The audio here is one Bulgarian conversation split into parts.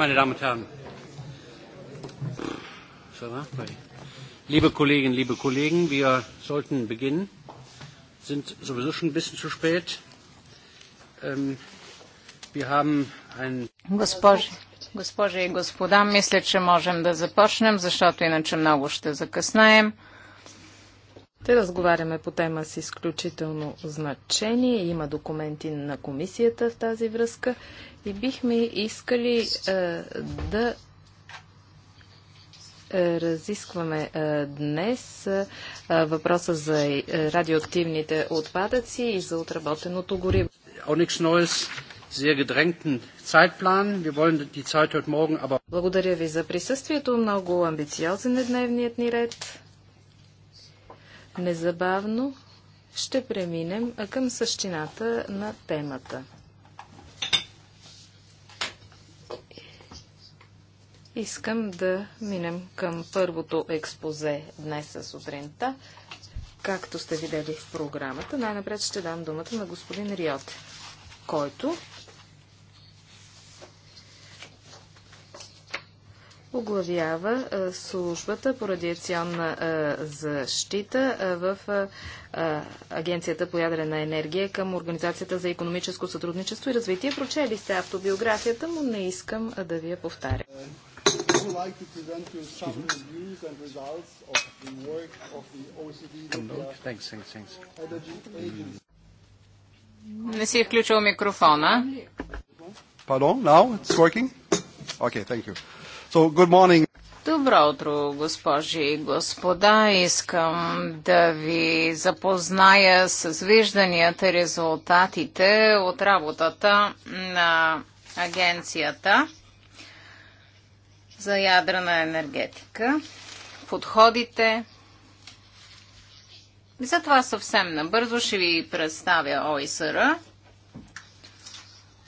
meine Damen und Herren, liebe Kolleginnen, liebe Kollegen, wir sollten beginnen, Wir sind sowieso schon ein bisschen zu spät. Wir haben ein Госпожи, госпожи и господа, мисля, че можем да започнем, защото иначе много ще закъснаем. Ще разговаряме по тема с изключително значение. Има документи на комисията в тази връзка и бихме искали е, да е, разискваме е, днес е, въпроса за радиоактивните отпадъци и за отработеното гориво. Благодаря ви за присъствието. Много амбициозен е дневният ни ред. Незабавно ще преминем към същината на темата. Искам да минем към първото експозе днес сутринта. Както сте видели в програмата, най-напред ще дам думата на господин Риот, който оглавява службата по радиационна защита в Агенцията по ядрена енергия към Организацията за економическо сътрудничество и развитие. Прочели сте автобиографията му, не искам да ви я повтаря. Не си е включил микрофона. Pardon, now it's working? Okay, thank you. So, good morning. Добро утро, госпожи и господа. Искам да ви запозная с вижданията, резултатите от работата на Агенцията за ядрена енергетика, подходите. Затова съвсем набързо ще ви представя ОИСР,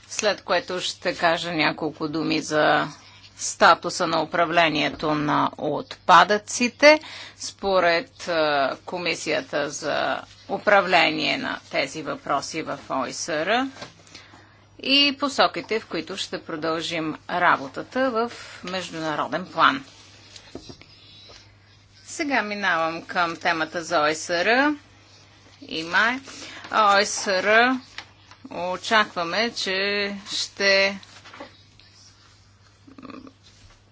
след което ще кажа няколко думи за статуса на управлението на отпадъците според е, Комисията за управление на тези въпроси в ОИСР и посоките, в които ще продължим работата в международен план. Сега минавам към темата за ОСР и май. ОСР очакваме, че ще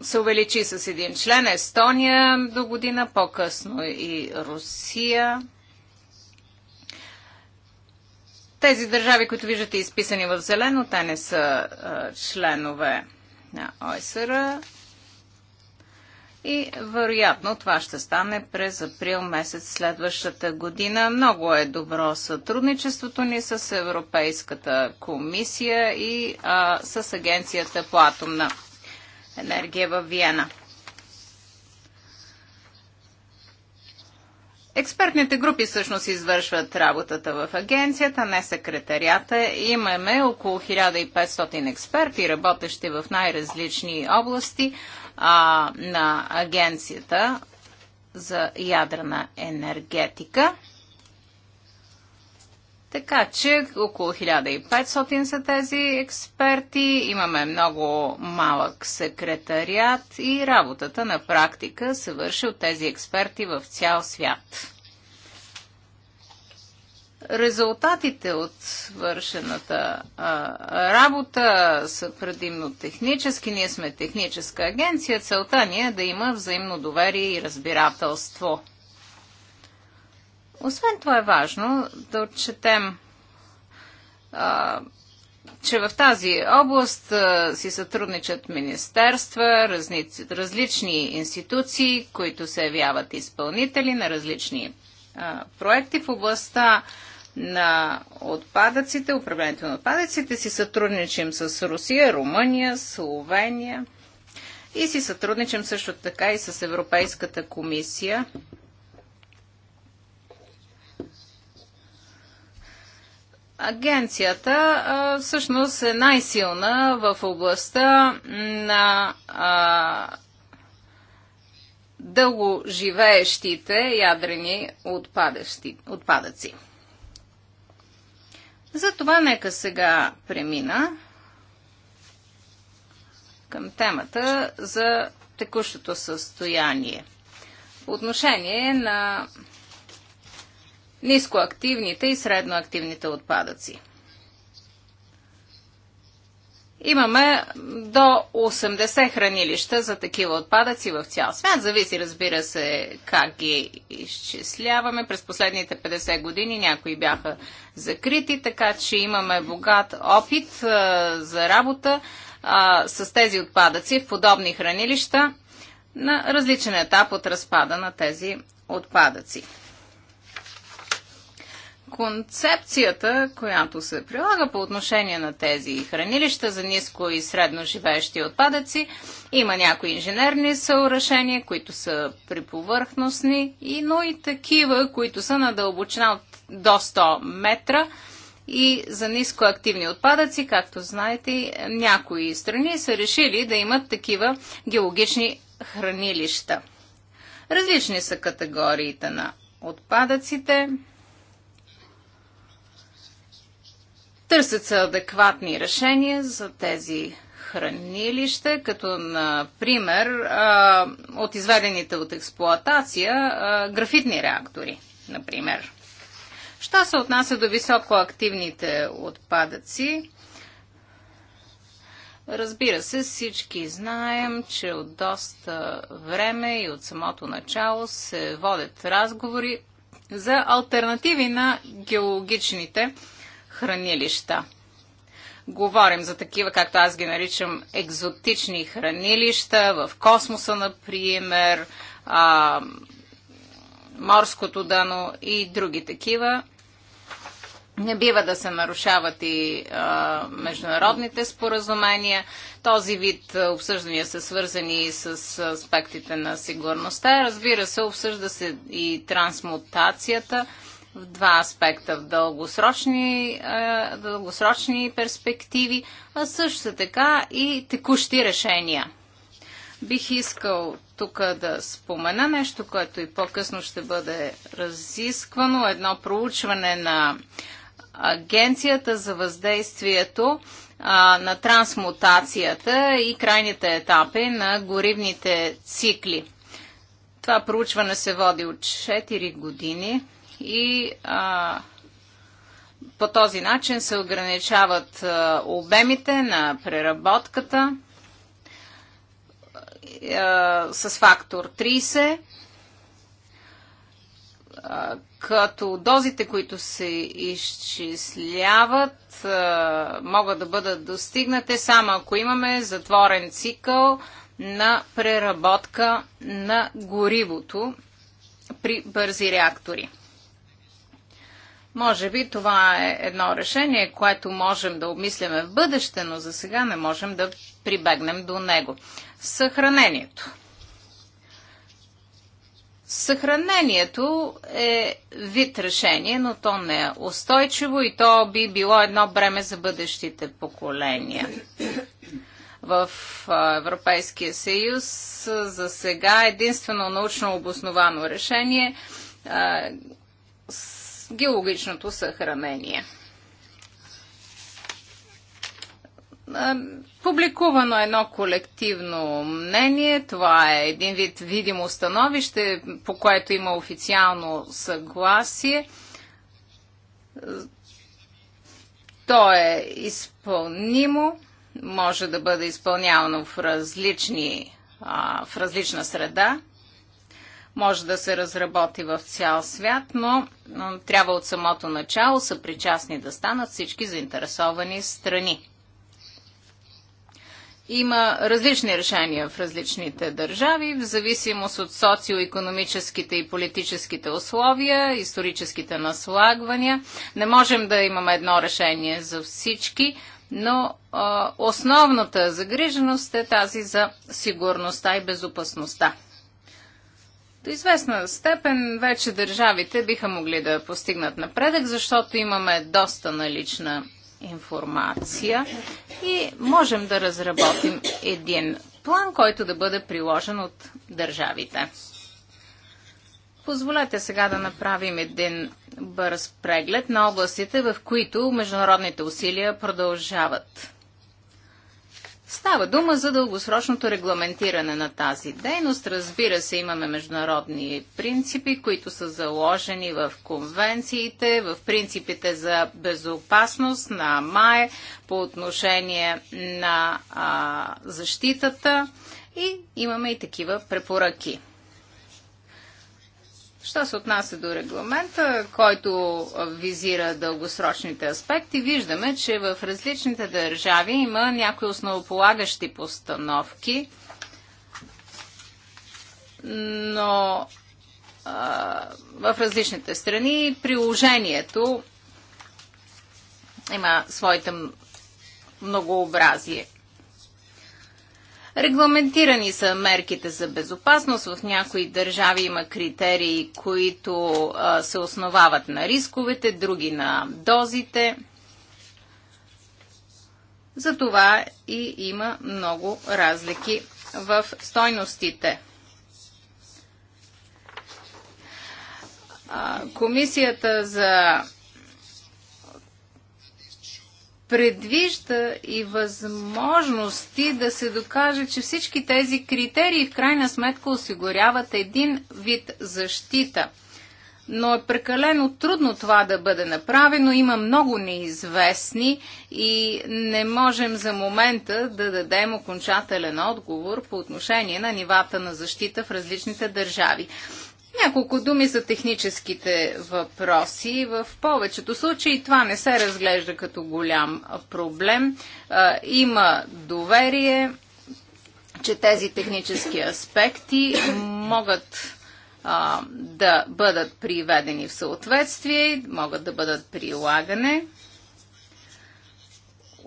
се увеличи с един член. Естония до година, по-късно и Русия. Тези държави, които виждате изписани в зелено, те не са а, членове на ОСР. И вероятно това ще стане през април месец следващата година. Много е добро сътрудничеството ни с Европейската комисия и а, с Агенцията по атомна енергия в Виена. Експертните групи всъщност извършват работата в агенцията, не секретарията. Имаме около 1500 експерти, работещи в най-различни области а, на агенцията за ядрена енергетика. Така че около 1500 са тези експерти, имаме много малък секретариат и работата на практика се върши от тези експерти в цял свят. Резултатите от вършената а, работа са предимно технически. Ние сме техническа агенция. Целта ни е да има взаимно доверие и разбирателство – освен това е важно да отчетем, а, че в тази област а, си сътрудничат министерства, разни, различни институции, които се явяват изпълнители на различни а, проекти в областта на отпадъците, управлението на отпадъците, си сътрудничим с Русия, Румъния, Словения и си сътрудничим също така и с Европейската комисия Агенцията всъщност е най-силна в областта на а, дългоживеещите ядрени отпадъци. Затова нека сега премина към темата за текущото състояние. По отношение на нискоактивните и средноактивните отпадъци. Имаме до 80 хранилища за такива отпадъци в цял свят. Зависи, разбира се, как ги изчисляваме. През последните 50 години някои бяха закрити, така че имаме богат опит а, за работа а, с тези отпадъци в подобни хранилища на различен етап от разпада на тези отпадъци концепцията, която се прилага по отношение на тези хранилища за ниско и средно живеещи отпадъци. Има някои инженерни съоръжения, които са приповърхностни, и, но и такива, които са на дълбочина от до 100 метра и за нискоактивни отпадъци, както знаете, някои страни са решили да имат такива геологични хранилища. Различни са категориите на отпадъците. Търсят се адекватни решения за тези хранилища, като например от изведените от експлоатация графитни реактори, например. Що се отнася до високоактивните отпадъци? Разбира се, всички знаем, че от доста време и от самото начало се водят разговори за альтернативи на геологичните хранилища. Говорим за такива, както аз ги наричам, екзотични хранилища в космоса, например, а, морското дъно и други такива. Не бива да се нарушават и а, международните споразумения. Този вид обсъждания са свързани и с аспектите на сигурността. Разбира се, обсъжда се и трансмутацията в два аспекта в дългосрочни, е, дългосрочни перспективи, а също така и текущи решения. Бих искал тук да спомена нещо, което и по-късно ще бъде разисквано. Едно проучване на Агенцията за въздействието а, на трансмутацията и крайните етапи на горивните цикли. Това проучване се води от 4 години и а, по този начин се ограничават а, обемите на преработката а, с фактор 30, а, като дозите, които се изчисляват, а, могат да бъдат достигнати само ако имаме затворен цикъл на преработка на горивото при бързи реактори. Може би това е едно решение, което можем да обмисляме в бъдеще, но за сега не можем да прибегнем до него. Съхранението. Съхранението е вид решение, но то не е устойчиво и то би било едно бреме за бъдещите поколения. В Европейския съюз за сега единствено научно обосновано решение геологичното съхранение. Публикувано е едно колективно мнение, това е един вид видимо становище, по което има официално съгласие. То е изпълнимо, може да бъде изпълнявано в, различни, в различна среда може да се разработи в цял свят, но трябва от самото начало са причастни да станат всички заинтересовани страни. Има различни решения в различните държави, в зависимост от социо-економическите и политическите условия, историческите наслагвания. Не можем да имаме едно решение за всички, но основната загриженост е тази за сигурността и безопасността. До известна степен вече държавите биха могли да постигнат напредък, защото имаме доста налична информация и можем да разработим един план, който да бъде приложен от държавите. Позволете сега да направим един бърз преглед на областите, в които международните усилия продължават. Става дума за дългосрочното регламентиране на тази дейност. Разбира се, имаме международни принципи, които са заложени в конвенциите, в принципите за безопасност на МАЕ по отношение на а, защитата и имаме и такива препоръки. Що се отнася до регламента, който визира дългосрочните аспекти, виждаме, че в различните държави има някои основополагащи постановки, но а, в различните страни приложението има своите многообразие. Регламентирани са мерките за безопасност. В някои държави има критерии, които а, се основават на рисковете, други на дозите. Затова и има много разлики в стойностите. Комисията за предвижда и възможности да се докаже, че всички тези критерии в крайна сметка осигуряват един вид защита. Но е прекалено трудно това да бъде направено. Има много неизвестни и не можем за момента да дадем окончателен отговор по отношение на нивата на защита в различните държави. Няколко думи за техническите въпроси. В повечето случаи това не се разглежда като голям проблем. Има доверие, че тези технически аспекти могат да бъдат приведени в съответствие, могат да бъдат прилагане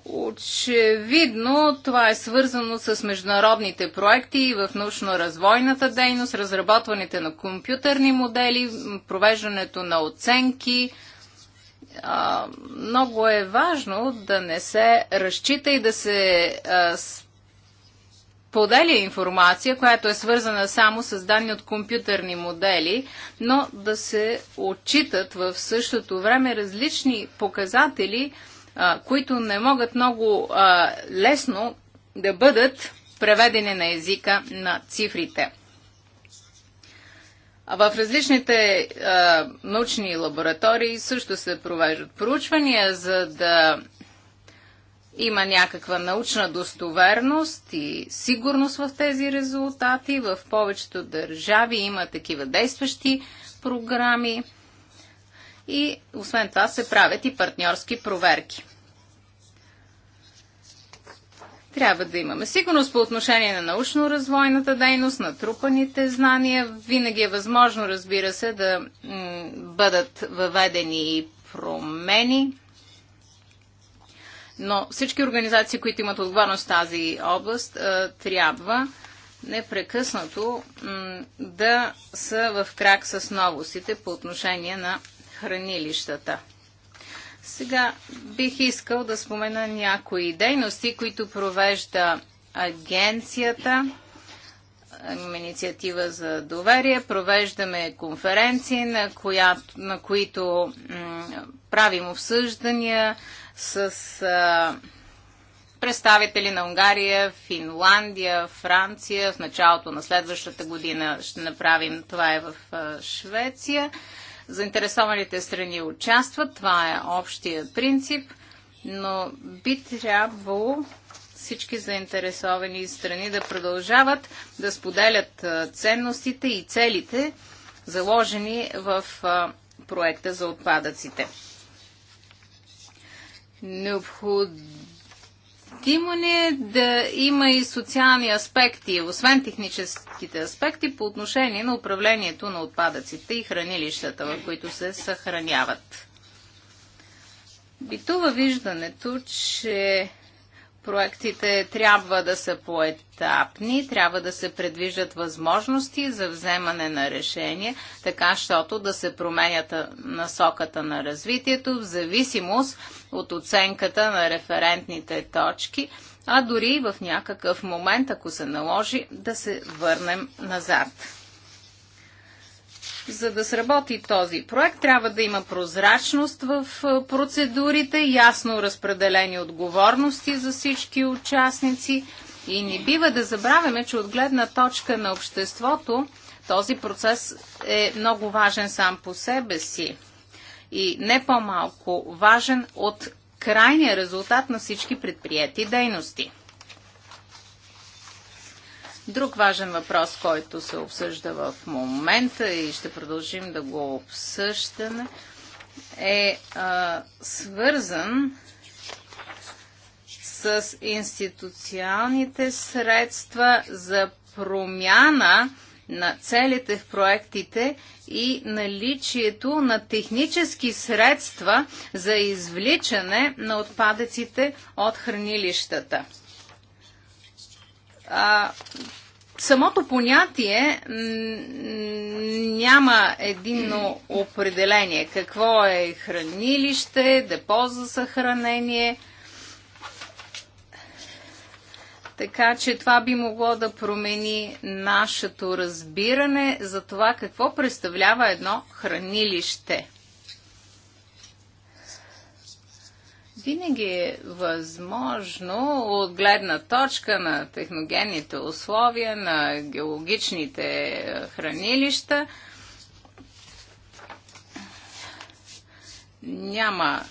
Очевидно това е свързано с международните проекти в научно-развойната дейност, разработването на компютърни модели, провеждането на оценки. А, много е важно да не се разчита и да се а, поделя информация, която е свързана само с данни от компютърни модели, но да се отчитат в същото време различни показатели – а, които не могат много а, лесно да бъдат преведени на езика на цифрите. А в различните а, научни лаборатории също се провеждат проучвания, за да има някаква научна достоверност и сигурност в тези резултати. В повечето държави има такива действащи програми и освен това се правят и партньорски проверки. Трябва да имаме сигурност по отношение на научно-развойната дейност, натрупаните знания. Винаги е възможно, разбира се, да бъдат въведени и промени. Но всички организации, които имат отговорност в тази област, е, трябва непрекъснато да са в крак с новостите по отношение на хранилищата. Сега бих искал да спомена някои дейности, които провежда агенцията. Имаме инициатива за доверие, провеждаме конференции, на, която, на които правим обсъждания с а, представители на Унгария, Финландия, Франция. В началото на следващата година ще направим това е в а, Швеция. Заинтересованите страни участват, това е общия принцип, но би трябвало всички заинтересовани страни да продължават да споделят ценностите и целите, заложени в проекта за отпадъците. Необходимо необходимо е да има и социални аспекти, освен техническите аспекти, по отношение на управлението на отпадъците и хранилищата, в които се съхраняват? Битува виждането, че Проектите трябва да са поетапни, трябва да се предвиждат възможности за вземане на решение, така щото да се променят насоката на развитието в зависимост от оценката на референтните точки, а дори в някакъв момент, ако се наложи, да се върнем назад за да сработи този проект, трябва да има прозрачност в процедурите, ясно разпределени отговорности за всички участници и не бива да забравяме, че от гледна точка на обществото този процес е много важен сам по себе си и не по-малко важен от крайния резултат на всички предприяти дейности. Друг важен въпрос, който се обсъжда в момента и ще продължим да го обсъждаме, е а, свързан с институционалните средства за промяна на целите в проектите и наличието на технически средства за извличане на отпадъците от хранилищата самото понятие няма единно определение. Какво е хранилище, депо за съхранение. Така че това би могло да промени нашето разбиране за това какво представлява едно хранилище. винаги е възможно от гледна точка на техногенните условия, на геологичните е, хранилища. Няма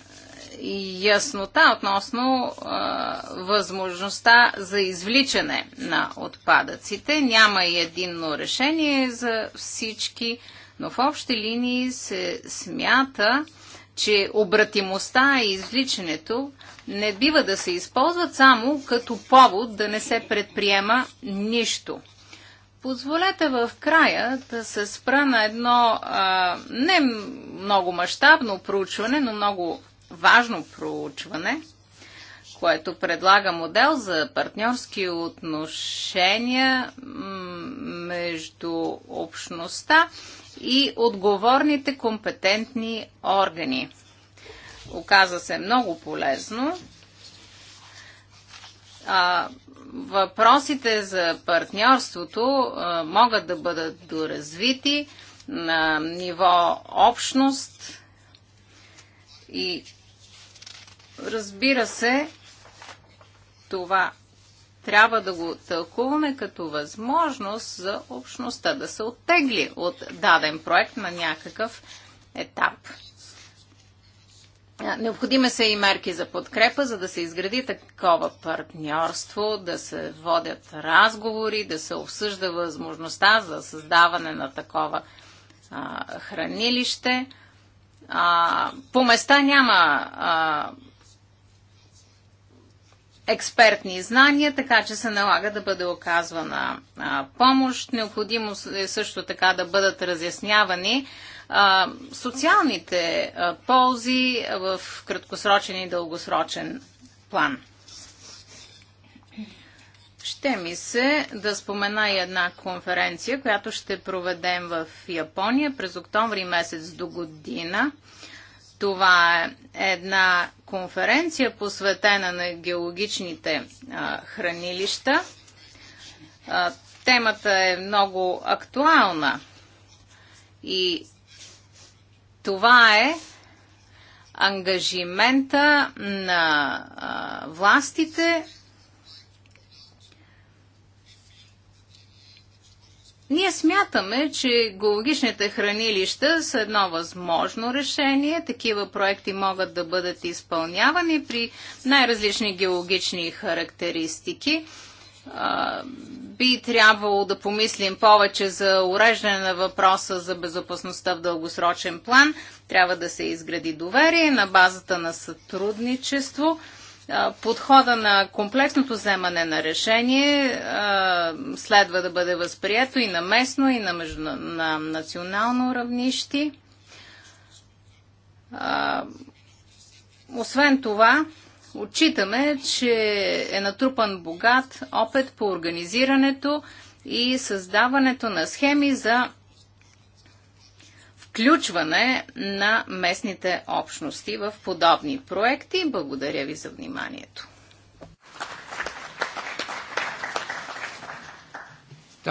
яснота относно а, възможността за извличане на отпадъците. Няма и единно решение за всички, но в общи линии се смята, че обратимостта и извличането не бива да се използват само като повод да не се предприема нищо. Позволете в края да се спра на едно а, не много мащабно проучване, но много важно проучване, което предлага модел за партньорски отношения между общността и отговорните компетентни органи. Оказа се много полезно. А, въпросите за партньорството а, могат да бъдат доразвити на ниво общност и разбира се, това трябва да го тълкуваме като възможност за общността да се оттегли от даден проект на някакъв етап. Необходими са и мерки за подкрепа, за да се изгради такова партньорство, да се водят разговори, да се обсъжда възможността за създаване на такова а, хранилище. А, по места няма а, експертни знания, така че се налага да бъде оказвана а, помощ. Необходимо е също така да бъдат разяснявани а, социалните а, ползи в краткосрочен и дългосрочен план. Ще ми се да спомена и една конференция, която ще проведем в Япония през октомври месец до година. Това е една конференция, посветена на геологичните а, хранилища. А, темата е много актуална и това е ангажимента на а, властите Ние смятаме, че геологичните хранилища са едно възможно решение. Такива проекти могат да бъдат изпълнявани при най-различни геологични характеристики. би трябвало да помислим повече за уреждане на въпроса за безопасността в дългосрочен план. Трябва да се изгради доверие на базата на сътрудничество – подхода на комплексното вземане на решение следва да бъде възприето и на местно, и на, между... на национално равнище. Освен това, отчитаме, че е натрупан богат опит по организирането и създаването на схеми за включване на местните общности в подобни проекти. Благодаря ви за вниманието.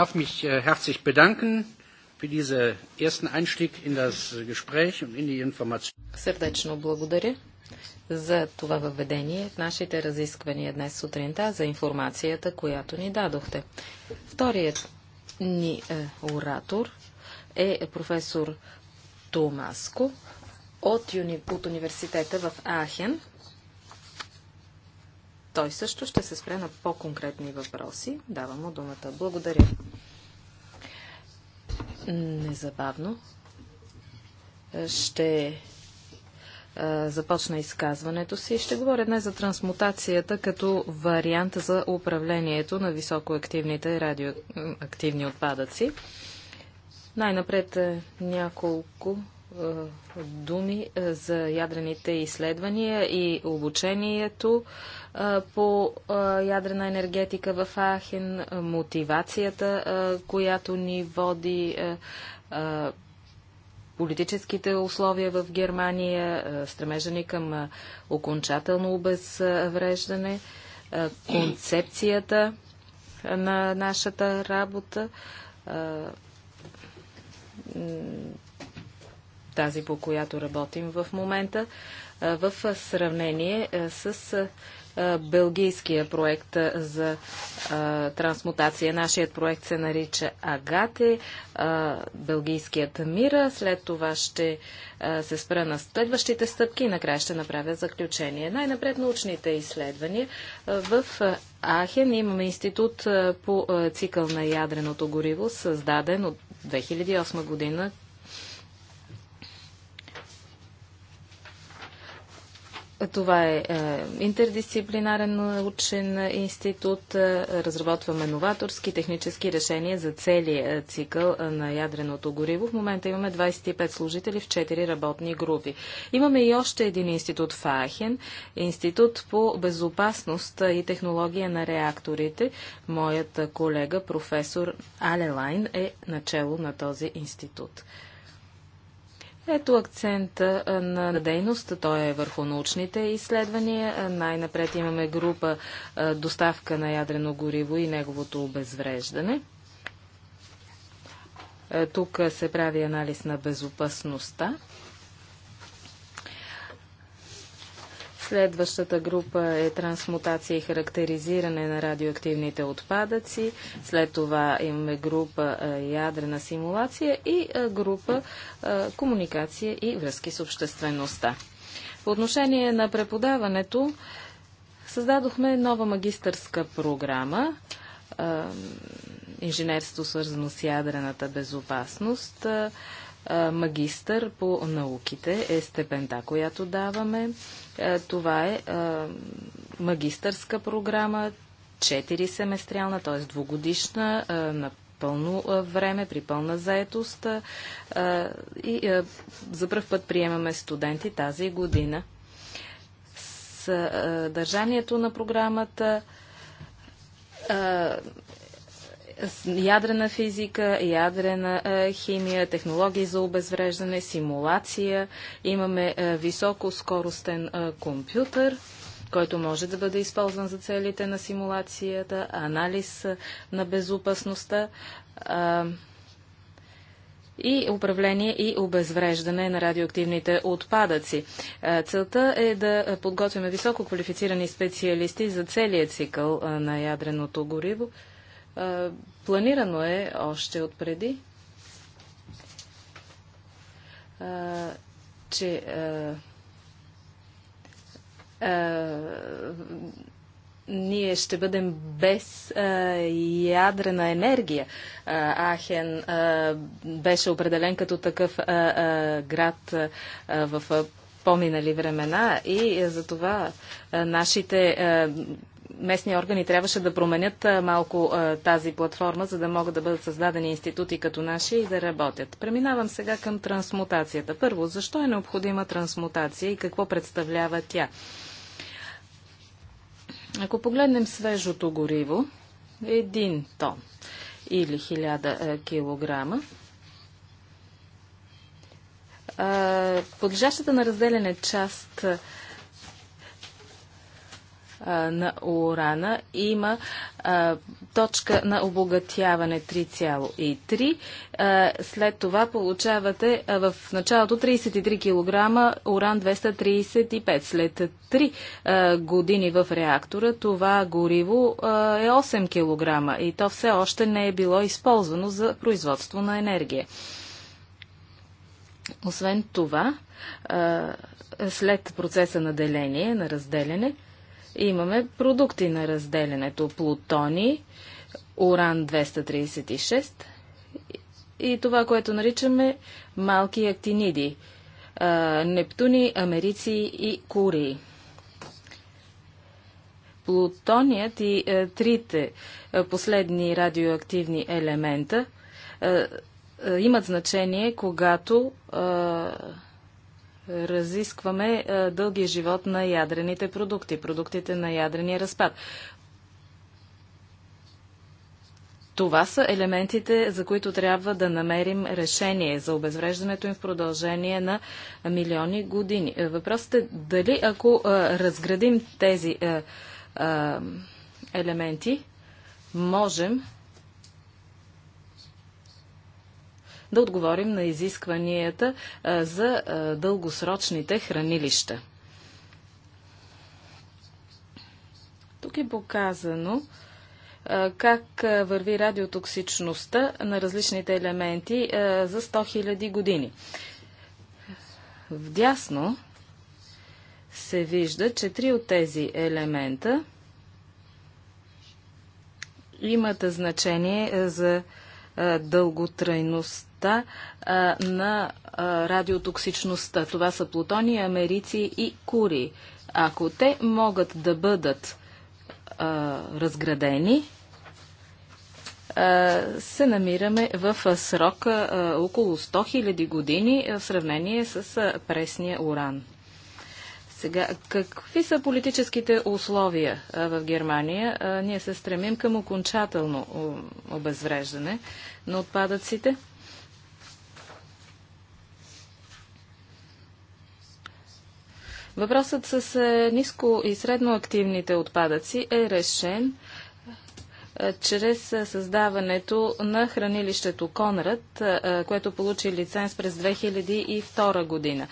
darf mich äh, herzlich bedanken für diese ersten Einstieg in das Gespräch und in die Information. Сърдечно благодаря за това въведение в нашите разисквания днес сутринта за информацията, която ни дадохте. Вторият ни е, оратор е професор Томаско от, юни... от университета в Ахен. Той също ще се спре на по-конкретни въпроси. Давам му думата. Благодаря. Незабавно ще започна изказването си. Ще говоря днес за трансмутацията като вариант за управлението на високоактивните радиоактивни отпадъци. Най-напред е, няколко е, думи е, за ядрените изследвания и обучението е, по е, ядрена енергетика в Ахен, е, мотивацията, която ни води политическите условия в Германия, стремежа ни към окончателно обезвреждане, концепцията на нашата работа, тази, по която работим в момента, в сравнение с белгийския проект за трансмутация. Нашият проект се нарича Агате, белгийският мира. След това ще се спра на следващите стъпки и накрая ще направя заключение. Най-напред научните изследвания. В Ахен имаме институт по цикъл на ядреното гориво, създаден от 2008 година, Това е, е интердисциплинарен учен институт. Е, разработваме новаторски технически решения за целия е, цикъл е, на ядреното гориво. В момента имаме 25 служители в 4 работни групи. Имаме и още един институт в Ахен, Институт по безопасност и технология на реакторите. Моят колега, професор Алелайн, е начало на този институт. Ето акцента на дейност. Той е върху научните изследвания. Най-напред имаме група доставка на ядрено гориво и неговото обезвреждане. Тук се прави анализ на безопасността Следващата група е трансмутация и характеризиране на радиоактивните отпадъци. След това имаме група ядрена симулация и група комуникация и връзки с обществеността. По отношение на преподаването, създадохме нова магистърска програма инженерство свързано с ядрената безопасност магистър по науките е степента, която даваме. Това е магистърска програма, 4 семестриална, т.е. двугодишна, на пълно време, при пълна заетост. И за първ път приемаме студенти тази година. с държанието на програмата ядрена физика, ядрена химия, технологии за обезвреждане, симулация. Имаме високоскоростен компютър който може да бъде използван за целите на симулацията, анализ на безопасността и управление и обезвреждане на радиоактивните отпадъци. целта е да подготвяме високо квалифицирани специалисти за целият цикъл на ядреното гориво. Планирано е още отпреди, че ние ще бъдем без а, ядрена енергия. А, Ахен а, беше определен като такъв а, а, град а, в а, поминали времена и а, за това а, нашите а, местни органи трябваше да променят малко тази платформа, за да могат да бъдат създадени институти като наши и да работят. Преминавам сега към трансмутацията. Първо, защо е необходима трансмутация и какво представлява тя? Ако погледнем свежото гориво, един тон или хиляда килограма, подлежащата на разделене част – на урана има а, точка на обогатяване 3,3. След това получавате а, в началото 33 кг уран 235. След 3 години в реактора това гориво е 8 кг и то все още не е било използвано за производство на енергия. Освен това, след процеса на деление, на разделяне, имаме продукти на разделянето плутони, уран-236 и това, което наричаме малки актиниди, нептуни, америци и курии. Плутоният и е, трите е, последни радиоактивни елемента е, имат значение, когато разискваме дългия живот на ядрените продукти, продуктите на ядрения разпад. Това са елементите, за които трябва да намерим решение за обезвреждането им в продължение на милиони години. Е, въпросът е дали ако разградим тези е, елементи, можем да отговорим на изискванията за дългосрочните хранилища. Тук е показано как върви радиотоксичността на различните елементи за 100 000 години. Вдясно се вижда, че три от тези елемента имат значение за дълготрайността на радиотоксичността. Това са плутони, америци и кури. Ако те могат да бъдат разградени, се намираме в срока около 100 000 години в сравнение с пресния уран. Сега, какви са политическите условия в Германия? ние се стремим към окончателно обезвреждане на отпадъците. Въпросът с е, ниско и средно активните отпадъци е решен чрез създаването на хранилището Конрад, което получи лиценз през 2002 година.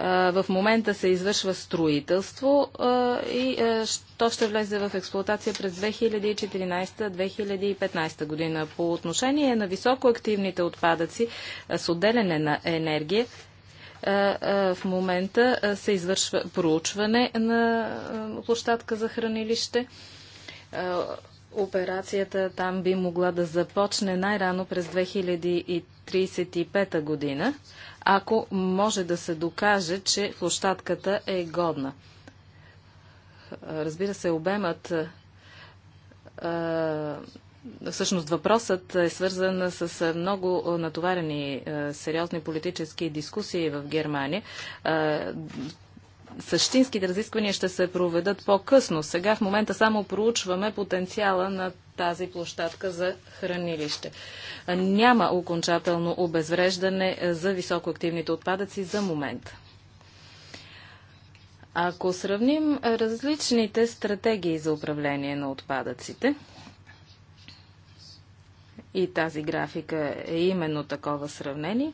В момента се извършва строителство и то ще влезе в експлуатация през 2014-2015 година. По отношение на високоактивните отпадъци с отделяне на енергия, в момента се извършва проучване на площадка за хранилище. Операцията там би могла да започне най-рано през 2035 година, ако може да се докаже, че площадката е годна. Разбира се, обемът Всъщност въпросът е свързан с много натоварени сериозни политически дискусии в Германия същинските разисквания ще се проведат по-късно. Сега в момента само проучваме потенциала на тази площадка за хранилище. Няма окончателно обезвреждане за високоактивните отпадъци за момента. Ако сравним различните стратегии за управление на отпадъците, и тази графика е именно такова сравнение,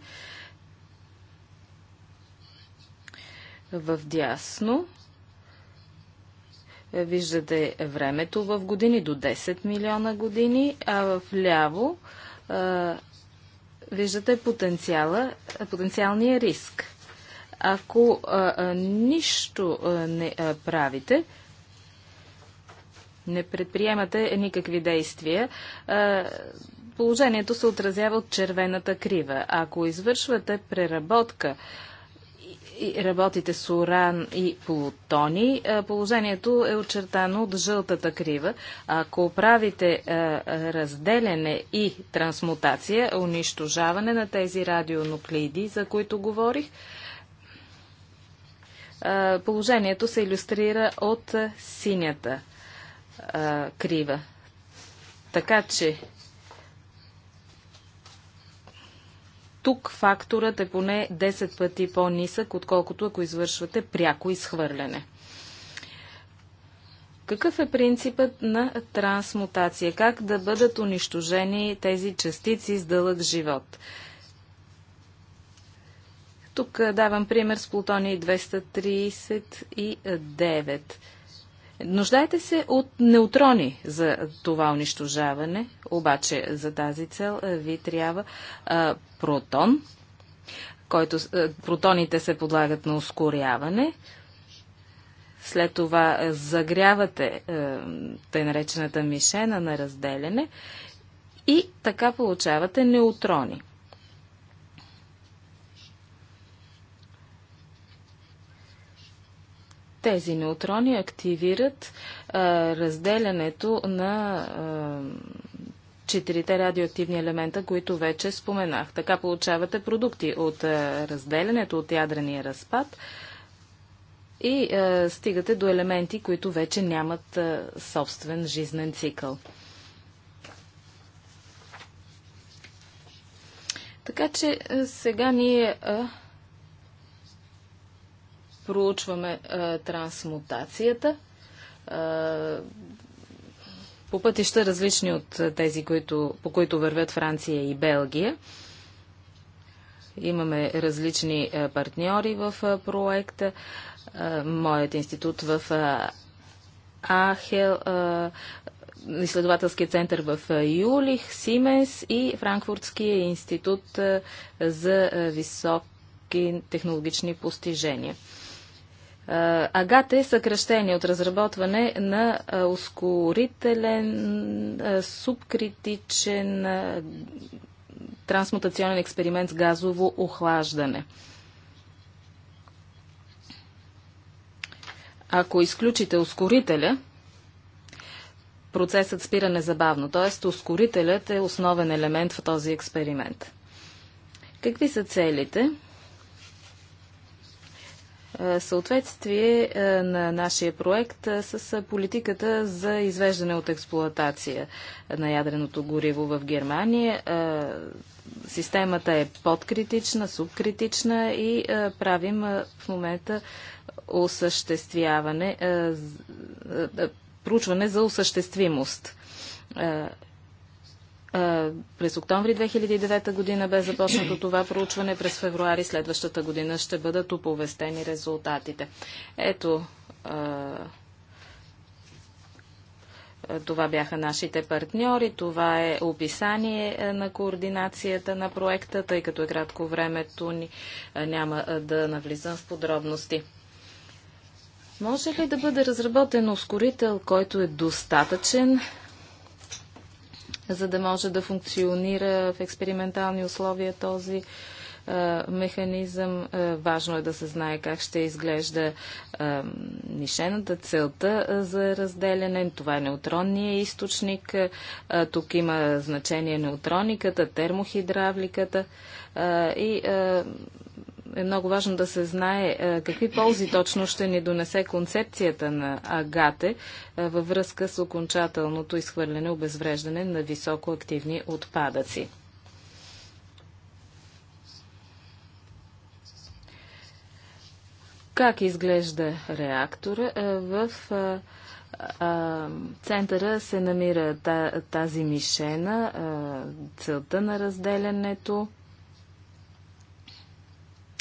в дясно виждате времето в години до 10 милиона години, а в ляво виждате потенциала, потенциалния риск. Ако нищо не правите, не предприемате никакви действия, положението се отразява от червената крива. Ако извършвате преработка, и работите с уран и плутони, положението е очертано от жълтата крива. Ако правите разделяне и трансмутация, унищожаване на тези радионуклиди, за които говорих, положението се иллюстрира от синята крива. Така че тук факторът е поне 10 пъти по-нисък, отколкото ако извършвате пряко изхвърляне. Какъв е принципът на трансмутация? Как да бъдат унищожени тези частици с дълъг живот? Тук давам пример с плутони 239. Нуждаете се от неутрони за това унищожаване, обаче за тази цел ви трябва а, протон, който а, протоните се подлагат на ускоряване. След това а, загрявате тъй наречената мишена на разделяне и така получавате неутрони. Тези неутрони активират а, разделянето на четирите радиоактивни елемента, които вече споменах. Така получавате продукти от а, разделянето, от ядрения разпад и а, стигате до елементи, които вече нямат а, собствен жизнен цикъл. Така че сега ние а, проучваме а, трансмутацията а, по пътища различни от тези, които, по които вървят Франция и Белгия. Имаме различни а, партньори в а, проекта. А, моят институт в а, Ахел, а, изследователския център в Юлих, Сименс и Франкфуртския институт за високи технологични постижения. Агата е съкръщение от разработване на ускорителен, субкритичен трансмутационен експеримент с газово охлаждане. Ако изключите ускорителя, процесът спира незабавно, т.е. ускорителят е основен елемент в този експеримент. Какви са целите? Е, съответствие е, на нашия проект е, с политиката за извеждане от експлоатация на ядреното гориво в Германия. Системата е подкритична, субкритична и правим в момента осъществяване, проучване за осъществимост през октомври 2009 година бе започнато това проучване. През февруари следващата година ще бъдат оповестени резултатите. Ето, това бяха нашите партньори. Това е описание на координацията на проекта, тъй като е кратко времето ни няма да навлизам в подробности. Може ли да бъде разработен ускорител, който е достатъчен за да може да функционира в експериментални условия този е, механизъм. Е, важно е да се знае как ще изглежда нишената е, целта за разделяне. Това е неутронния източник. Тук има значение неутрониката, термохидравликата и е много важно да се знае е, какви ползи точно ще ни донесе концепцията на Агате е, във връзка с окончателното изхвърляне, обезвреждане на високоактивни отпадъци. Как изглежда реактора? Е, в центъра се намира тази мишена, целта на разделянето –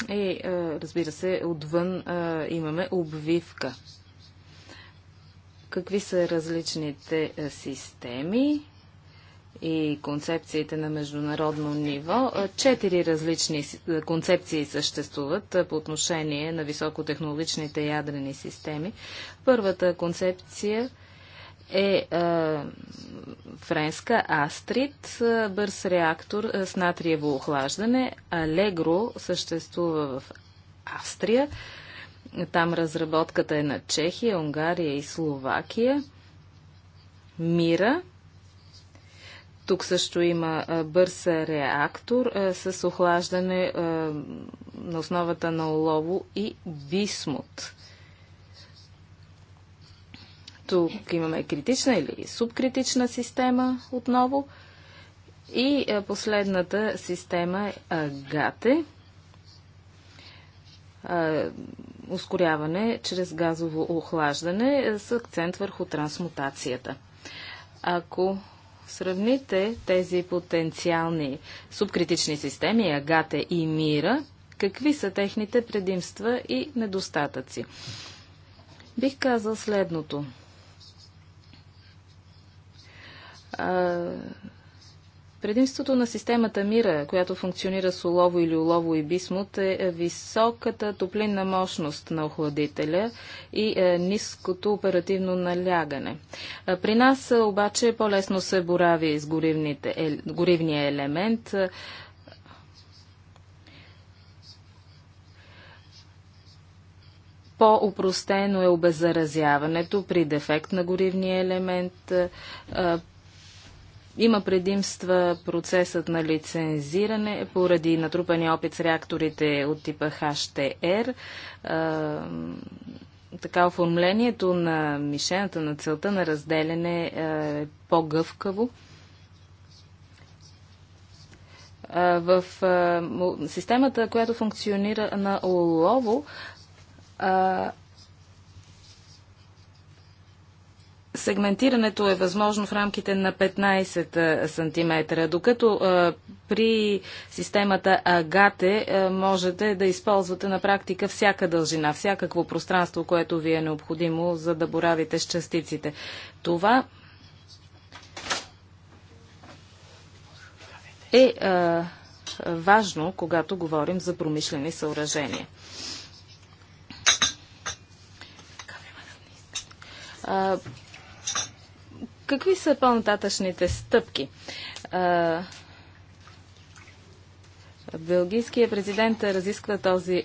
и е, разбира се, отвън е, имаме обвивка. Какви са различните е, системи? и концепциите на международно ниво. Четири различни концепции съществуват по отношение на високотехнологичните ядрени системи. Първата концепция е, а, е, френска Астрид, е, бърз реактор е, с натриево охлаждане. Алегро съществува в Австрия. Там разработката е на Чехия, Унгария и Словакия. Мира. Тук също има бърз реактор а, с охлаждане а, на основата на олово и висмут. Тук имаме критична или субкритична система отново. И е, последната система е АГАТЕ. Е, ускоряване чрез газово охлаждане с акцент върху трансмутацията. Ако сравните тези потенциални субкритични системи, Агате и Мира, какви са техните предимства и недостатъци? Бих казал следното. Предимството на системата Мира, която функционира с олово или олово и бисмут, е, е високата топлинна мощност на охладителя и е, ниското оперативно налягане. При нас е, обаче по-лесно се борави с е, горивния елемент. По-упростено е обеззаразяването при дефект на горивния елемент. Има предимства процесът на лицензиране поради натрупания опит с реакторите от типа HTR. А, така оформлението на мишената на целта на разделяне е по-гъвкаво. В системата, която функционира на Олово, сегментирането е възможно в рамките на 15 см, докато при системата Агате можете да използвате на практика всяка дължина, всякакво пространство, което ви е необходимо, за да боравите с частиците. Това е важно, когато говорим за промишлени съоръжения. Какви са по-нататъчните стъпки? Белгийският президент разисква този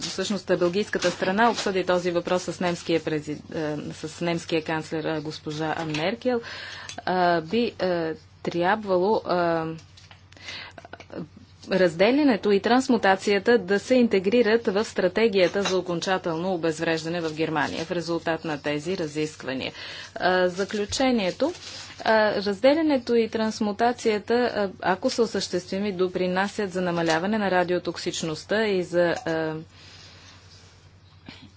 всъщност белгийската страна обсъди този въпрос с немския, с немския канцлер госпожа Меркел, би трябвало разделянето и трансмутацията да се интегрират в стратегията за окончателно обезвреждане в Германия в резултат на тези разисквания. Заключението Разделянето и трансмутацията, ако са осъществими, допринасят за намаляване на радиотоксичността и за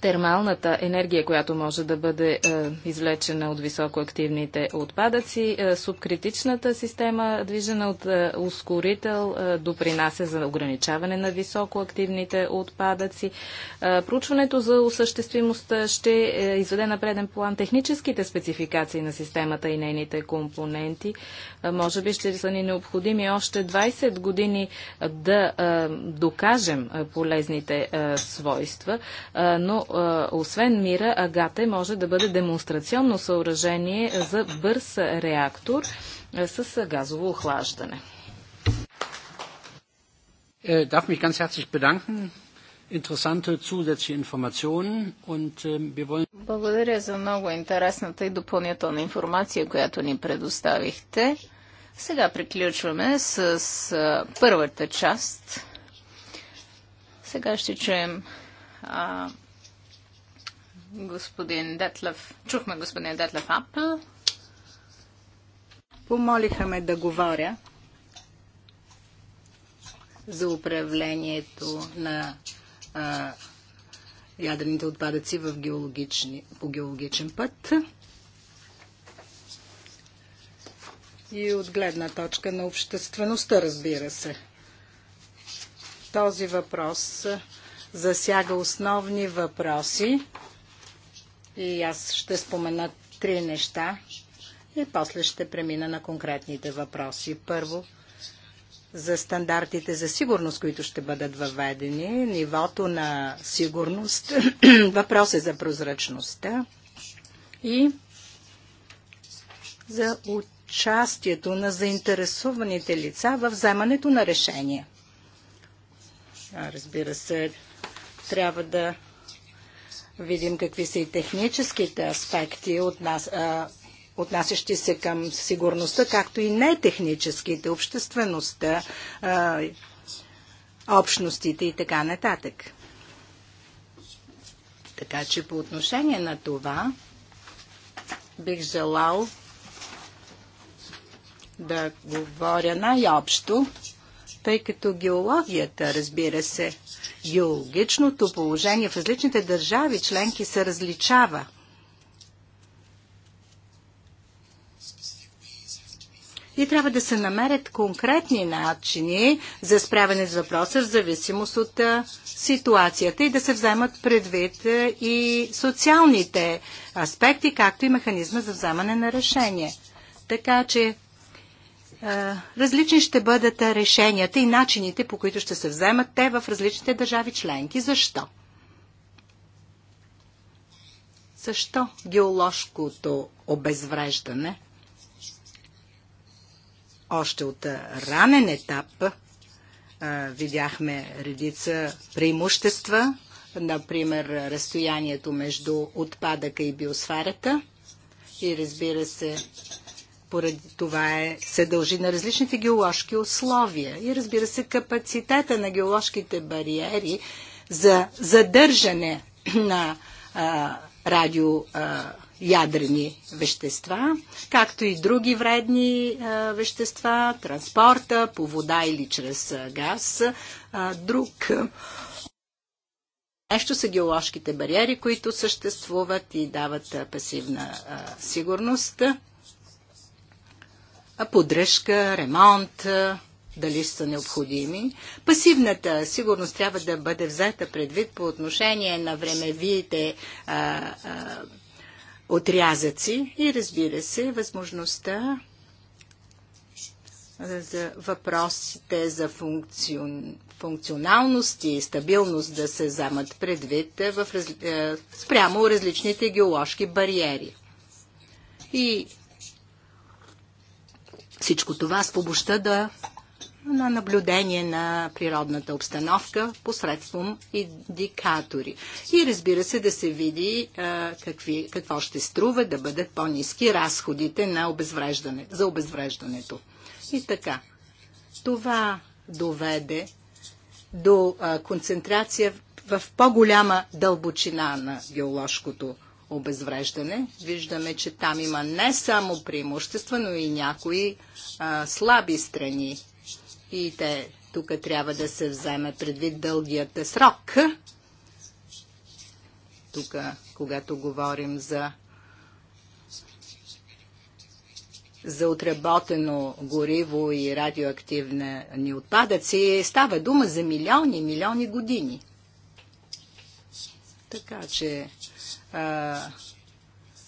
термалната енергия, която може да бъде е, извлечена от високоактивните отпадъци. Е, субкритичната система, движена от е, ускорител, е, допринася за ограничаване на високоактивните отпадъци. Е, проучването за осъществимостта ще е, изведе на преден план техническите спецификации на системата и нейните компоненти. може би ще са ни необходими още 20 години да докажем полезните свойства, но освен мира, Агате може да бъде демонстрационно съоръжение за бърз реактор с газово охлаждане. Е, darf mich ganz herzlich bedanken. Interessante zusätzliche Informationen und ähm, wir wollen... Благодаря за много интересната и допълнителна информация, която ни предоставихте. Сега приключваме с, с първата част. Сега ще чуем а, господин Детлев. Чухме господин Детлев Апл. Помолиха ме да говоря за управлението на а, ядрените отпадъци в геологични, по геологичен път. И от гледна точка на обществеността, разбира се. Този въпрос засяга основни въпроси, и аз ще спомена три неща и после ще премина на конкретните въпроси. Първо, за стандартите за сигурност, които ще бъдат въведени, нивото на сигурност, въпрос е за прозрачността и за участието на заинтересованите лица в вземането на решения. Разбира се, трябва да видим какви са и техническите аспекти, от нас, а, отнасящи се към сигурността, както и нетехническите, обществеността, а, общностите и така нататък. Така че по отношение на това бих желал да говоря най-общо тъй като геологията, разбира се, геологичното положение в различните държави членки се различава. И трябва да се намерят конкретни начини за справяне с въпроса в зависимост от ситуацията и да се вземат предвид и социалните аспекти, както и механизма за вземане на решение. Така че е, различни ще бъдат решенията и начините, по които ще се вземат те в различните държави членки. Защо? Защо геоложкото обезвреждане още от ранен етап е, видяхме редица преимущества, например разстоянието между отпадъка и биосферата и разбира се поради това е, се дължи на различните геоложки условия и разбира се капацитета на геоложките бариери за задържане на а, радио а, ядрени вещества, както и други вредни а, вещества, транспорта, по вода или чрез а, газ. А, друг нещо са геоложките бариери, които съществуват и дават а, пасивна а, сигурност поддръжка, ремонт, дали са необходими. Пасивната сигурност трябва да бъде взета предвид по отношение на времевите а, а, отрязъци и разбира се, възможността за въпросите за функцион, функционалност и стабилност да се вземат предвид в, спрямо различните геоложки бариери. И всичко това с помощта да на наблюдение на природната обстановка посредством индикатори. И разбира се да се види а, какви, какво ще струва да бъдат по-низки разходите на обезвреждане, за обезвреждането. И така, това доведе до а, концентрация в по-голяма дълбочина на геоложкото обезвреждане. Виждаме, че там има не само преимущества, но и някои а, слаби страни. И те тук трябва да се вземе предвид дългият срок. Тук, когато говорим за за отработено гориво и радиоактивни отпадъци, става дума за милиони, и милиони години. Така че а,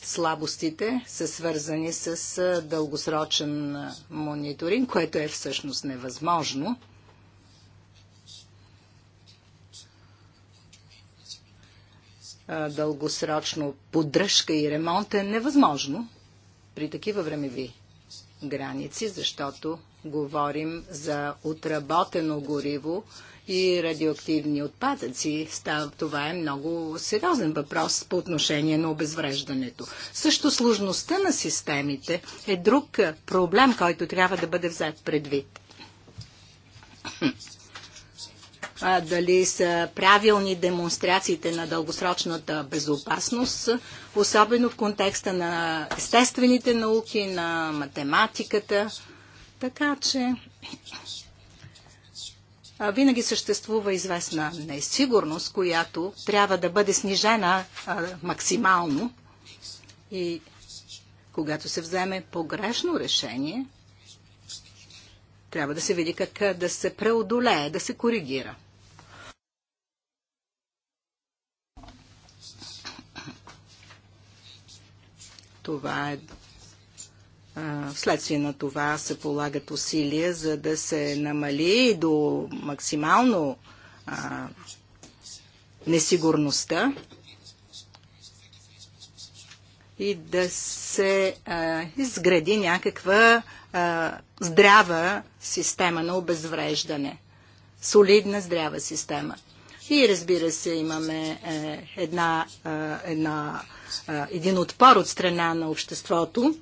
слабостите са свързани с а, дългосрочен мониторинг, което е всъщност невъзможно. А, дългосрочно поддръжка и ремонт е невъзможно при такива времеви граници, защото говорим за отработено гориво и радиоактивни отпадъци. това е много сериозен въпрос по отношение на обезвреждането. Също сложността на системите е друг проблем, който трябва да бъде взет предвид. А, дали са правилни демонстрациите на дългосрочната безопасност, особено в контекста на естествените науки, на математиката – така че винаги съществува известна несигурност, която трябва да бъде снижена а, максимално и когато се вземе погрешно решение, трябва да се види как да се преодолее, да се коригира. Това е Вследствие на това се полагат усилия, за да се намали до максимално а, несигурността и да се а, изгради някаква а, здрава система на обезвреждане. Солидна здрава система. И разбира се, имаме е, една, е, една, е, един отпор от страна на обществото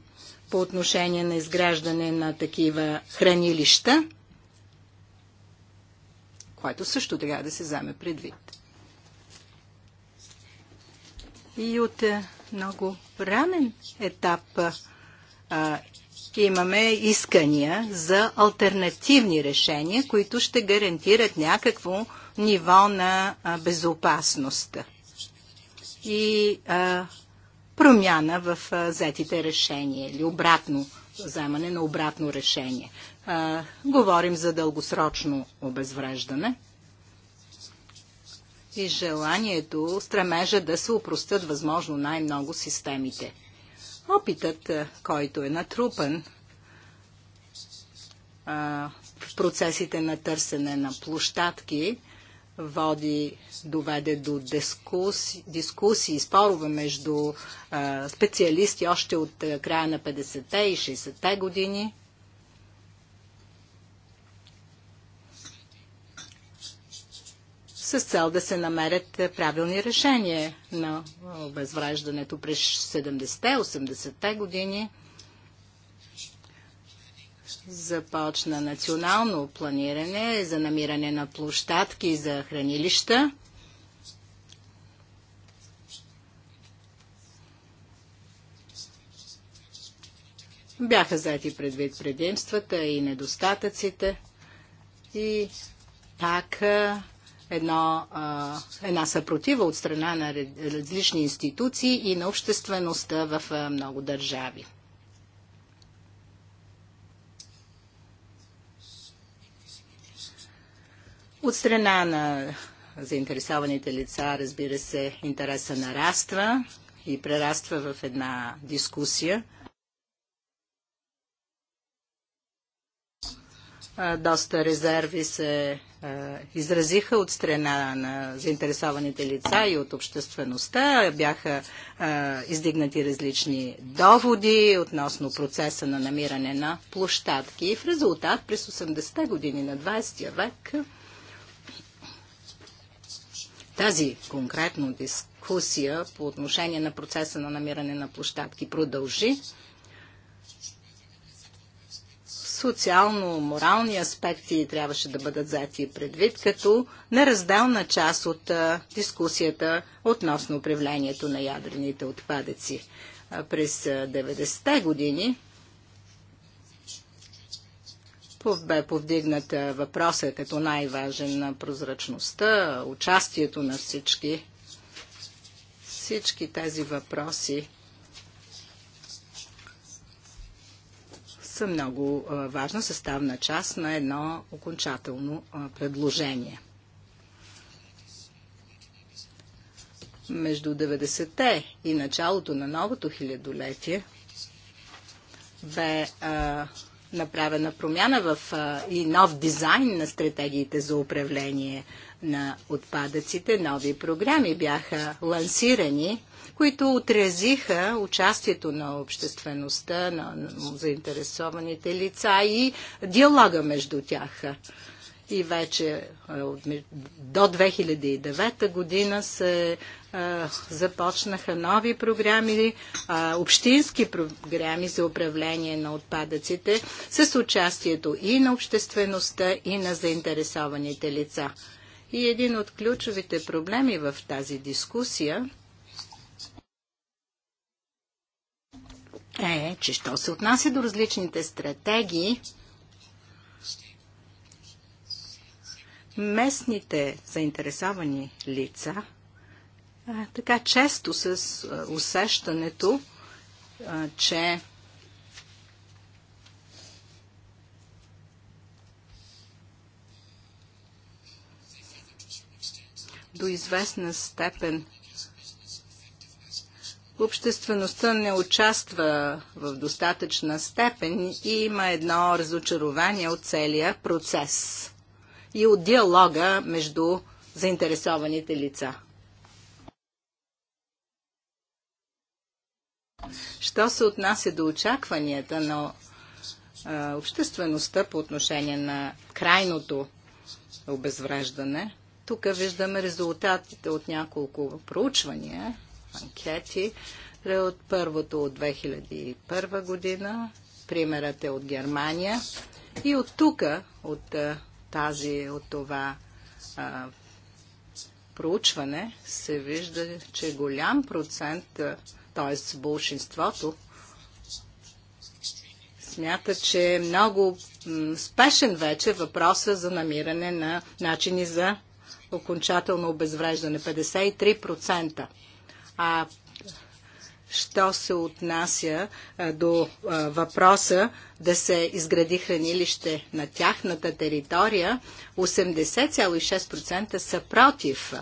по отношение на изграждане на такива хранилища, което също трябва да се вземе предвид. И от е, много ранен етап е, а, имаме искания за альтернативни решения, които ще гарантират някакво ниво на безопасност. И а, промяна в взетите решения или обратно вземане на обратно решение. А, говорим за дългосрочно обезвреждане и желанието, стремежа да се упростят възможно най-много системите. Опитът, който е натрупан а, в процесите на търсене на площадки, води, доведе до дискуси, дискусии, спорове между а, специалисти още от а, края на 50-те и 60-те години. с цел да се намерят правилни решения на обезвреждането през 70-те, 80-те години – започна национално планиране за намиране на площадки за хранилища. Бяха заети предвид предимствата и недостатъците и пак едно, една съпротива от страна на различни институции и на обществеността в много държави. От страна на заинтересованите лица, разбира се, интереса нараства и прераства в една дискусия. Доста резерви се изразиха от страна на заинтересованите лица и от обществеността. Бяха издигнати различни доводи относно процеса на намиране на площадки. И в резултат през 80-те години на 20 век тази конкретно дискусия по отношение на процеса на намиране на площадки продължи. Социално-морални аспекти трябваше да бъдат взети предвид като неразделна част от дискусията относно управлението на ядрените отпадъци. През 90-те години бе повдигната въпроса като най-важен на прозрачността, участието на всички. Всички тези въпроси са много важна съставна част на едно окончателно предложение. Между 90-те и началото на новото хилядолетие бе а, направена промяна в, а, и нов дизайн на стратегиите за управление на отпадъците. Нови програми бяха лансирани, които отразиха участието на обществеността, на, на заинтересованите лица и диалога между тях и вече е, до 2009 година се а, е, започнаха нови програми, а, е, общински програми за управление на отпадъците с участието и на обществеността, и на заинтересованите лица. И един от ключовите проблеми в тази дискусия е, че що се отнася до различните стратегии, местните заинтересовани лица така често с усещането, че до известна степен обществеността не участва в достатъчна степен и има едно разочарование от целия процес и от диалога между заинтересованите лица. Що се отнася до очакванията на обществеността по отношение на крайното обезвреждане, тук виждаме резултатите от няколко проучвания, анкети. Е, от първото от 2001 година, примерът е от Германия. И от тук, от тази от това а, проучване се вижда, че голям процент, т.е. большинството, смята, че е много спешен вече въпроса за намиране на начини за окончателно обезвреждане. 53%. А що се отнася до въпроса да се изгради хранилище на тяхната територия, 80,6% са против.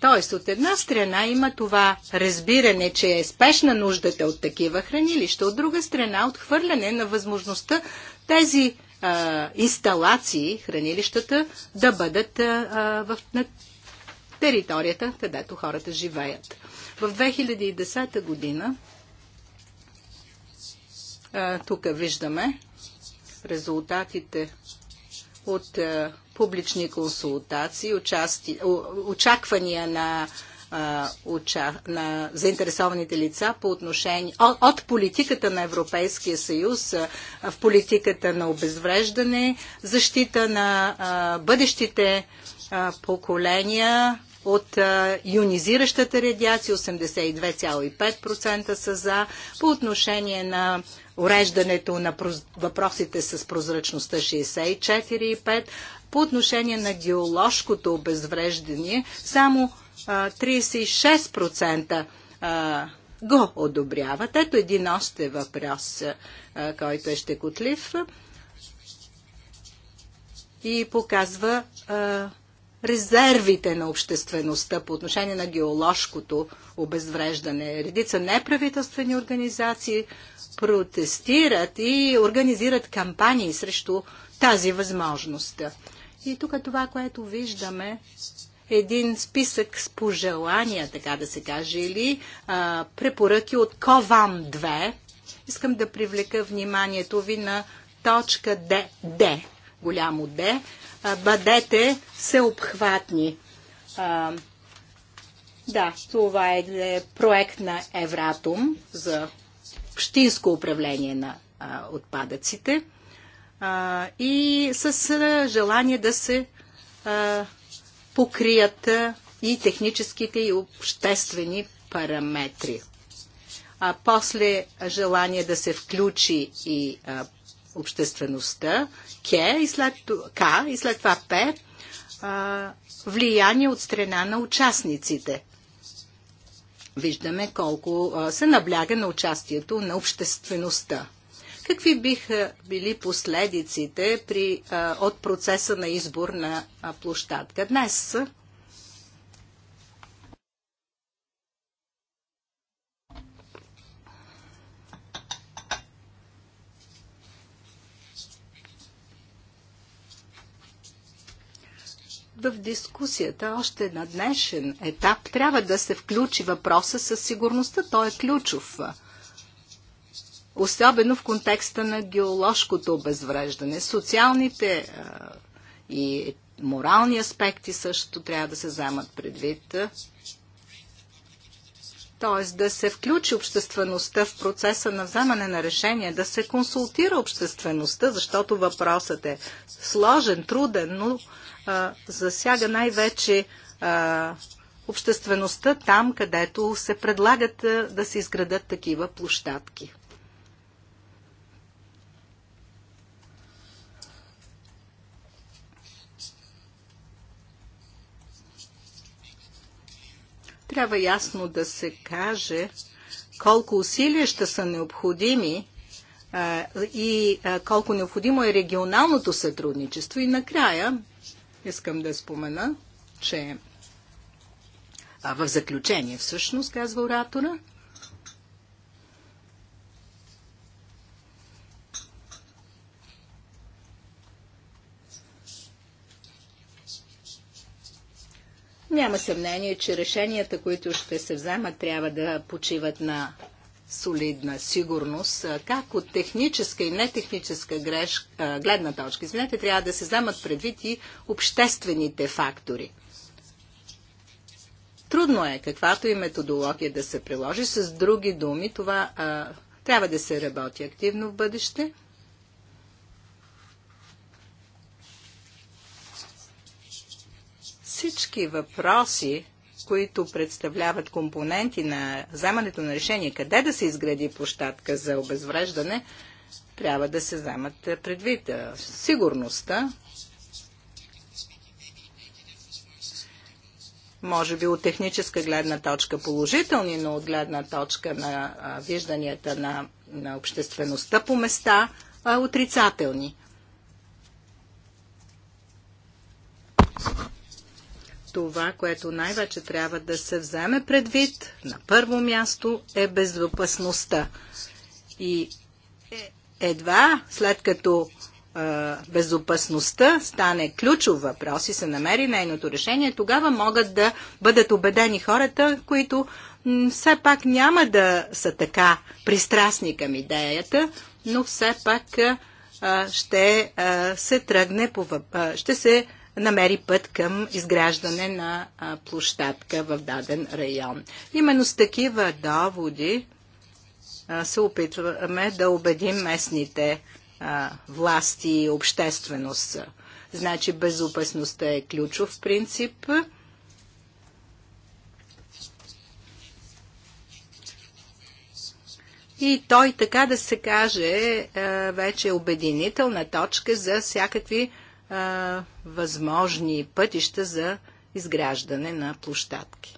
Тоест, от една страна има това разбиране, че е спешна нуждата от такива хранилища, от друга страна отхвърляне на възможността тези а, инсталации, хранилищата, да бъдат а, в, на територията, където хората живеят. В 2010 година тук виждаме резултатите от публични консултации, участи, очаквания на, на заинтересованите лица по отношение от политиката на Европейския съюз в политиката на обезвреждане, защита на бъдещите поколения, от ионизиращата радиация, 82,5% са за. По отношение на уреждането на въпросите с прозрачността 64,5%, по отношение на геоложкото обезвреждане, само 36% го одобряват. Ето един още въпрос, който е щекотлив и показва резервите на обществеността по отношение на геоложкото обезвреждане. Редица неправителствени организации протестират и организират кампании срещу тази възможност. И тук това, което виждаме, един списък с пожелания, така да се каже, или а, препоръки от КОВАМ 2. Искам да привлека вниманието ви на точка Д, Д голямо Д, бъдете всеобхватни. Да, това е, е проект на Евратум за общинско управление на а, отпадъците а, и с а, желание да се а, покрият а, и техническите и обществени параметри. А после желание да се включи и а, обществеността, КЕ и след, ка и след това П, влияние от страна на участниците. Виждаме колко се набляга на участието на обществеността. Какви биха били последиците при, от процеса на избор на площадка? Днес в дискусията още на днешен етап трябва да се включи въпроса със сигурността. Той е ключов. Особено в контекста на геоложкото обезвреждане. Социалните и морални аспекти също трябва да се вземат предвид. Тоест, да се включи обществеността в процеса на вземане на решение, да се консултира обществеността, защото въпросът е сложен, труден, но а, засяга най-вече обществеността там, където се предлагат а, да се изградат такива площадки. Трябва ясно да се каже колко усилия ще са необходими и колко необходимо е регионалното сътрудничество. И накрая Искам да спомена, че а в заключение всъщност, казва оратора, Няма съмнение, че решенията, които ще се вземат, трябва да почиват на солидна сигурност, как от техническа и нетехническа грешка, гледна точка, извинете, трябва да се вземат предвид и обществените фактори. Трудно е каквато и методология да се приложи. С други думи, това а, трябва да се работи активно в бъдеще. Всички въпроси, които представляват компоненти на вземането на решение къде да се изгради площадка за обезвреждане, трябва да се вземат предвид. Сигурността, може би от техническа гледна точка положителни, но от гледна точка на вижданията на, на обществеността по места отрицателни. това, което най-вече трябва да се вземе предвид, на първо място е безопасността. И е, едва след като безопасността стане ключов въпрос и се намери нейното решение, тогава могат да бъдат убедени хората, които все пак няма да са така пристрастни към идеята, но все пак ще се тръгне по, ще се намери път към изграждане на площадка в даден район. Именно с такива доводи се опитваме да убедим местните власти и общественост. Значи безопасността е ключов принцип. И той, така да се каже, вече е обединителна точка за всякакви а, възможни пътища за изграждане на площадки.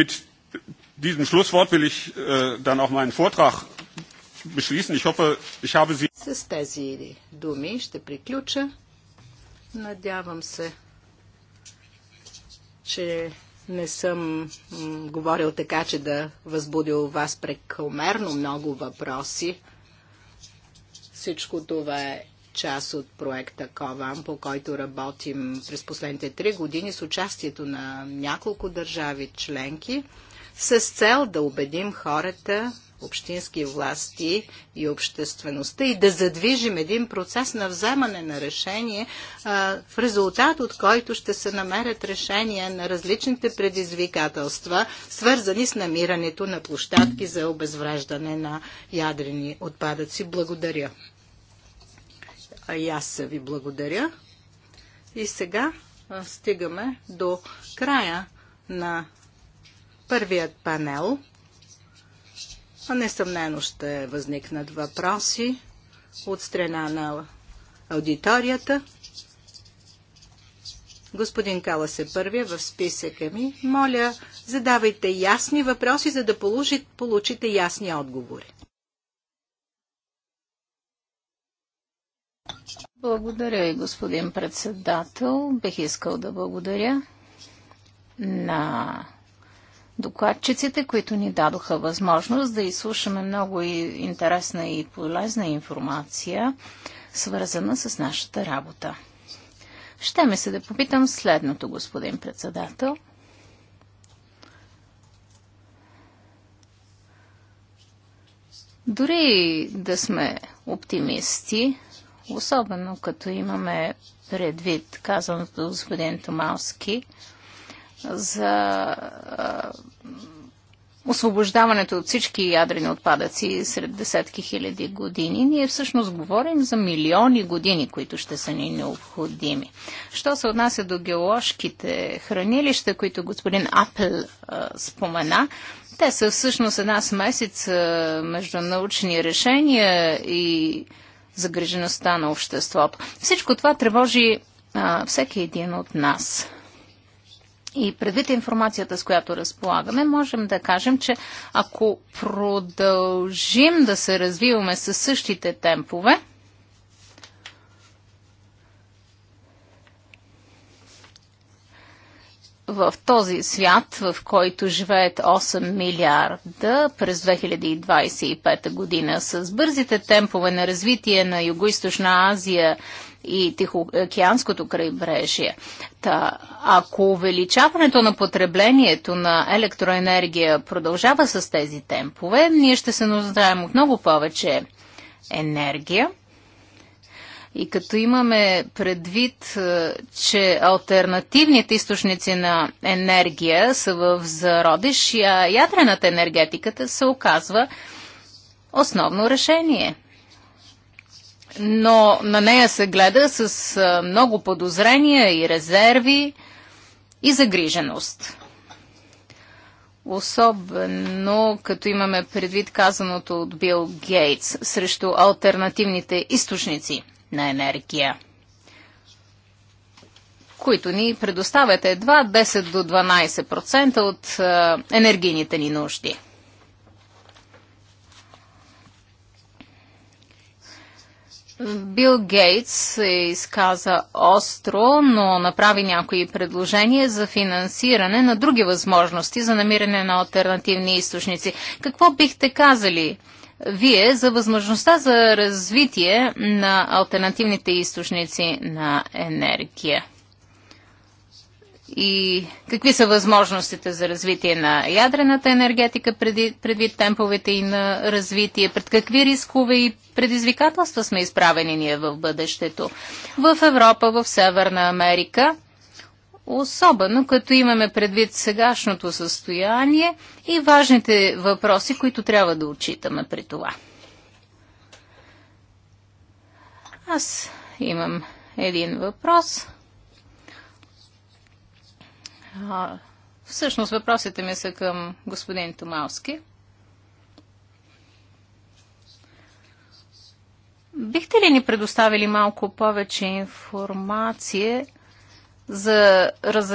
Mit diesem Schlusswort will ich äh, dann auch meinen Vortrag beschließen. Ich hoffe, ich habe Sie. С тези думи ще приключа. Надявам се, че не съм говорил така, че да възбудил вас прекомерно много въпроси. Всичко това е част от проекта КОВАМ, по който работим през последните три години с участието на няколко държави членки, с цел да убедим хората, общински власти и обществеността и да задвижим един процес на вземане на решение, в резултат от който ще се намерят решения на различните предизвикателства, свързани с намирането на площадки за обезвреждане на ядрени отпадъци. Благодаря. А и аз ви благодаря. И сега стигаме до края на първият панел. Несъмнено ще възникнат въпроси от страна на аудиторията. Господин Калас е първия в списъка ми. Моля, задавайте ясни въпроси, за да получите ясни отговори. Благодаря, господин председател. Бих искал да благодаря на докладчиците, които ни дадоха възможност да изслушаме много интересна и полезна информация, свързана с нашата работа. Ще ме се да попитам следното, господин председател. Дори да сме оптимисти, особено като имаме предвид казаното господин Томалски за освобождаването от всички ядрени отпадъци сред десетки хиляди години. Ние всъщност говорим за милиони години, които ще са ни необходими. Що се отнася до геоложките хранилища, които господин Апел спомена, те са всъщност една смесица между научни решения и загрижеността на обществото. Всичко това тревожи а, всеки един от нас. И предвид информацията, с която разполагаме, можем да кажем, че ако продължим да се развиваме със същите темпове, в този свят, в който живеят 8 милиарда през 2025 година, с бързите темпове на развитие на Юго-Источна Азия и Тихоокеанското крайбрежие. Та, ако увеличаването на потреблението на електроенергия продължава с тези темпове, ние ще се нуждаем от много повече енергия – и като имаме предвид, е, че альтернативните източници на енергия са в зародиш, а ядрената енергетиката се оказва основно решение. Но на нея се гледа с е, много подозрения и резерви и загриженост. Особено като имаме предвид казаното от Бил Гейтс срещу альтернативните източници на енергия, които ни предоставят едва 10 до 12% от енергийните ни нужди. Бил Гейтс се изказа остро, но направи някои предложения за финансиране на други възможности за намиране на альтернативни източници. Какво бихте казали? вие за възможността за развитие на альтернативните източници на енергия? И какви са възможностите за развитие на ядрената енергетика преди, предвид темповете и на развитие? Пред какви рискове и предизвикателства сме изправени ние в бъдещето? В Европа, в Северна Америка – особено като имаме предвид сегашното състояние и важните въпроси, които трябва да отчитаме при това. Аз имам един въпрос. всъщност въпросите ми са към господин Томалски. Бихте ли ни предоставили малко повече информация за раз...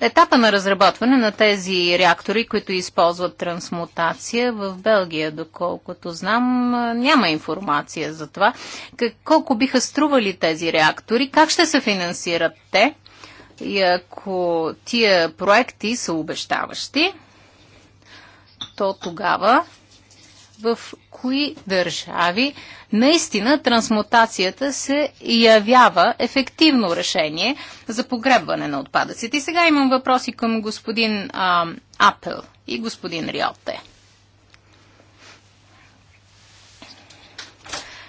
етапа на разработване на тези реактори, които използват трансмутация в Белгия, доколкото знам, няма информация за това. Колко биха стрували тези реактори? Как ще се финансират те? И ако тия проекти са обещаващи, то тогава в кои държави наистина трансмутацията се явява ефективно решение за погребване на отпадъците. И сега имам въпроси към господин а, Апел и господин Риоте.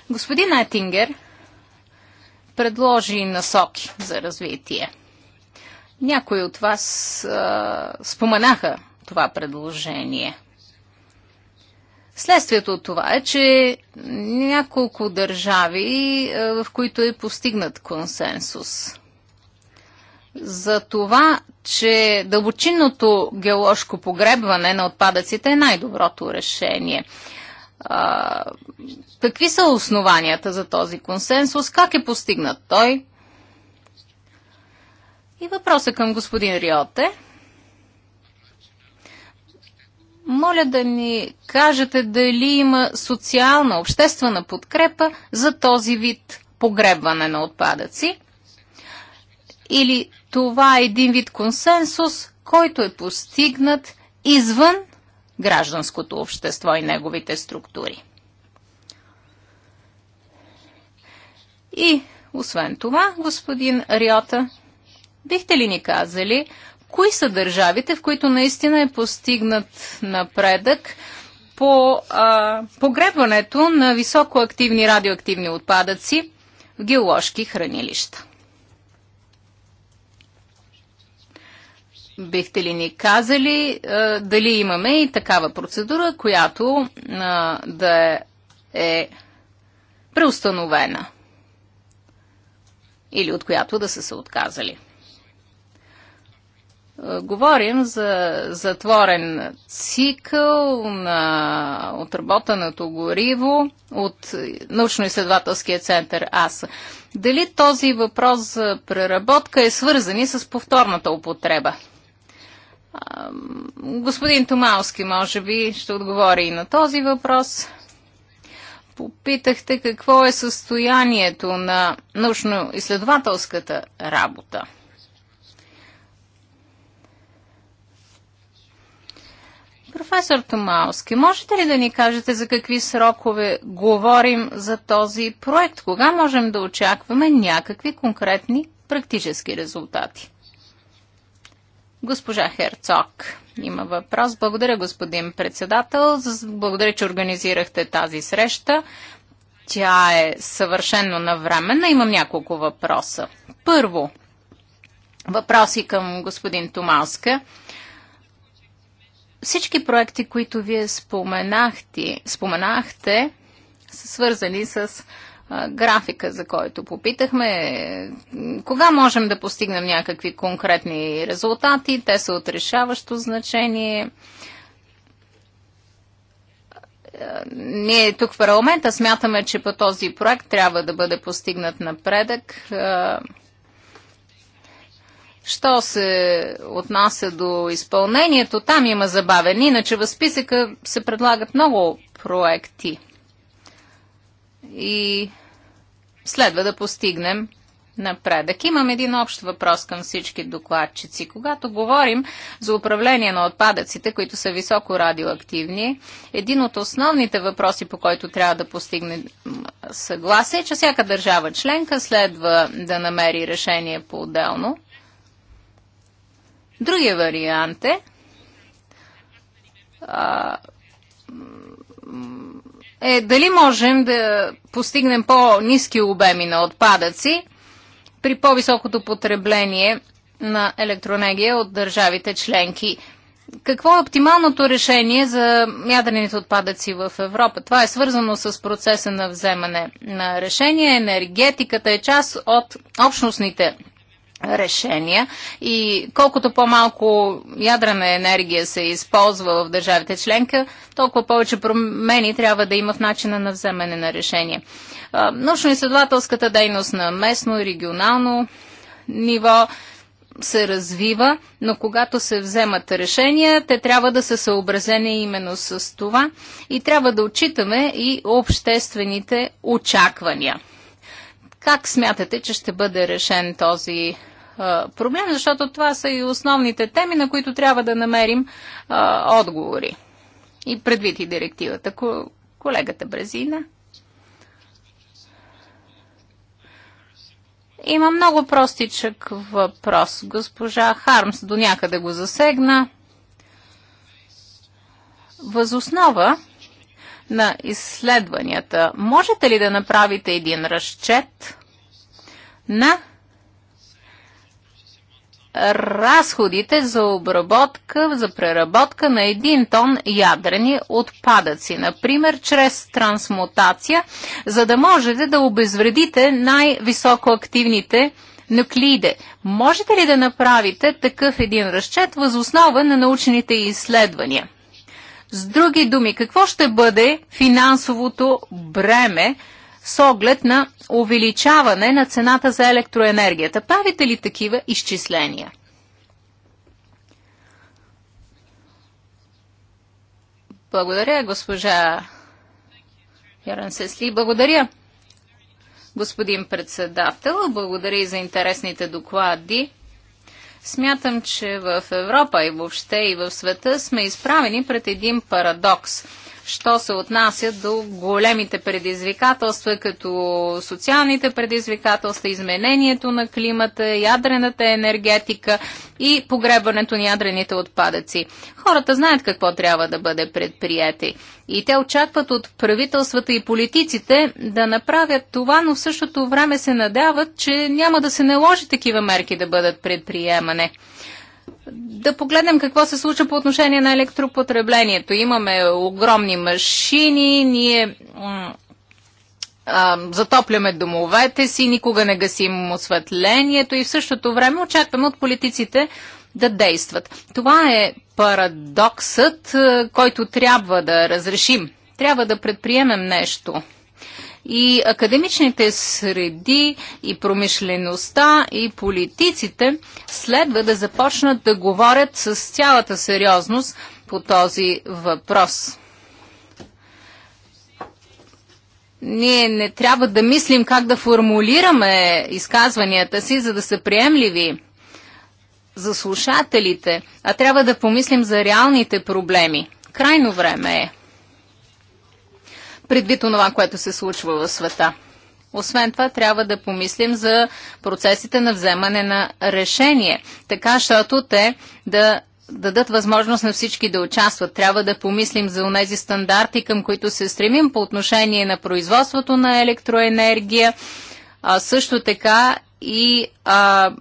Господин Етингер предложи насоки за развитие. Някои от вас а, споменаха това предложение – Следствието от това е, че няколко държави, е, в които е постигнат консенсус за това, че дълбочинното геоложко погребване на отпадъците е най-доброто решение. А, какви са основанията за този консенсус? Как е постигнат той? И въпросът към господин Риоте. Моля да ни кажете дали има социална, обществена подкрепа за този вид погребване на отпадъци. Или това е един вид консенсус, който е постигнат извън гражданското общество и неговите структури. И, освен това, господин Риота, бихте ли ни казали Кои са държавите, в които наистина е постигнат напредък по а, погребването на високоактивни радиоактивни отпадъци в геоложки хранилища? Бихте ли ни казали а, дали имаме и такава процедура, която а, да е преустановена или от която да са се отказали? Е, говорим за затворен цикъл на отработеното гориво от научно-изследователския център АСА. Дали този въпрос за преработка е свързан и с повторната употреба? Е, господин Томалски, може би, ще отговори и на този въпрос. Попитахте какво е състоянието на научно-изследователската работа. Професор Томаоски, можете ли да ни кажете за какви срокове говорим за този проект? Кога можем да очакваме някакви конкретни практически резултати? Госпожа Херцог има въпрос. Благодаря, господин председател. Благодаря, че организирахте тази среща. Тя е съвършенно навременна. Имам няколко въпроса. Първо, въпроси към господин Томаоска. Всички проекти, които вие споменахте, споменахте са свързани с графика, за който попитахме. Кога можем да постигнем някакви конкретни резултати? Те са от решаващо значение. Ние тук в парламента смятаме, че по този проект трябва да бъде постигнат напредък. Що се отнася до изпълнението, там има забавен. Иначе в списъка се предлагат много проекти. И следва да постигнем напредък. Имам един общ въпрос към всички докладчици. Когато говорим за управление на отпадъците, които са високо радиоактивни, един от основните въпроси, по който трябва да постигне съгласие, е, че всяка държава членка следва да намери решение по-отделно Другия вариант е а, е дали можем да постигнем по-низки обеми на отпадъци при по-високото потребление на електроенергия от държавите членки. Какво е оптималното решение за ядрените отпадъци в Европа? Това е свързано с процеса на вземане на решение. Енергетиката е част от общностните решения и колкото по-малко ядрена енергия се използва в държавите членка, толкова повече промени трябва да има в начина на вземане на решение. Научно-изследователската дейност на местно и регионално ниво се развива, но когато се вземат решения, те трябва да са съобразени именно с това и трябва да отчитаме и обществените очаквания. Как смятате, че ще бъде решен този е, проблем? Защото това са и основните теми, на които трябва да намерим а, е, отговори. И предвид и директивата. Колегата Бразина. Има много простичък въпрос. Госпожа Хармс до някъде го засегна. Възоснова на изследванията, можете ли да направите един разчет на разходите за обработка, за преработка на един тон ядрени отпадъци, например чрез трансмутация, за да можете да обезвредите най-високоактивните нуклеиде. Можете ли да направите такъв един разчет въз основа на научните изследвания? С други думи, какво ще бъде финансовото бреме с оглед на увеличаване на цената за електроенергията. Правите ли такива изчисления? Благодаря, госпожа Ярансесли. Благодаря, господин председател. Благодаря и за интересните доклади. Смятам, че в Европа и въобще и в света сме изправени пред един парадокс – що се отнася до големите предизвикателства, като социалните предизвикателства, изменението на климата, ядрената енергетика и погребването на ядрените отпадъци. Хората знаят какво трябва да бъде предприяти и те очакват от правителствата и политиците да направят това, но в същото време се надяват, че няма да се наложи такива мерки да бъдат предприемане да погледнем какво се случва по отношение на електропотреблението. Имаме огромни машини, ние затопляме домовете си, никога не гасим осветлението и в същото време очакваме от политиците да действат. Това е парадоксът, който трябва да разрешим. Трябва да предприемем нещо и академичните среди, и промишлеността, и политиците следва да започнат да говорят с цялата сериозност по този въпрос. Ние не трябва да мислим как да формулираме изказванията си, за да са приемливи за слушателите, а трябва да помислим за реалните проблеми. Крайно време е предвид това, което се случва в света. Освен това, трябва да помислим за процесите на вземане на решение, така, защото те да дадат възможност на всички да участват. Трябва да помислим за тези стандарти, към които се стремим по отношение на производството на електроенергия, а също така и а,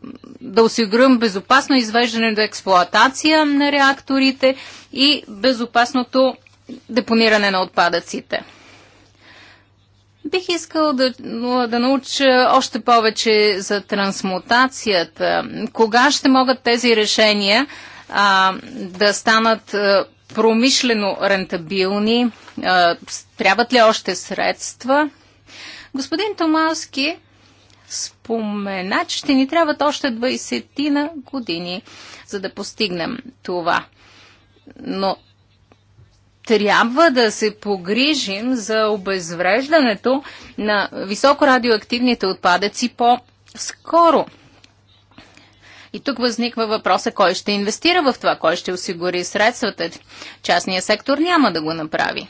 да осигурим безопасно извеждане до експлоатация на реакторите и безопасното депониране на отпадъците. Бих искал да, да науча още повече за трансмутацията. Кога ще могат тези решения а, да станат а, промишлено рентабилни? А, трябват ли още средства? Господин Томалски спомена, че ще ни трябват още 20 на години, за да постигнем това. Но трябва да се погрижим за обезвреждането на високо радиоактивните отпадъци по-скоро. И тук възниква въпроса кой ще инвестира в това, кой ще осигури средствата. Частният сектор няма да го направи.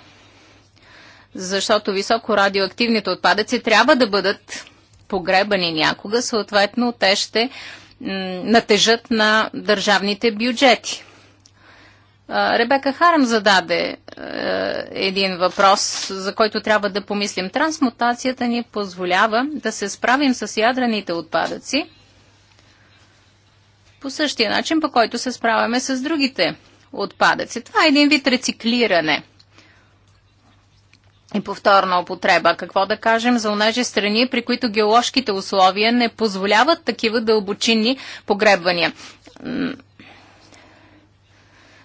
Защото високо радиоактивните отпадъци трябва да бъдат погребани някога, съответно те ще натежат на държавните бюджети. Ребека Харам зададе е, един въпрос, за който трябва да помислим. Трансмутацията ни позволява да се справим с ядрените отпадъци по същия начин, по който се справяме с другите отпадъци. Това е един вид рециклиране и повторна употреба. Какво да кажем за онежи страни, при които геоложките условия не позволяват такива дълбочинни погребвания?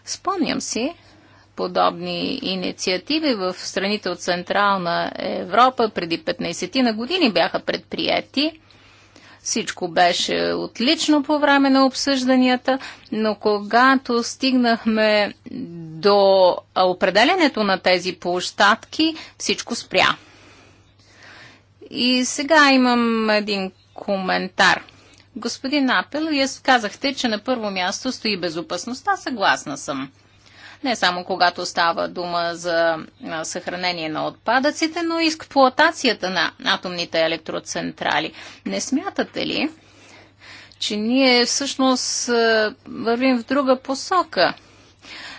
Спомням си подобни инициативи в страните от Централна Европа преди 15 ти на години бяха предприяти. Всичко беше отлично по време на обсъжданията, но когато стигнахме до определенето на тези площадки, всичко спря. И сега имам един коментар. Господин Апел, вие казахте, че на първо място стои безопасността. Съгласна съм. Не само когато става дума за съхранение на отпадъците, но и експлуатацията на атомните електроцентрали. Не смятате ли, че ние всъщност вървим в друга посока?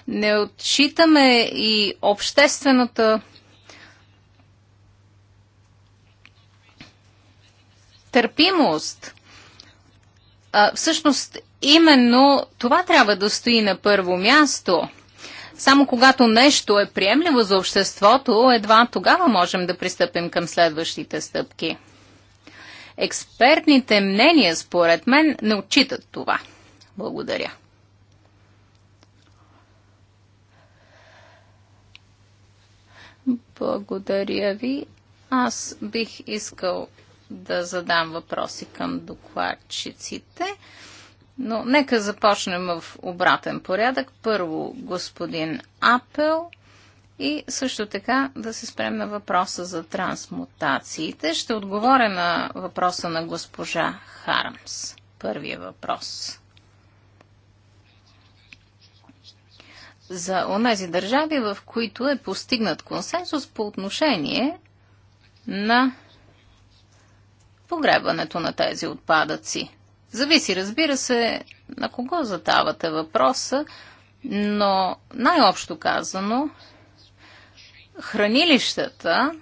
Не отчитаме и обществената търпимост – а, всъщност именно това трябва да стои на първо място. Само когато нещо е приемливо за обществото, едва тогава можем да пристъпим към следващите стъпки. Експертните мнения, според мен, не отчитат това. Благодаря. Благодаря ви. Аз бих искал да задам въпроси към докладчиците. Но нека започнем в обратен порядък. Първо господин Апел и също така да се спрем на въпроса за трансмутациите. Ще отговоря на въпроса на госпожа Хармс. Първия въпрос. За онези държави, в които е постигнат консенсус по отношение на погребането на тези отпадъци. Зависи, разбира се, на кого задавате въпроса, но най-общо казано, хранилищата,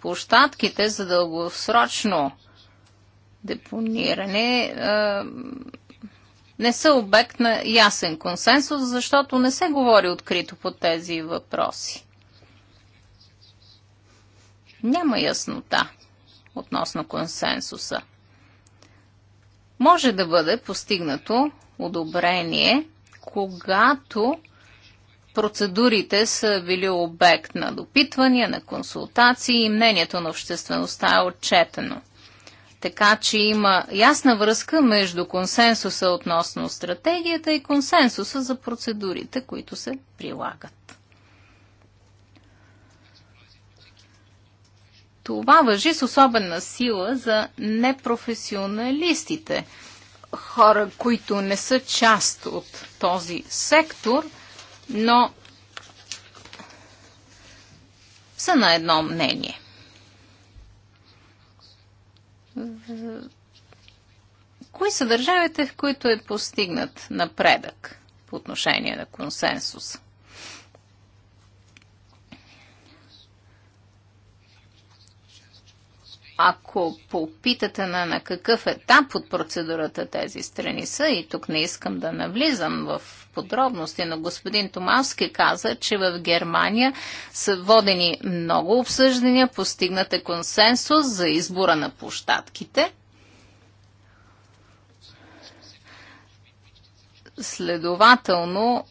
площадките за дългосрочно депониране е, не са обект на ясен консенсус, защото не се говори открито по тези въпроси. Няма яснота относно консенсуса. Може да бъде постигнато одобрение, когато процедурите са били обект на допитвания, на консултации и мнението на обществеността е отчетено. Така че има ясна връзка между консенсуса относно стратегията и консенсуса за процедурите, които се прилагат. Това въжи с особена сила за непрофесионалистите, хора, които не са част от този сектор, но са на едно мнение. Кои са държавите, в които е постигнат напредък по отношение на консенсуса? Ако попитате на, на какъв етап от процедурата тези страни са, и тук не искам да навлизам в подробности, но господин Томаски, каза, че в Германия са водени много обсъждания, постигнат е консенсус за избора на площадките. Следователно,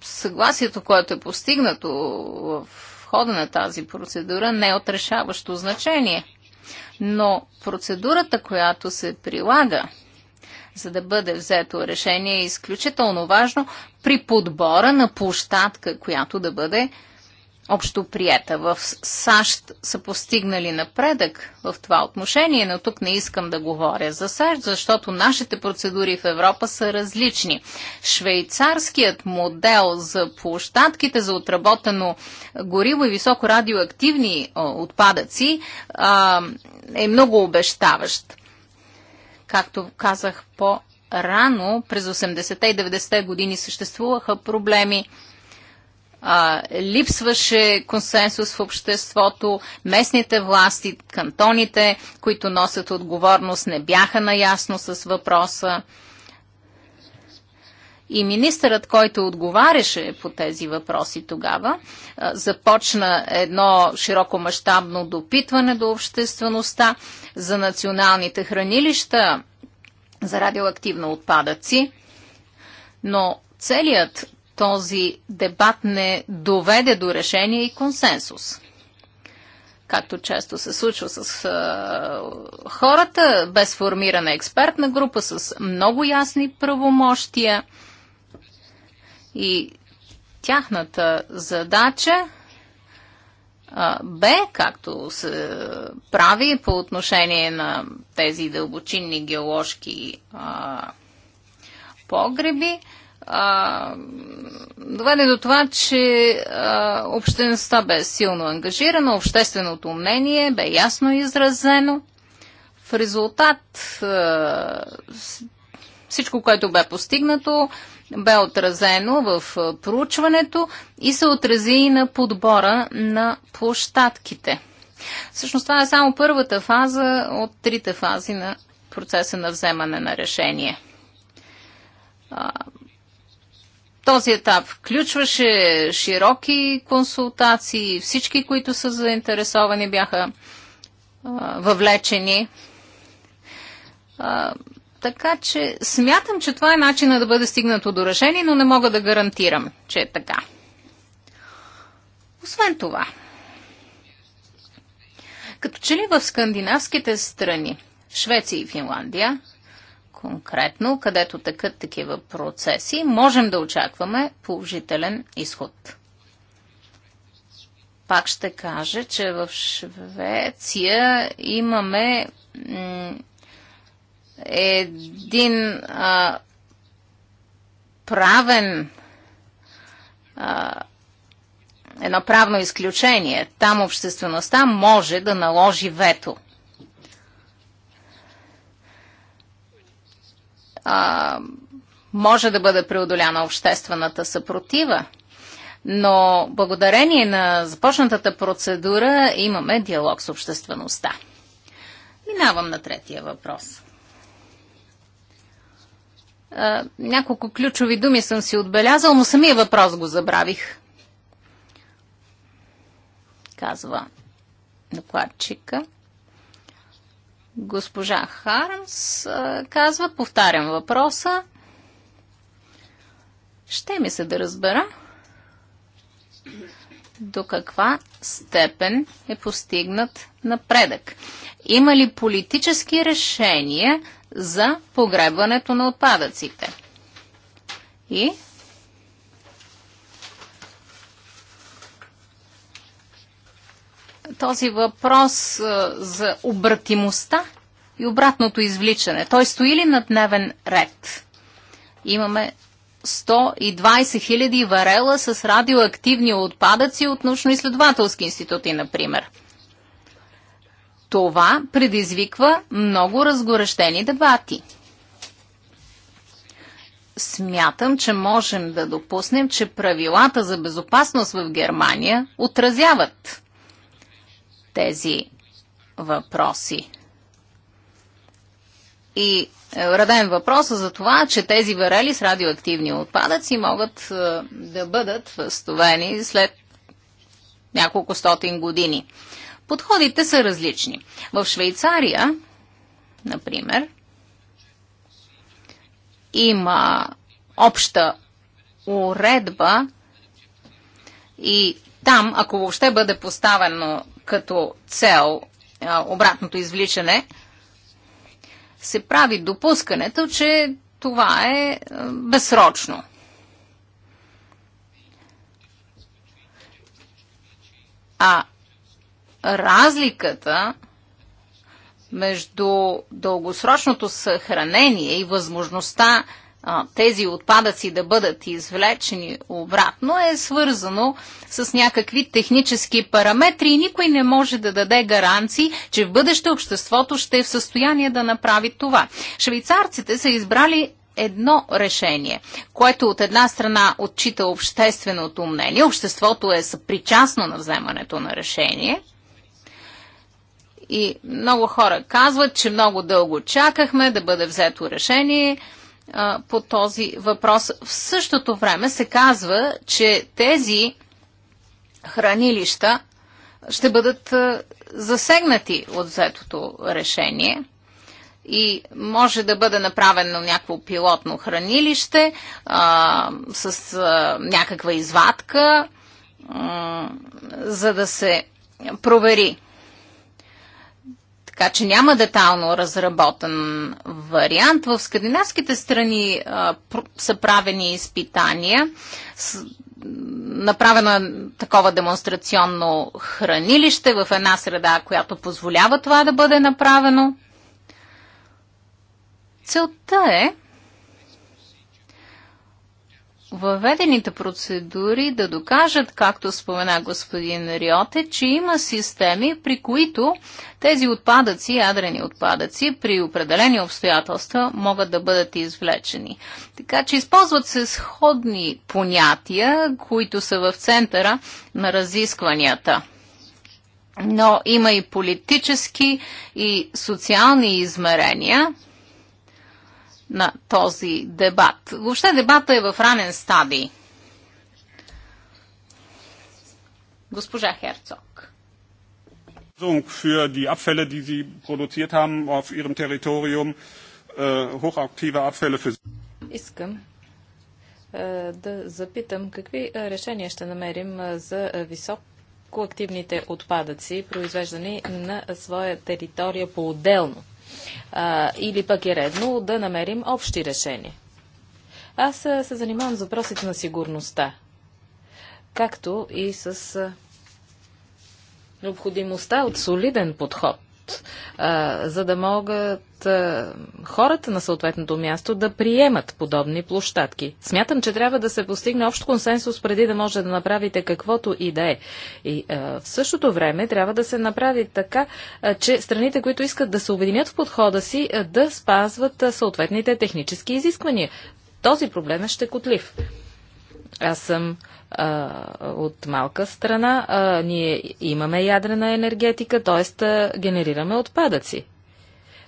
съгласието, което е постигнато в хода на тази процедура не е от решаващо значение. Но процедурата, която се прилага, за да бъде взето решение, е изключително важно при подбора на площадка, която да бъде общо прията. В САЩ са постигнали напредък в това отношение, но тук не искам да говоря за САЩ, защото нашите процедури в Европа са различни. Швейцарският модел за площадките за отработено гориво и високо радиоактивни отпадъци е много обещаващ. Както казах по-рано, през 80-те и 90-те години съществуваха проблеми а, липсваше консенсус в обществото, местните власти, кантоните, които носят отговорност, не бяха наясно с въпроса. И министърът, който отговаряше по тези въпроси тогава, започна едно широко мащабно допитване до обществеността за националните хранилища, за радиоактивно отпадъци, но целият този дебат не доведе до решение и консенсус. Както често се случва с а, хората, без формирана експертна група, с много ясни правомощия. И тяхната задача бе, както се прави по отношение на тези дълбочинни геоложки а, погреби, доведе до това, че а, обществеността бе силно ангажирана, общественото мнение бе ясно изразено. В резултат а, всичко, което бе постигнато, бе отразено в проучването и се отрази и на подбора на площадките. Всъщност това е само първата фаза от трите фази на процеса на вземане на решение. Този етап включваше широки консултации, всички, които са заинтересовани, бяха а, въвлечени. А, така че смятам, че това е начина да бъде стигнато до решение, но не мога да гарантирам, че е така. Освен това, като че ли в скандинавските страни, Швеция и Финландия, конкретно, където такът такива процеси, можем да очакваме положителен изход. Пак ще кажа, че в Швеция имаме един а, правен а, едно правно изключение. Там обществеността може да наложи вето а, може да бъде преодоляна обществената съпротива. Но благодарение на започнатата процедура имаме диалог с обществеността. Минавам на третия въпрос. А, няколко ключови думи съм си отбелязал, но самия въпрос го забравих. Казва докладчика. Госпожа Хармс казва, повтарям въпроса. Ще ми се да разбера до каква степен е постигнат напредък. Има ли политически решения за погребването на отпадъците? И този въпрос за обратимостта и обратното извличане. Той стои ли на дневен ред? Имаме 120 хиляди варела с радиоактивни отпадъци от научно-изследователски институти, например. Това предизвиква много разгорещени дебати. Смятам, че можем да допуснем, че правилата за безопасност в Германия отразяват тези въпроси. И е, роден въпроса за това, че тези варели с радиоактивни отпадъци могат е, да бъдат възстановени след няколко стотин години. Подходите са различни. В Швейцария, например, има обща уредба и там, ако въобще бъде поставено като цел обратното извличане, се прави допускането, че това е, е безсрочно. А разликата между дългосрочното съхранение и възможността а, тези отпадъци да бъдат извлечени обратно е свързано с някакви технически параметри и никой не може да даде гаранции, че в бъдеще обществото ще е в състояние да направи това. Швейцарците са избрали едно решение, което от една страна отчита общественото мнение, обществото е съпричастно на вземането на решение, и много хора казват, че много дълго чакахме да бъде взето решение а, по този въпрос. В същото време се казва, че тези хранилища ще бъдат засегнати от взетото решение и може да бъде направено някакво пилотно хранилище а, с а, някаква извадка, а, за да се провери така че няма детално разработен вариант. В скандинавските страни а, са правени изпитания. С, направено е такова демонстрационно хранилище в една среда, която позволява това да бъде направено. Целта е въведените процедури да докажат, както спомена господин Риоте, че има системи, при които тези отпадъци, ядрени отпадъци, при определени обстоятелства могат да бъдат извлечени. Така че използват се сходни понятия, които са в центъра на разискванията. Но има и политически и социални измерения – на този дебат. Въобще дебата е в ранен стадий. Госпожа Херцог. Für die Abfälle, die Sie produziert haben auf Ihrem Territorium, äh, hochaktive Abfälle für Искам э, да запитам какви э, решения ще намерим э, за високоактивните отпадъци, произвеждани на своя територия по-отделно. А, или пък е редно да намерим общи решения. Аз се занимавам с въпросите на сигурността, както и с необходимостта от солиден подход а, за да могат а, хората на съответното място да приемат подобни площадки. Смятам, че трябва да се постигне общ консенсус преди да може да направите каквото и да е. И а, в същото време трябва да се направи така, а, че страните, които искат да се объединят в подхода си, а, да спазват а, съответните технически изисквания. Този проблем е щекотлив. Аз съм а, от малка страна. А, ние имаме ядрена енергетика, т.е. генерираме отпадъци.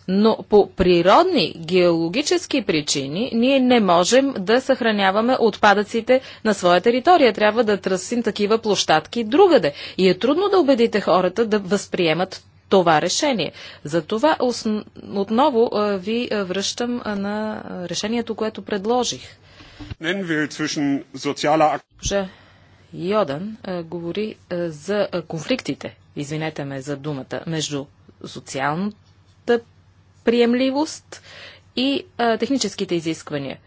Но по природни геологически причини ние не можем да съхраняваме отпадъците на своя територия. Трябва да търсим такива площадки другаде. И е трудно да убедите хората да възприемат това решение. Затова основ... отново ви връщам на решението, което предложих. Госпожа Йодан а, е, говори а, е, за а, е, конфликтите, извинете ме за думата, между социалната приемливост и а, техническите изисквания.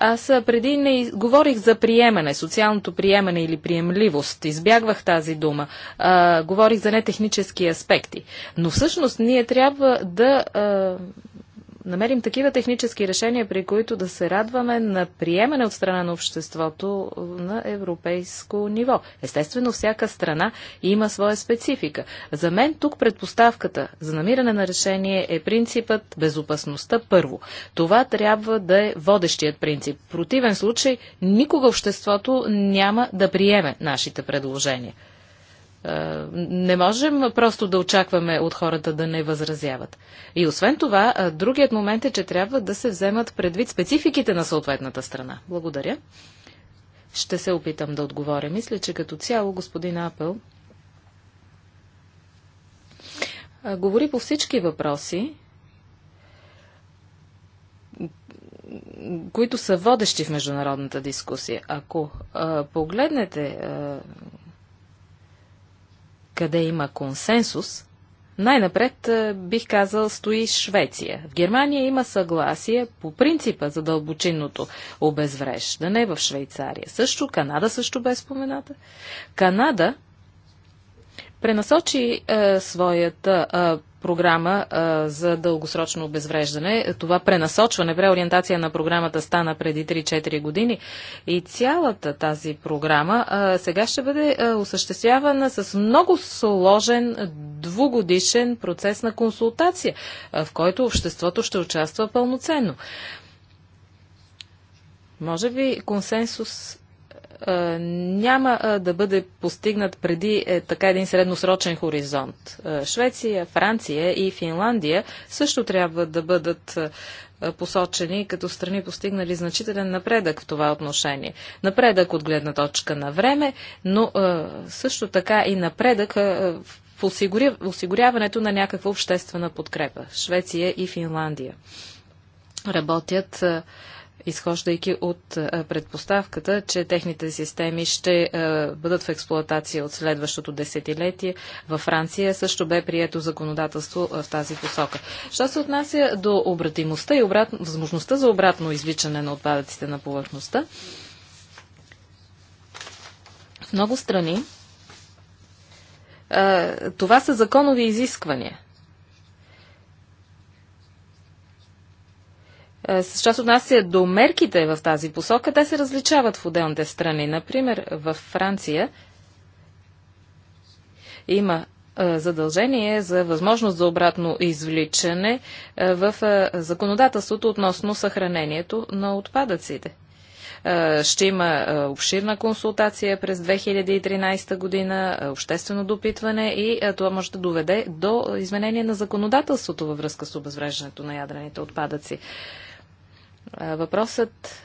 Аз преди не говорих за приемане, социалното приемане или приемливост. Избягвах тази дума. А, говорих за нетехнически аспекти. Но всъщност ние трябва да а, намерим такива технически решения, при които да се радваме на приемане от страна на обществото на европейско ниво. Естествено, всяка страна има своя специфика. За мен тук предпоставката за намиране на решение е принципът безопасността първо. Това трябва да е водещият принцип. В противен случай никога обществото няма да приеме нашите предложения. Е, не можем просто да очакваме от хората да не възразяват. И освен това, е, другият момент е, че трябва да се вземат предвид спецификите на съответната страна. Благодаря. Ще се опитам да отговоря. Мисля, че като цяло господин Апел е, говори по всички въпроси, които са водещи в международната дискусия. Ако а, погледнете а, къде има консенсус, най-напред е, бих казал стои Швеция. В Германия има съгласие по принципа за дълбочинното обезвреждане в Швейцария. Също Канада също бе спомената. Канада пренасочи е, своята е, програма а, за дългосрочно обезвреждане. Това пренасочване, преориентация на програмата стана преди 3-4 години и цялата тази програма а, сега ще бъде а, осъществявана с много сложен двугодишен процес на консултация, а, в който обществото ще участва пълноценно. Може би консенсус е, няма е, да бъде постигнат преди е, така един средносрочен хоризонт. Швеция, Франция и Финландия също трябва да бъдат посочени като страни постигнали значителен напредък в това отношение. Напредък от гледна точка на време, но също така и напредък в осигуряването на някаква обществена подкрепа. Швеция и Финландия работят изхождайки от е, предпоставката, че техните системи ще е, бъдат в експлоатация от следващото десетилетие. Във Франция също бе прието законодателство е, в тази посока. Що се отнася до обратимостта и обрат... възможността за обратно извличане на отпадъците на повърхността, в много страни това са законови изисквания – Е, с част отнася до мерките в тази посока, те се различават в отделните страни. Например, в Франция има е, задължение за възможност за обратно извличане е, в законодателството относно съхранението на отпадъците. Ще има обширна консултация през 2013 година, обществено допитване и това може да доведе до изменение на законодателството във връзка с обезвреждането на ядрените отпадъци. Въпросът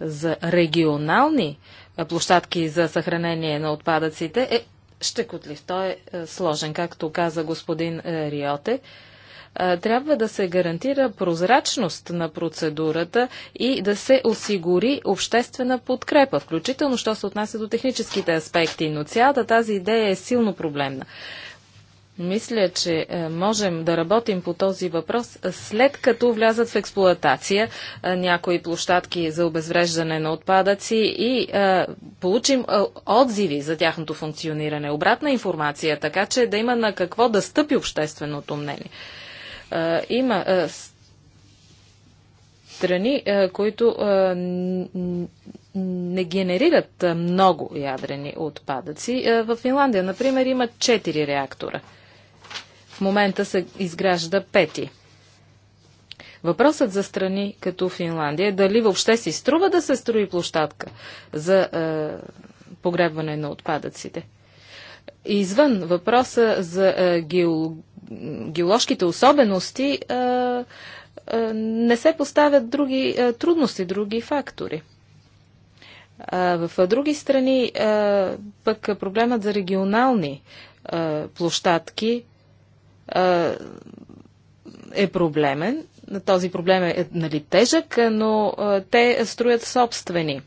за регионални площадки за съхранение на отпадъците е щекотлив. Той е, е сложен, както каза господин е, Риоте трябва да се гарантира прозрачност на процедурата и да се осигури обществена подкрепа, включително що се отнася до техническите аспекти. Но цялата тази идея е силно проблемна. Мисля, че е, можем да работим по този въпрос е, след като влязат в експлоатация е, някои площадки за обезвреждане на отпадъци и получим отзиви за тяхното функциониране, обратна информация, така че да има на какво да стъпи общественото мнение. има страни, които не генерират много ядрени отпадъци. В Финландия, например, има 4 реактора – в момента се изгражда пети. Въпросът за страни като Финландия е дали въобще си струва да се строи площадка за е, погребване на отпадъците. Извън въпроса за е, геол... геоложките особености е, е, не се поставят други е, трудности, други фактори. А, в е, други страни е, пък проблемът за регионални е, площадки е проблемен. Този проблем е нали, тежък, но те строят собствени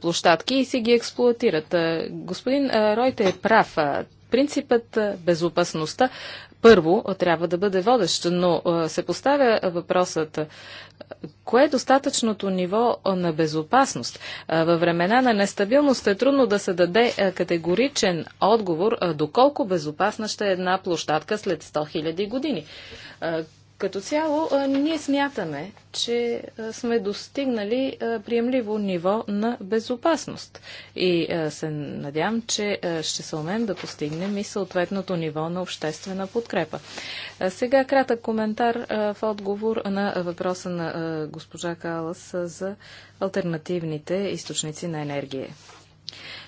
площадки и си ги експлуатират. Господин Ройте е прав. Принципът безопасността първо трябва да бъде водещ, но се поставя въпросът кое е достатъчното ниво на безопасност? Във времена на нестабилност е трудно да се даде категоричен отговор доколко безопасна ще е една площадка след 100 000 години. Като цяло, ние смятаме, че сме достигнали приемливо ниво на безопасност и се надявам, че ще се умеем да постигнем и съответното ниво на обществена подкрепа. Сега кратък коментар в отговор на въпроса на госпожа Калас за альтернативните източници на енергия.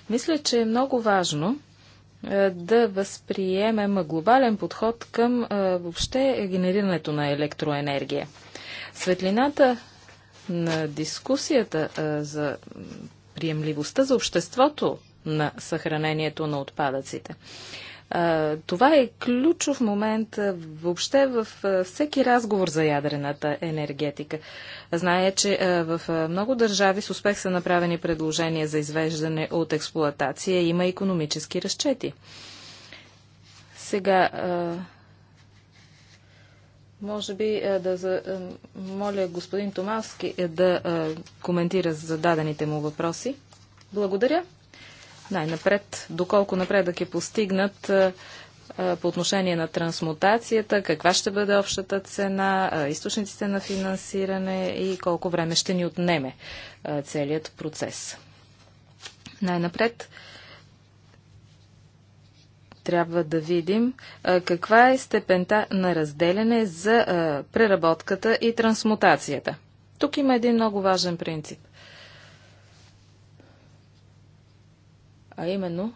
Мисля, че е много важно е, да възприемем глобален подход към е, въобще генерирането на електроенергия. Светлината на дискусията е, за приемливостта за обществото на съхранението на отпадъците. Това е ключов момент въобще в всеки разговор за ядрената енергетика. Знае, че в много държави с успех са направени предложения за извеждане от експлоатация. Има економически разчети. Сега, може би да за... моля господин Томаски да коментира зададените му въпроси. Благодаря най-напред, доколко напредък е постигнат по отношение на трансмутацията, каква ще бъде общата цена, източниците на финансиране и колко време ще ни отнеме целият процес. Най-напред трябва да видим каква е степента на разделяне за преработката и трансмутацията. Тук има един много важен принцип – а именно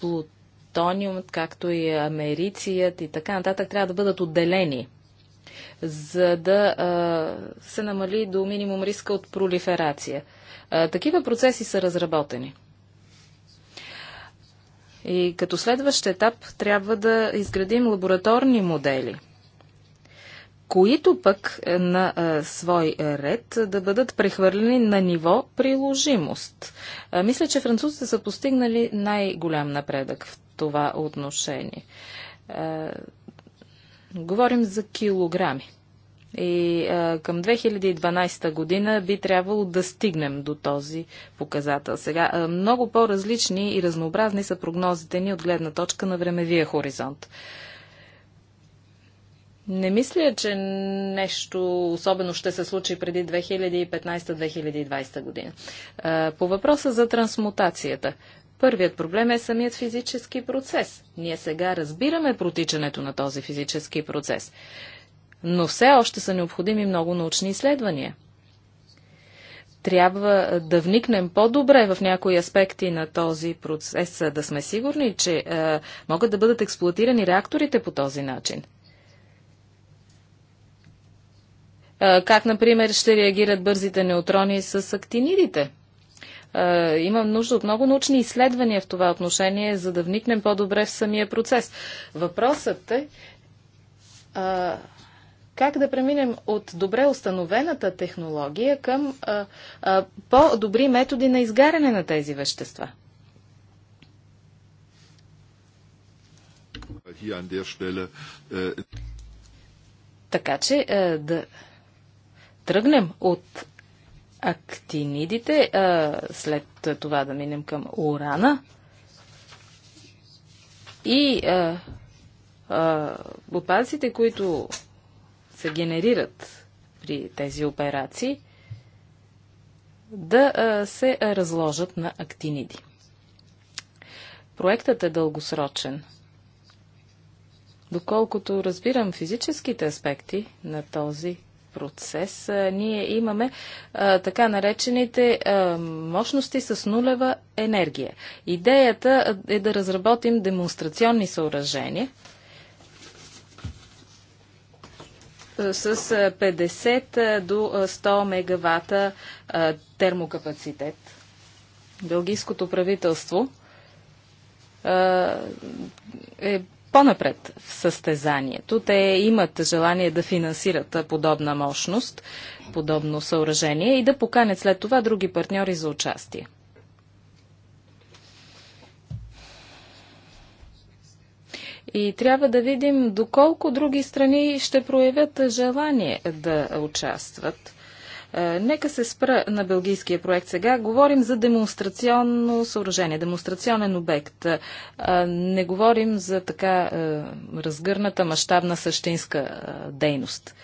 плутониумът, както и америцият и така нататък, трябва да бъдат отделени, за да а, се намали до минимум риска от пролиферация. А, такива процеси са разработени. И като следващ етап трябва да изградим лабораторни модели – които пък е, на а, е, свой е, ред да бъдат прехвърлени на ниво приложимост. А, мисля, че французите са постигнали най-голям напредък в това отношение. А, говорим за килограми. И а, към 2012 година би трябвало да стигнем до този показател. Сега а, много по-различни и разнообразни са прогнозите ни от гледна точка на времевия хоризонт. А, не мисля, че нещо особено ще се случи преди 2015-2020 година. По въпроса за трансмутацията. Първият проблем е самият физически процес. Ние сега разбираме протичането на този физически процес. Но все още са необходими много научни изследвания. Трябва да вникнем по-добре в някои аспекти на този процес, да сме сигурни, че е, могат да бъдат експлуатирани реакторите по този начин – Как, например, ще реагират бързите неутрони с актинидите? Имам нужда от много научни изследвания в това отношение, за да вникнем по-добре в самия процес. Въпросът е как да преминем от добре установената технология към по-добри методи на изгаряне на тези вещества. Äh, така че да тръгнем от актинидите, а, след това да минем към урана и а, а, отпадъците, които се генерират при тези операции, да а, се разложат на актиниди. Проектът е дългосрочен. Доколкото разбирам физическите аспекти на този процес ние имаме а, така наречените а, мощности с нулева енергия. Идеята е да разработим демонстрационни съоръжения с 50 до 100 мегавата а, термокапацитет. Белгийското правителство е по-напред в състезанието. Те имат желание да финансират подобна мощност, подобно съоръжение и да поканят след това други партньори за участие. И трябва да видим доколко други страни ще проявят желание да участват. Е, нека се спра на белгийския проект сега. Говорим за демонстрационно съоръжение, демонстрационен обект. Е, не говорим за така е, разгърната, мащабна същинска дейност.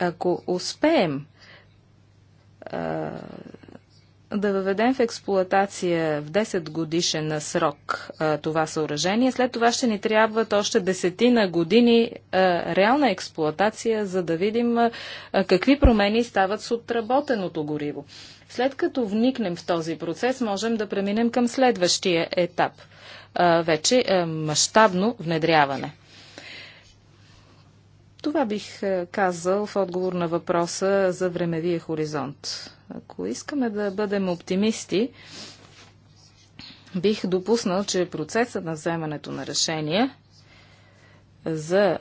Ако успеем да въведем в експлуатация в 10 годишен срок а, това съоръжение. След това ще ни трябват още десетина години а, реална експлуатация, за да видим а, какви промени стават с отработеното гориво. След като вникнем в този процес, можем да преминем към следващия етап. Вече мащабно внедряване. Това бих е, казал в отговор на въпроса за времевия хоризонт. Ако искаме да бъдем оптимисти, бих допуснал, че процесът на вземането на решения за е,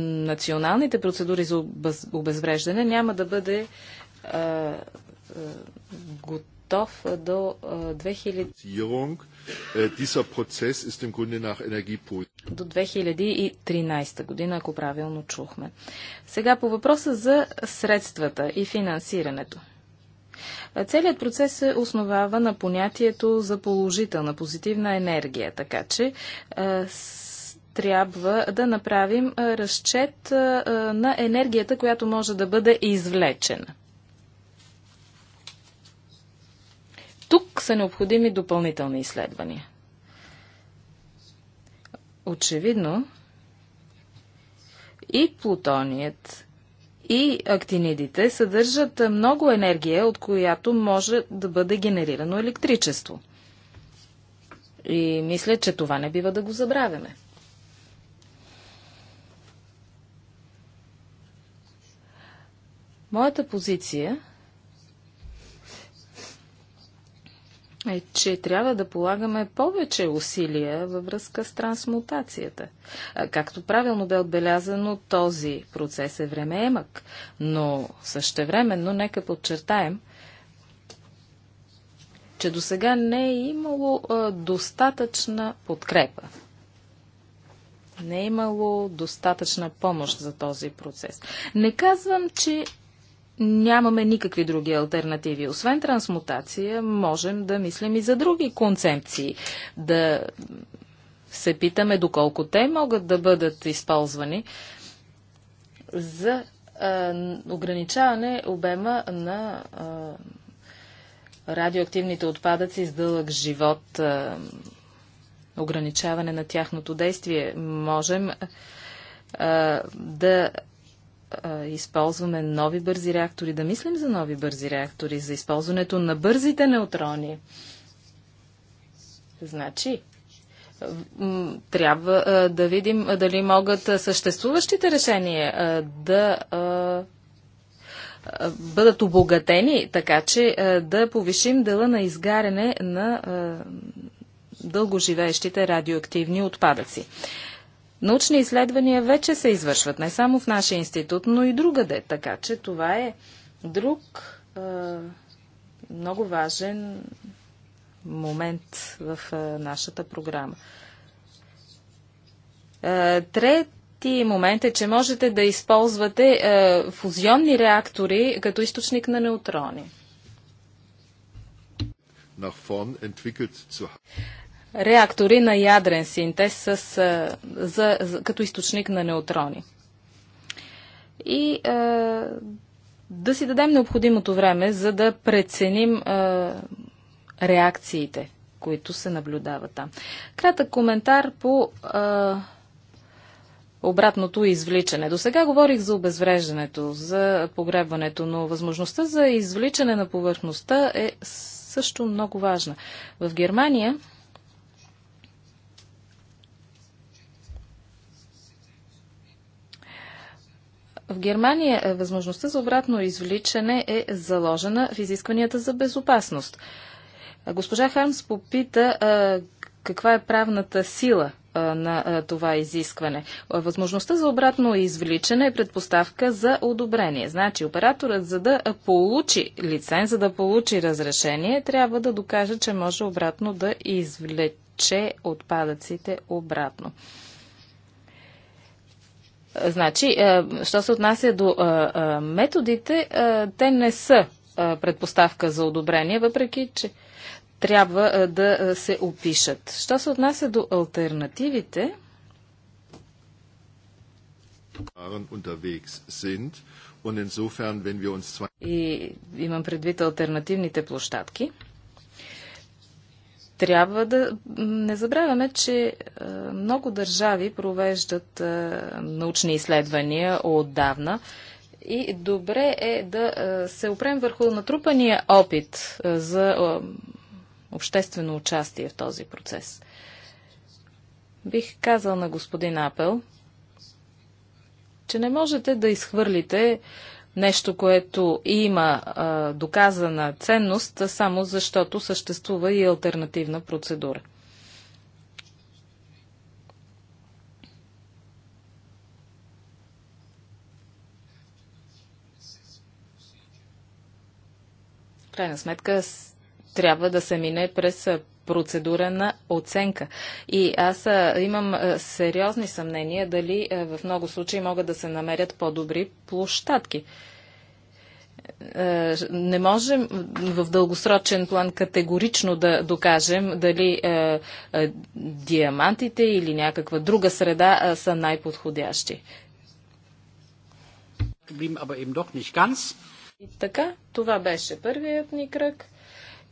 националните процедури за обезвреждане няма да бъде е, готов до 2000. Äh, dieser ist im Grunde nach До 2013 година, ако правилно чухме. Сега по въпроса за средствата и финансирането. Е, целият процес се основава на понятието за положителна, позитивна енергия, така че е, трябва да направим е, разчет на енергията, която може да бъде извлечена тук са необходими допълнителни изследвания. Очевидно, и плутоният, и актинидите съдържат много енергия, от която може да бъде генерирано електричество. И мисля, че това не бива да го забравяме. Моята позиция е, че трябва да полагаме повече усилия във връзка с трансмутацията. Както правилно бе отбелязано, този процес е времеемък, но същевременно нека подчертаем, че до сега не е имало достатъчна подкрепа. Не е имало достатъчна помощ за този процес. Не казвам, че нямаме никакви други альтернативи. Освен трансмутация, можем да мислим и за други концепции. Да се питаме доколко те могат да бъдат използвани за а, ограничаване обема на а, радиоактивните отпадъци с дълъг живот, а, ограничаване на тяхното действие. Можем а, да а, използваме нови бързи реактори, да мислим за нови бързи реактори, за използването на бързите неутрони. Значи, трябва а, да видим а, дали могат съществуващите решения а, да бъдат обогатени, така че да повишим дела на изгаряне на дългоживеещите радиоактивни отпадъци. Научни изследвания вече се извършват не само в нашия институт, но и другаде. Така че това е друг е, много важен момент в е, нашата програма. Е, трети момент е, че можете да използвате е, фузионни реактори като източник на неутрони реактори на ядрен синтез с, за, за, като източник на неутрони. И е, да си дадем необходимото време, за да преценим е, реакциите, които се наблюдават там. Кратък коментар по е, обратното извличане. До сега говорих за обезвреждането, за погребването, но възможността за извличане на повърхността е също много важна. В Германия В Германия е, възможността за обратно извличане е заложена в изискванията за безопасност. Госпожа Хармс попита а, каква е правната сила а, на а, това изискване. Възможността за обратно извличане е предпоставка за одобрение. Значи операторът, за да получи лиценз, за да получи разрешение, трябва да докаже, че може обратно да извлече отпадъците обратно. Значи, е, що се отнася до е, е, методите, те не са предпоставка за одобрение, въпреки че трябва да се опишат. Що се отнася до альтернативите, и имам предвид альтернативните площадки трябва да не забравяме, че е, много държави провеждат е, научни изследвания отдавна и добре е да е, се опрем върху натрупания опит за обществено участие в този процес. Бих казал на господин Апел, че не можете да изхвърлите нещо, което има а, доказана ценност, само защото съществува и альтернативна процедура. В крайна сметка трябва да се мине през процедура на оценка. И аз имам сериозни съмнения дали в много случаи могат да се намерят по-добри площадки не можем в дългосрочен план категорично да докажем дали е, е, диамантите или някаква друга среда е, са най-подходящи. И така, това беше първият ни кръг.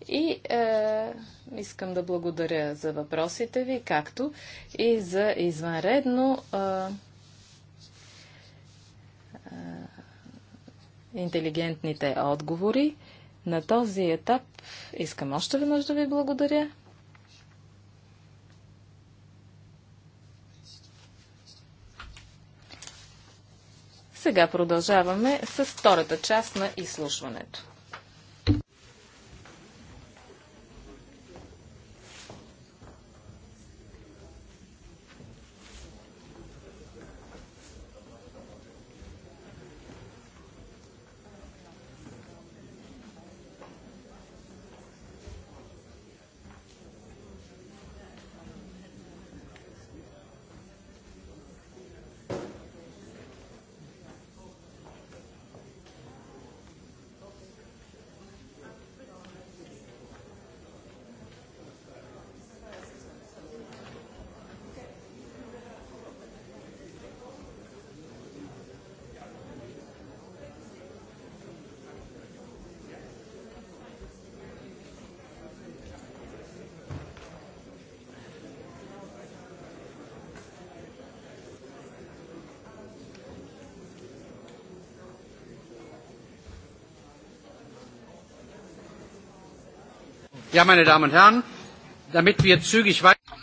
И е, искам да благодаря за въпросите ви, както и за извънредно е, е, интелигентните отговори. На този етап искам още веднъж да ви благодаря. Сега продължаваме с втората част на изслушването. Ja, meine Damen und Herren, damit wir zügig weiter...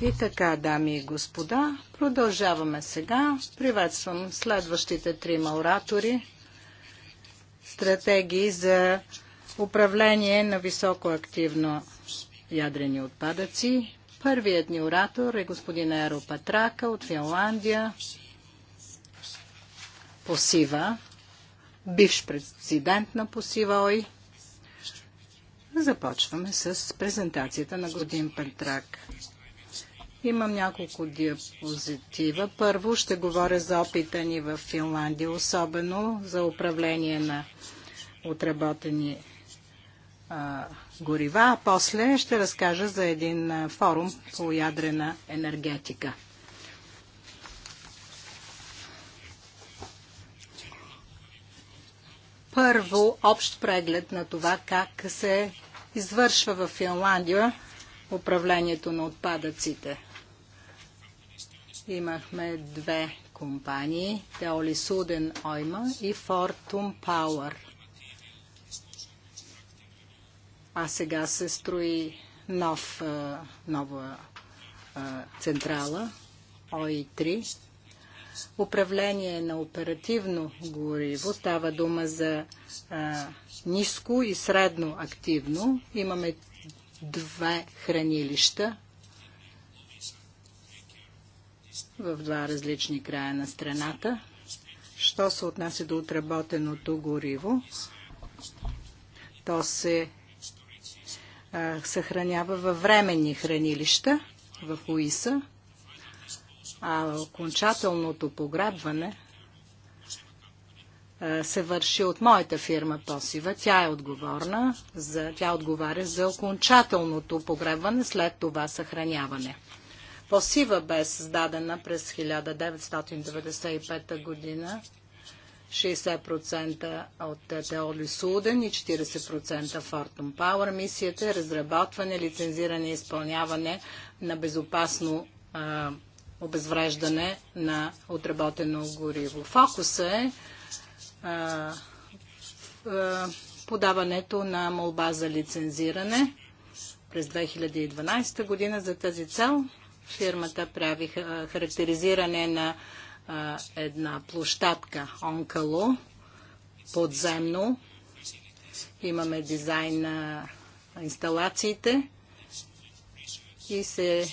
И така, дами и господа, продължаваме сега. Приветствам следващите трима оратори. Стратегии за управление на високоактивно ядрени отпадъци. Първият ни оратор е господин Еро Патрака от Финландия, Посива, бивш президент на Посива ОИ. Започваме с презентацията на годин Пентрак. Имам няколко диапозитива. Първо ще говоря за опита ни в Финландия, особено за управление на отработени а, горива, а после ще разкажа за един а, форум по ядрена енергетика. Първо, общ преглед на това как се извършва в Финландия управлението на отпадъците. Имахме две компании, Теоли Суден Ойма и Фортум Пауър. А сега се строи нов, нова централа, ОИ-3, управление на оперативно гориво. Става дума за а, ниско и средно активно. Имаме две хранилища в два различни края на страната. Що се отнася до отработеното гориво, то се а, съхранява във временни хранилища в УИСа а окончателното пограбване се върши от моята фирма Посива. Тя е отговорна, за, тя отговаря за окончателното погребване, след това съхраняване. Посива бе създадена през 1995 година. 60% от Теоли Суден и 40% Фортум Power. Мисията е разработване, лицензиране и изпълняване на безопасно а, обезвреждане на отработено гориво. Фокуса е подаването на молба за лицензиране през 2012 година за тази цел. Фирмата прави характеризиране на една площадка Онкало подземно. Имаме дизайн на инсталациите и се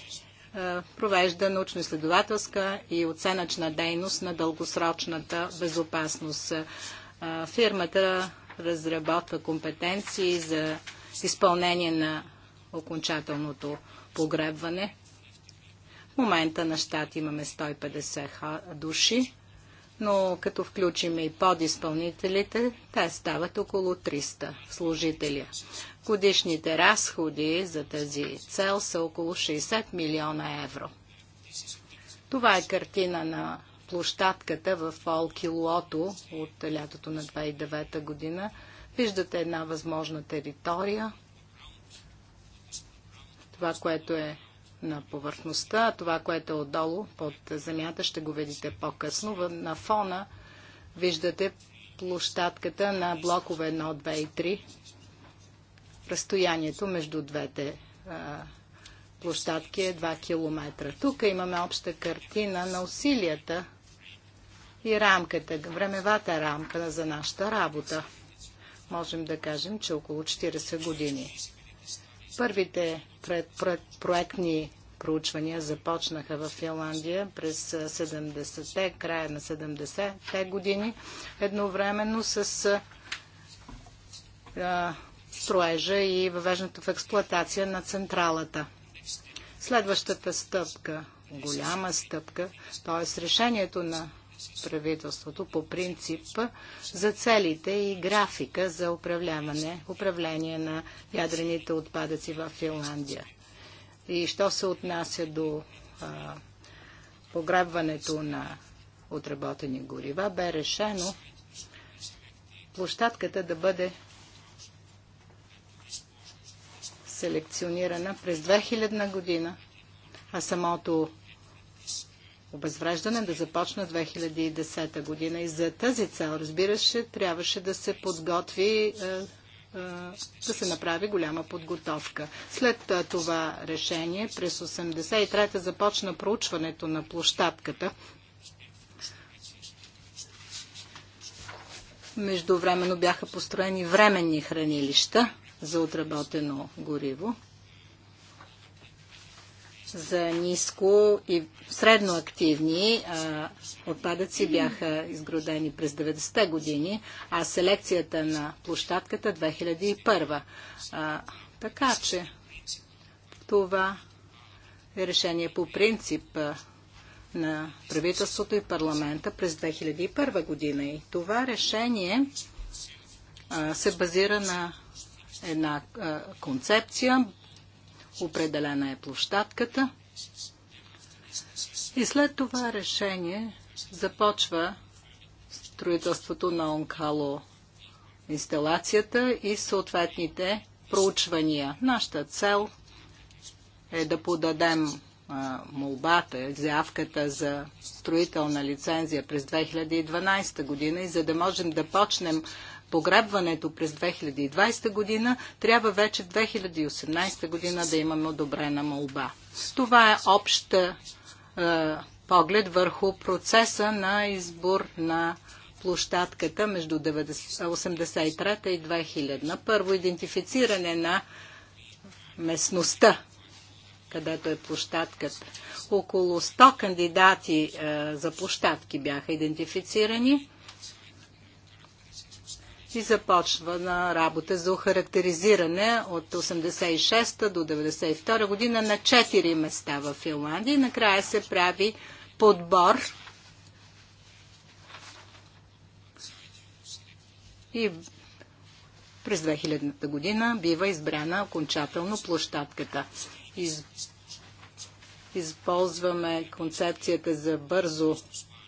е, провежда научно-изследователска и оценъчна дейност на дългосрочната безопасност. Е, фирмата разработва компетенции за изпълнение на окончателното погребване. В момента на щат имаме 150 души но като включим и подизпълнителите, те стават около 300 служители. Годишните разходи за тази цел са около 60 милиона евро. Това е картина на площадката в Олкилото от лятото на 2009 година. Виждате една възможна територия. Това, което е на повърхността, това, което е отдолу под земята, ще го видите по-късно. На фона виждате площадката на блокове 1, 2 и 3, разстоянието между двете а, площадки е 2 км. Тук имаме обща картина на усилията и рамката, времевата рамка за нашата работа. Можем да кажем, че около 40 години. Първите проектни проучвания започнаха в Финландия през 70-те, края на 70-те години, едновременно с а, строежа и въвеждането в експлоатация на централата. Следващата стъпка, голяма стъпка, т.е. решението на правителството по принцип за целите и графика за управляване, управление на ядрените отпадъци в Финландия. И що се отнася до а, пограбването на отработени горива, бе решено площадката да бъде селекционирана през 2000 година, а самото обезвреждане да започна 2010 година. И за тази цел, разбира се, трябваше да се подготви е, е, да се направи голяма подготовка. След е, това решение през 83-та започна проучването на площадката. Междувременно бяха построени временни хранилища за отработено гориво за ниско и средно активни а, отпадъци бяха изградени през 90-те години, а селекцията на площадката 2001. А, така че това е решение по принцип а, на правителството и парламента през 2001 година. И това решение се базира на една концепция, определена е площадката. И след това решение започва строителството на онкало инсталацията и съответните проучвания. Нашата цел е да подадем молбата, заявката за строителна лицензия през 2012 година и за да можем да почнем погребването през 2020 година, трябва вече в 2018 година да имаме одобрена молба. Това е общ е, поглед върху процеса на избор на площадката между 1983 и 2000. Първо идентифициране на местността, където е площадката. Около 100 кандидати е, за площадки бяха идентифицирани и започва на работа за охарактеризиране от 86-та до 92 година на четири места в Финландия и накрая се прави подбор и през 2000-та година бива избрана окончателно площадката. Из... Използваме концепцията за бързо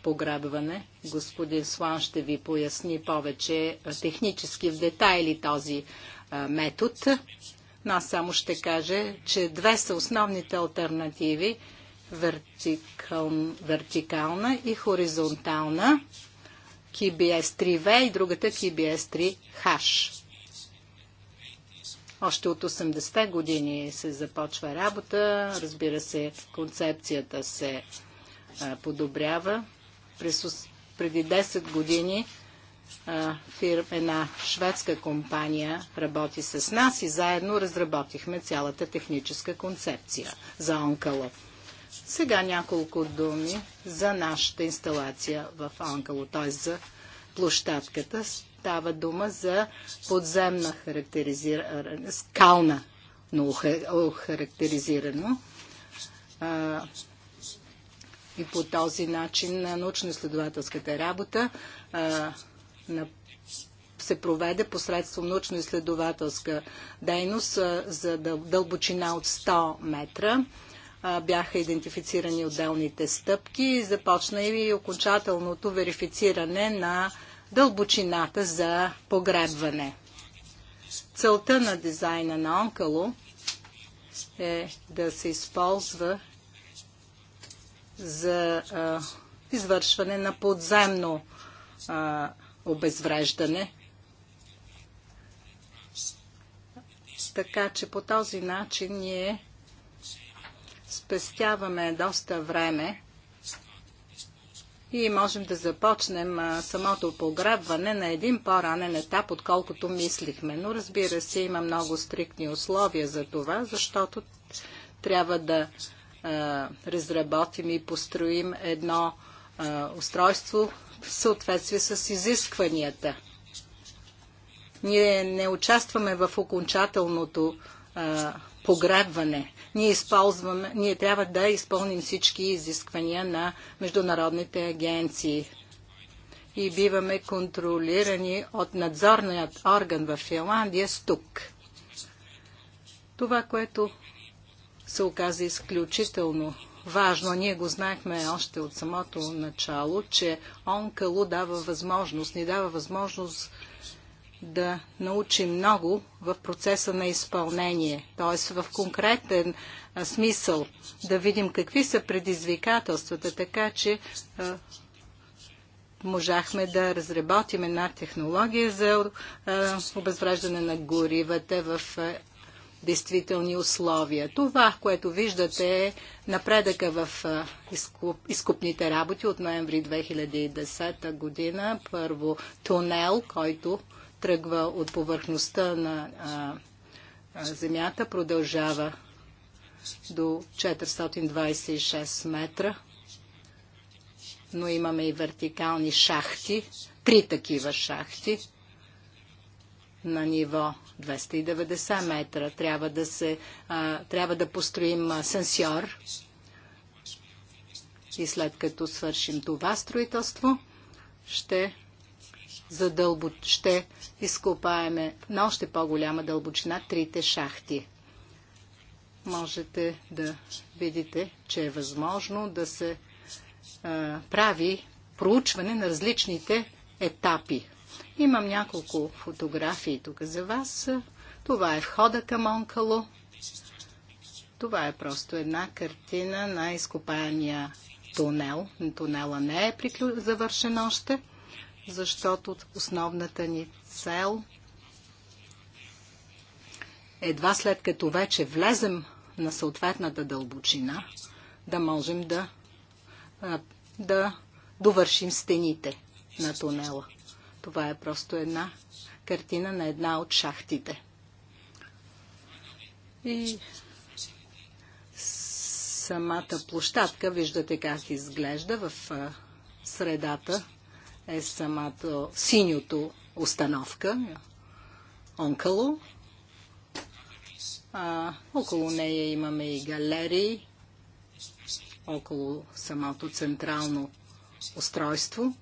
погребване. Господин Слан ще ви поясни повече технически в детайли този метод. Но аз само ще кажа, че две са основните альтернативи вертикал, вертикална и хоризонтална KBS 3V и другата KBS 3H. Още от 80-те години се започва работа. Разбира се, концепцията се подобрява преди 10 години фирма, една шведска компания работи с нас и заедно разработихме цялата техническа концепция за онкало. Сега няколко думи за нашата инсталация в Онкало, т.е. за площадката. Става дума за подземна характеризирана, скална, но охарактеризирано и по този начин на научно-изследователската работа на, се проведе посредством научно-изследователска дейност за дълбочина от 100 метра. бяха идентифицирани отделните стъпки и започна и окончателното верифициране на дълбочината за погребване. Целта на дизайна на Онкало е да се използва за извършване на подземно обезвреждане. Така че по този начин ние спестяваме доста време и можем да започнем самото погребване на един по-ранен етап, отколкото мислихме. Но разбира се, има много стриктни условия за това, защото трябва да е, разработим и построим едно е, устройство в съответствие с изискванията. Ние не участваме в окончателното е, погребване. Ние, използваме, ние трябва да изпълним всички изисквания на международните агенции и биваме контролирани от надзорният орган в Финландия с тук. Това, което се оказа изключително важно. Ние го знаехме още от самото начало, че Онкало дава възможност, ни дава възможност да научим много в процеса на изпълнение, т.е. в конкретен смисъл, да видим какви са предизвикателствата, така че можахме да разработим една технология за обезвреждане на горивата в действителни условия. Това, което виждате е напредъка в изкупните работи от ноември 2010 година. Първо тунел, който тръгва от повърхността на земята, продължава до 426 метра, но имаме и вертикални шахти, три такива шахти – на ниво 290 метра. Трябва да, се, трябва да построим сенсор сенсьор и след като свършим това строителство, ще, задълбо, ще изкопаеме на още по-голяма дълбочина трите шахти. Можете да видите, че е възможно да се а, прави проучване на различните етапи Имам няколко фотографии тук за вас. Това е входа към Онкало. Това е просто една картина на изкопаемия тунел. Тунела не е приклю... завършен още, защото основната ни цел едва след като вече влезем на съответната дълбочина, да можем да, да довършим стените на тунела. Това е просто една картина на една от шахтите. И самата площадка, виждате как изглежда, в средата е самата синьото установка, онкало. А, около нея имаме и галерии, около самото централно устройство.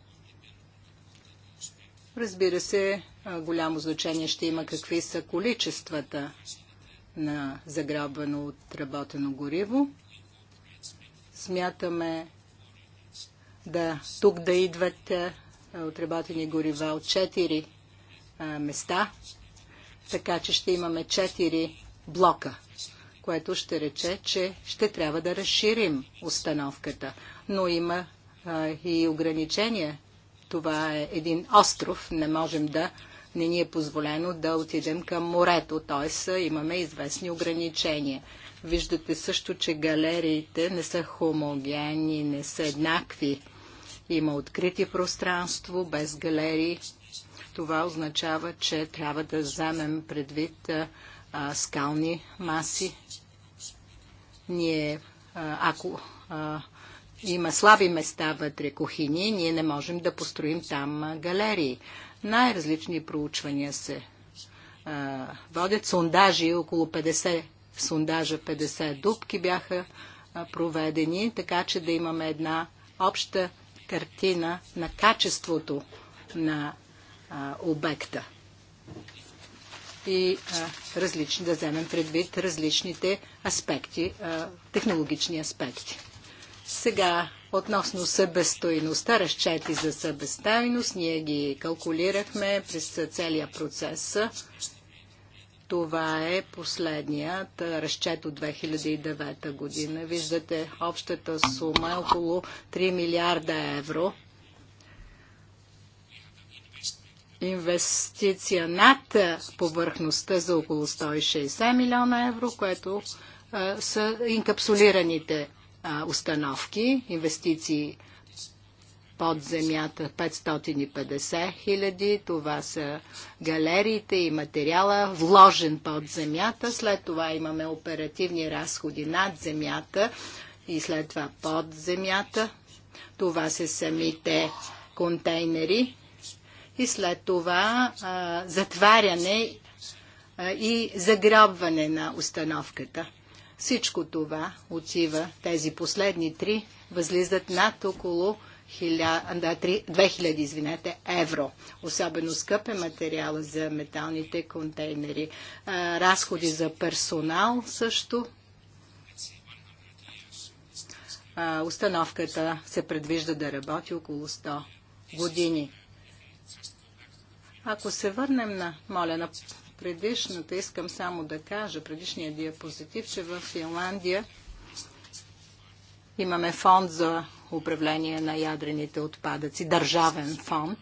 Разбира се, голямо значение ще има какви са количествата на заграбвано отработено гориво. Смятаме да, тук да идват отработени горива от 4 места, така че ще имаме 4 блока, което ще рече, че ще трябва да разширим установката. Но има и ограничения това е един остров, не можем да не ни е позволено да отидем към морето, т.е. имаме известни ограничения. Виждате също, че галериите не са хомогенни, не са еднакви. Има открити пространство без галерии. Това означава, че трябва да вземем предвид а, скални маси. Ние, а, ако а, има слаби места вътре кухини, ние не можем да построим там галерии. Най-различни проучвания се а, водят. Сондажи, около 50 сондажа, 50 дубки бяха а, проведени, така че да имаме една обща картина на качеството на а, обекта. И а, различни, да вземем предвид различните аспекти, а, технологични аспекти. Сега, относно събестойността, разчети за събестойност, ние ги калкулирахме през целия процес. Това е последният разчет от 2009 година. Виждате, общата сума е около 3 милиарда евро. Инвестиция над повърхността за около 160 милиона евро, което са инкапсулираните установки, инвестиции под земята 550 хиляди. Това са галериите и материала, вложен под земята. След това имаме оперативни разходи над земята и след това под земята. Това са самите контейнери. И след това а, затваряне а, и загробване на установката. Всичко това отива, тези последни три възлизат над около 2000 извинете, евро. Особено скъп е материала за металните контейнери. Разходи за персонал също. Установката се предвижда да работи около 100 години. Ако се върнем на, моля, на предишната, искам само да кажа, предишния диапозитив, че в Финландия имаме фонд за управление на ядрените отпадъци, държавен фонд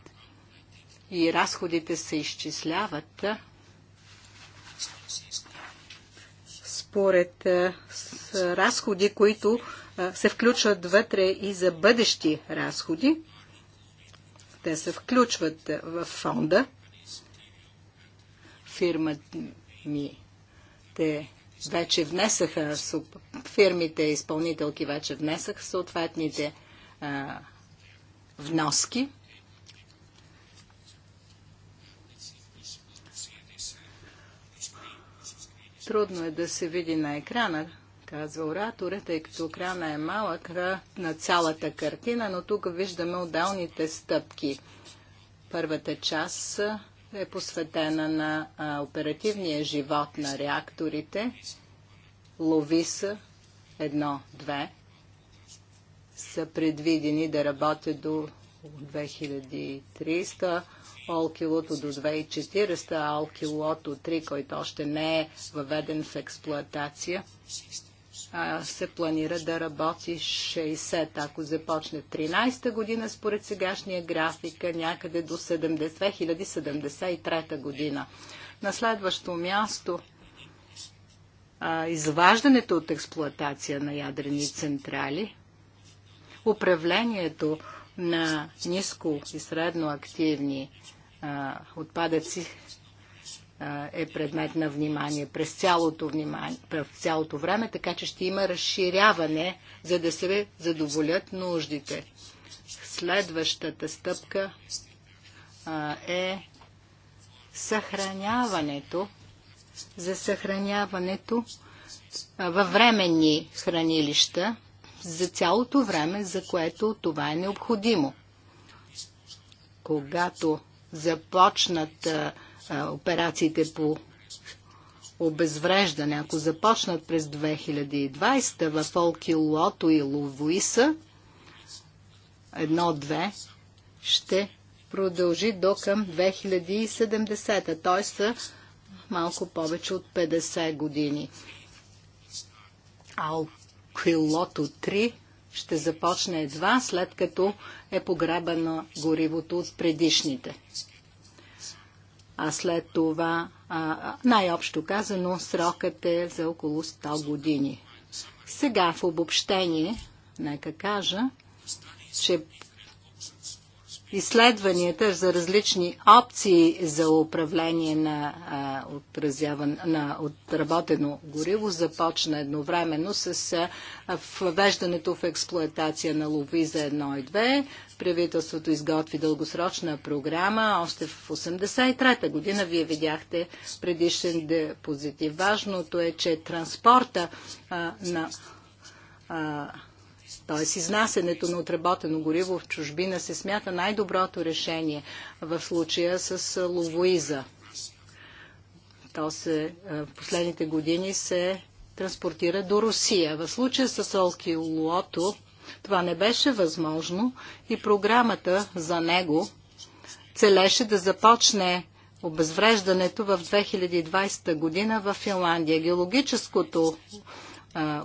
и разходите се изчисляват според разходи, които се включват вътре и за бъдещи разходи. Те се включват в фонда ми. Те вече внесаха, фирмите изпълнителки вече внесаха съответните а, вноски. Трудно е да се види на екрана, казва оратора, тъй като екрана е малък на цялата картина, но тук виждаме отдалните стъпки. Първата част е посветена на а, оперативния живот на реакторите. Ловиса 1-2 са предвидени да работят до 2300, Олкилото до 2400, а Олкилото 3, който още не е въведен в експлоатация – се планира да работи 60. Ако започне 13-та година, според сегашния графика, е някъде до 2073 2073 година. На следващо място изваждането от експлоатация на ядрени централи, управлението на ниско и средно активни отпадъци е предмет на внимание през цялото, внимание, през цялото време, така че ще има разширяване, за да се задоволят нуждите. Следващата стъпка а, е съхраняването, за съхраняването а, във временни хранилища за цялото време, за което това е необходимо. Когато започнат а, операциите по обезвреждане, ако започнат през 2020 в Лото и Ловуиса, едно-две, ще продължи до към 2070, т.е. са малко повече от 50 години. А Лото 3 ще започне едва след като е погребано горивото от предишните а след това, най-общо казано, срокът е за около 100 години. Сега в обобщение, нека кажа, че изследванията за различни опции за управление на, отразяван, на отработено гориво започна едновременно с въвеждането в експлоатация на Ловиза 1 и 2. Правителството изготви дългосрочна програма. Още в 1983 година вие видяхте предишен депозитив. Важното е, че транспорта на т.е. изнасенето на отработено гориво в чужбина се смята най-доброто решение в случая с Ловоиза. То се в последните години се транспортира до Русия. В случая с Олки Луото това не беше възможно и програмата за него целеше да започне обезвреждането в 2020 година в Финландия. Геологическото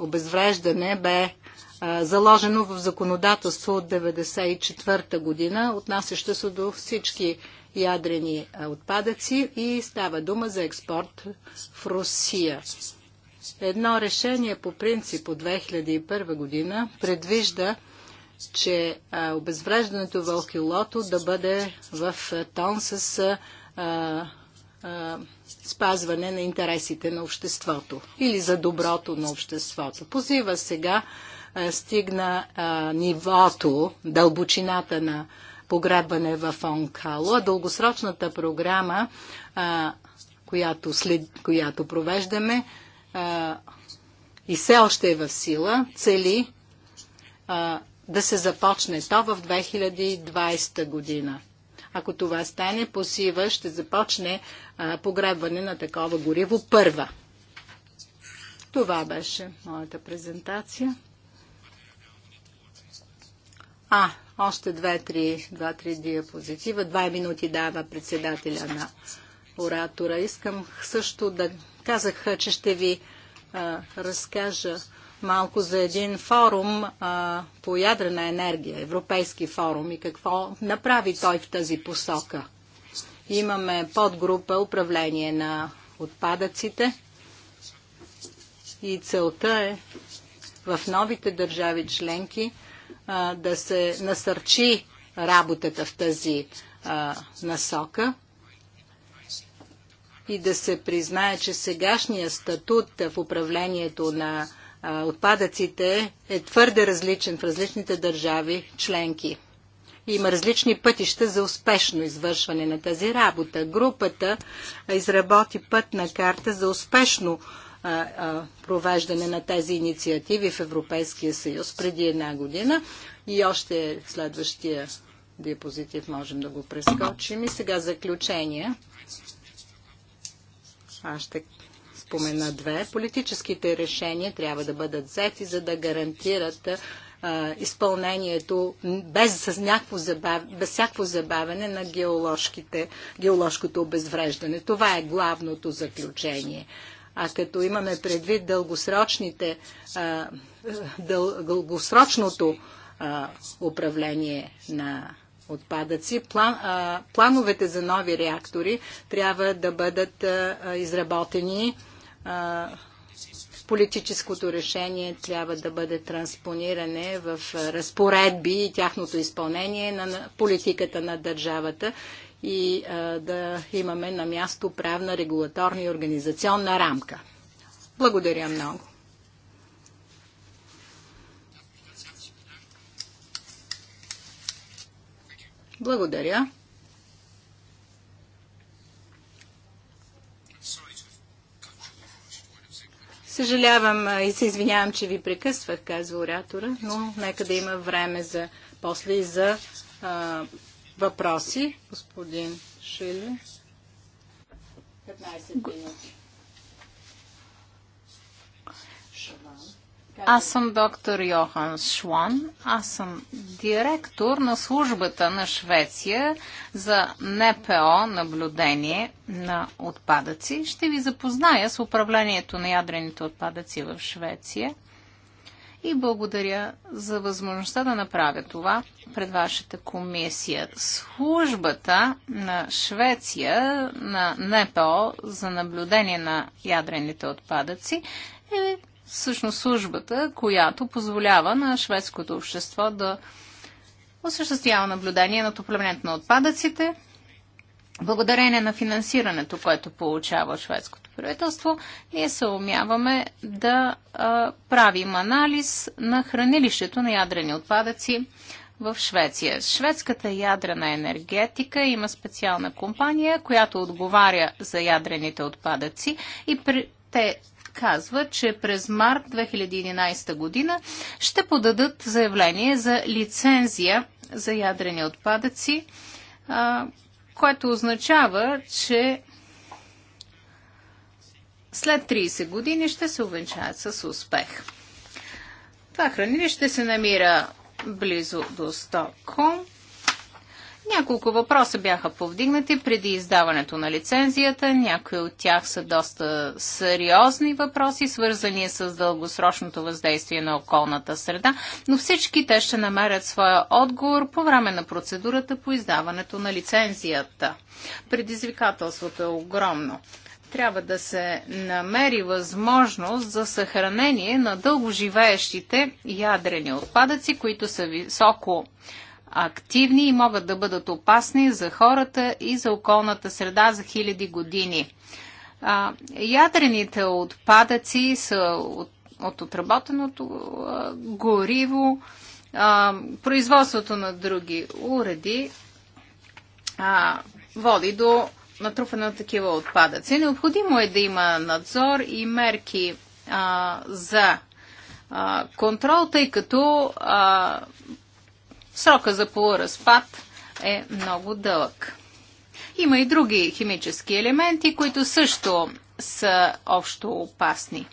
обезвреждане бе заложено в законодателство от 1994 година, отнасящо се до всички ядрени отпадъци и става дума за експорт в Русия. Едно решение по принцип от 2001 година предвижда, че обезвреждането в Алкилото да бъде в тон с а, а, спазване на интересите на обществото или за доброто на обществото. Позива сега е, стигна а, е, нивото, дълбочината на погребане в Онкало. Дългосрочната програма, а, е, която, след, която провеждаме а, и все още е в сила, цели да се започне то в 2020 година. Ако това стане, посива ще започне а, погребване на такова гориво първа. Това беше моята презентация. А, още две-три два, три диапозитива. Два минути дава председателя на оратора. Искам също да казах, че ще ви а, разкажа малко за един форум а, по ядрена енергия, Европейски форум и какво направи той в тази посока. Имаме подгрупа управление на отпадъците и целта е в новите държави членки да се насърчи работата в тази насока и да се признае, че сегашния статут в управлението на отпадъците е твърде различен в различните държави членки. Има различни пътища за успешно извършване на тази работа. Групата изработи пътна карта за успешно провеждане на тези инициативи в Европейския съюз преди една година. И още следващия диапозитив можем да го прескочим. И сега заключение. Аз ще спомена две. Политическите решения трябва да бъдат взети, за да гарантират изпълнението без, някакво забав... без всяко забавяне на геоложкото обезвреждане. Това е главното заключение. А като имаме предвид дългосрочните, дъл, дългосрочното управление на отпадъци, план, плановете за нови реактори трябва да бъдат изработени. политическото решение трябва да бъде транспониране в разпоредби и тяхното изпълнение на политиката на държавата и а, да имаме на място правна, регулаторна и организационна рамка. Благодаря много. Благодаря. Съжалявам и се извинявам, че ви прекъсвах, казва оратора, но нека да има време за после и за а, Въпроси, господин Шили. 15 минути. Аз съм доктор Йохан Шван. Аз съм директор на службата на Швеция за НПО наблюдение на отпадъци. Ще ви запозная с управлението на ядрените отпадъци в Швеция и благодаря за възможността да направя това пред вашата комисия. Службата на Швеция на НПО за наблюдение на ядрените отпадъци е всъщност службата, която позволява на шведското общество да осъществява наблюдение на топлемент на отпадъците, благодарение на финансирането, което получава шведското правителство, ние се умяваме да а, правим анализ на хранилището на ядрени отпадъци в Швеция. Шведската ядрена енергетика има специална компания, която отговаря за ядрените отпадъци и при... те казва, че през март 2011 година ще подадат заявление за лицензия за ядрени отпадъци, а, което означава, че след 30 години ще се увенчаят с успех. Това хранилище се намира близо до Стокхолм. Няколко въпроса бяха повдигнати преди издаването на лицензията. Някои от тях са доста сериозни въпроси, свързани с дългосрочното въздействие на околната среда, но всички те ще намерят своя отговор по време на процедурата по издаването на лицензията. Предизвикателството е огромно. Трябва да се намери възможност за съхранение на дългоживеещите ядрени отпадъци, които са високо активни и могат да бъдат опасни за хората и за околната среда за хиляди години. А, ядрените отпадъци са от, от отработеното а, гориво, а, производството на други уреди а, води до натрупване на такива отпадъци. Необходимо е да има надзор и мерки а, за а, контрол, тъй като а, срока за полуразпад е много дълъг. Има и други химически елементи, които също са общо опасни.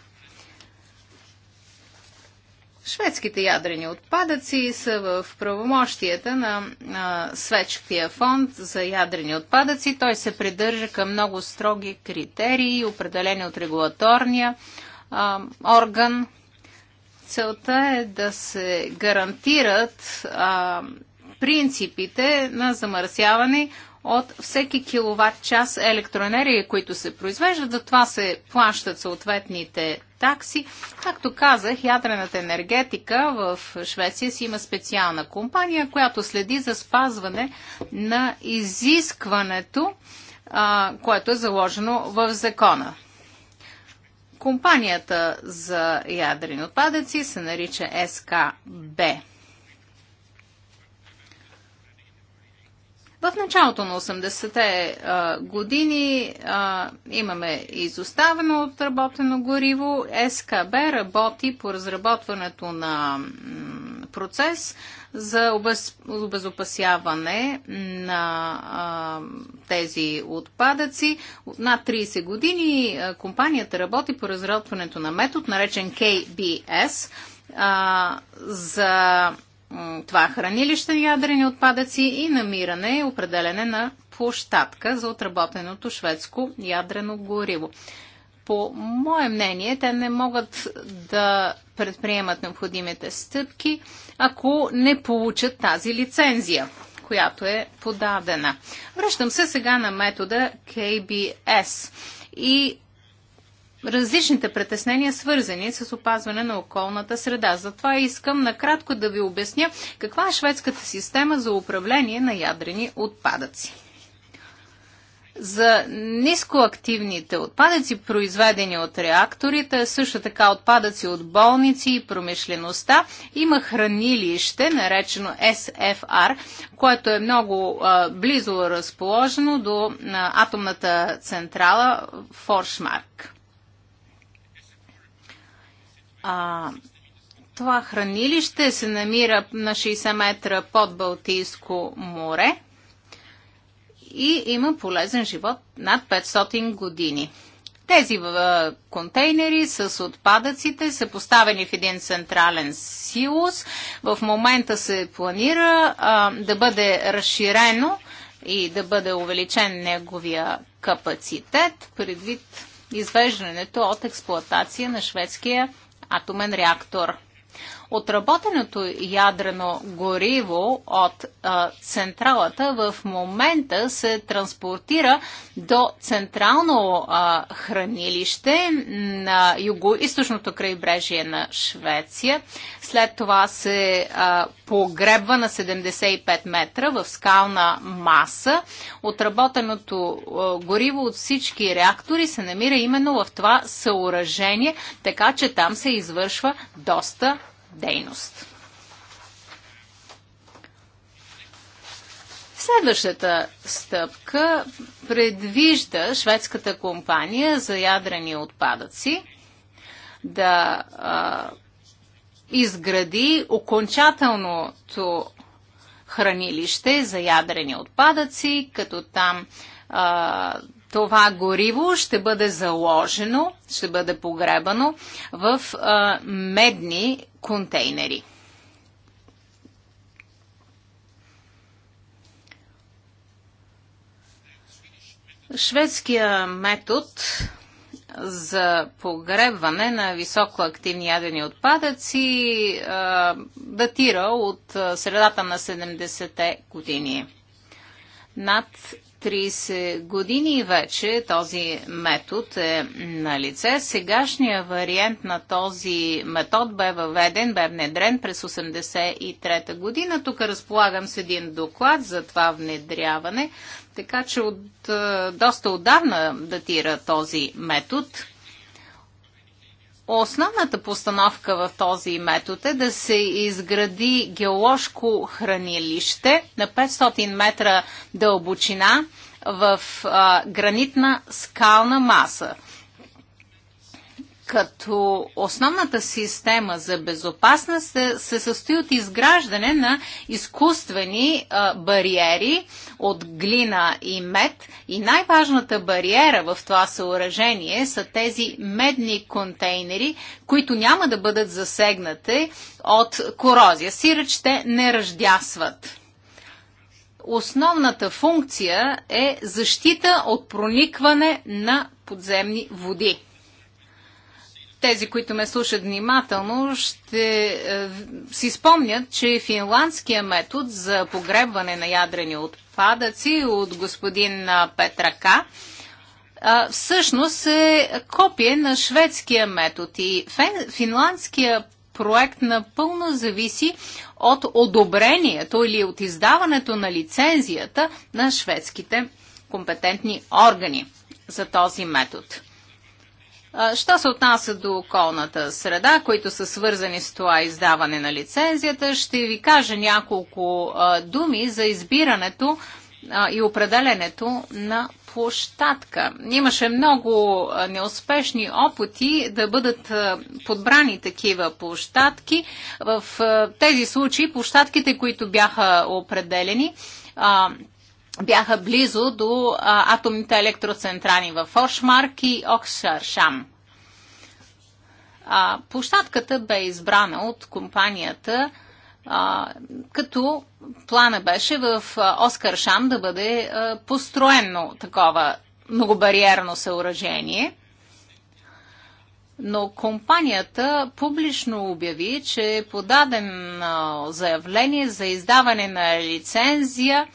Шведските ядрени отпадъци са в правомощията на а, Светския фонд за ядрени отпадъци. Той се придържа към много строги критерии, определени от регулаторния а, орган. Целта е да се гарантират а, принципите на замърсяване, от всеки киловатт час електроенергия, които се произвеждат. За това се плащат съответните такси. Както казах, ядрената енергетика в Швеция си има специална компания, която следи за спазване на изискването, а, което е заложено в закона. Компанията за ядрени отпадъци се нарича СКБ. В началото на 80-те години а, имаме изоставено отработено гориво. СКБ работи по разработването на процес за обез, обезопасяване на а, тези отпадъци. над 30 години а, компанията работи по разработването на метод, наречен KBS, а, за това хранилище на ядрени отпадъци и намиране и определене на площадка за отработеното шведско ядрено гориво. По мое мнение, те не могат да предприемат необходимите стъпки, ако не получат тази лицензия, която е подадена. Връщам се сега на метода KBS и различните притеснения, свързани с опазване на околната среда. Затова искам накратко да ви обясня каква е шведската система за управление на ядрени отпадъци. За нискоактивните отпадъци, произведени от реакторите, също така отпадъци от болници и промишлеността, има хранилище, наречено SFR, което е много а, близо разположено до а, атомната централа Форшмарк. А, това хранилище се намира на 60 метра под Балтийско море и има полезен живот над 500 години. Тези контейнери с отпадъците са поставени в един централен силус. В момента се планира а, да бъде разширено и да бъде увеличен неговия капацитет предвид извеждането от експлоатация на шведския атомен реактор. Отработеното ядрено гориво от а, централата в момента се транспортира до централно а, хранилище на юго-источното крайбрежие на Швеция. След това се а, погребва на 75 метра в скална маса. Отработеното а, гориво от всички реактори се намира именно в това съоръжение, така че там се извършва доста дейност. Следващата стъпка предвижда шведската компания за ядрени отпадъци да а, изгради окончателното хранилище за ядрени отпадъци, като там а, това гориво ще бъде заложено, ще бъде погребано в а, медни контейнери. Шведския метод за погребване на високоактивни ядени отпадъци а, датира от средата на 70-те години. Над 30 години вече този метод е на лице. Сегашният вариант на този метод бе въведен, бе внедрен през 83-та година. Тук разполагам с един доклад за това внедряване, така че от, е, доста отдавна датира този метод – Основната постановка в този метод е да се изгради геоложко хранилище на 500 метра дълбочина в а, гранитна скална маса като основната система за безопасност се, се състои от изграждане на изкуствени а, бариери от глина и мед. И най-важната бариера в това съоръжение са тези медни контейнери, които няма да бъдат засегнати от корозия. Сиреч те не ръждясват основната функция е защита от проникване на подземни води тези, които ме слушат внимателно, ще е, си спомнят, че финландския метод за погребване на ядрени отпадъци от господин Петрака е, всъщност е копие на шведския метод и фен, финландския проект напълно зависи от одобрението или от издаването на лицензията на шведските компетентни органи за този метод. Що се отнася до околната среда, които са свързани с това издаване на лицензията, ще ви кажа няколко а, думи за избирането а, и определенето на площадка. Имаше много неуспешни опити да бъдат подбрани такива площадки. В тези случаи площадките, които бяха определени, бяха близо до а, атомните електроцентрали в Оршмарк и Оксаршам. площадката бе избрана от компанията, а, като плана беше в Оскаршам да бъде а, построено такова многобариерно съоръжение. Но компанията публично обяви, че е подадено заявление за издаване на лицензия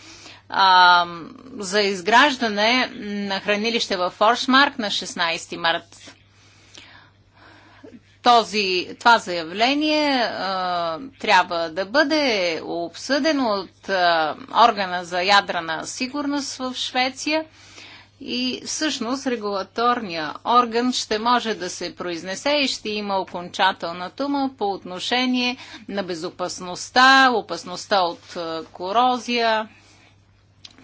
за изграждане на хранилище в Форшмарк на 16 март. Този, това заявление а, трябва да бъде обсъдено от а, органа за ядрена сигурност в Швеция и всъщност регулаторния орган ще може да се произнесе и ще има окончателна тума по отношение на безопасността, опасността от корозия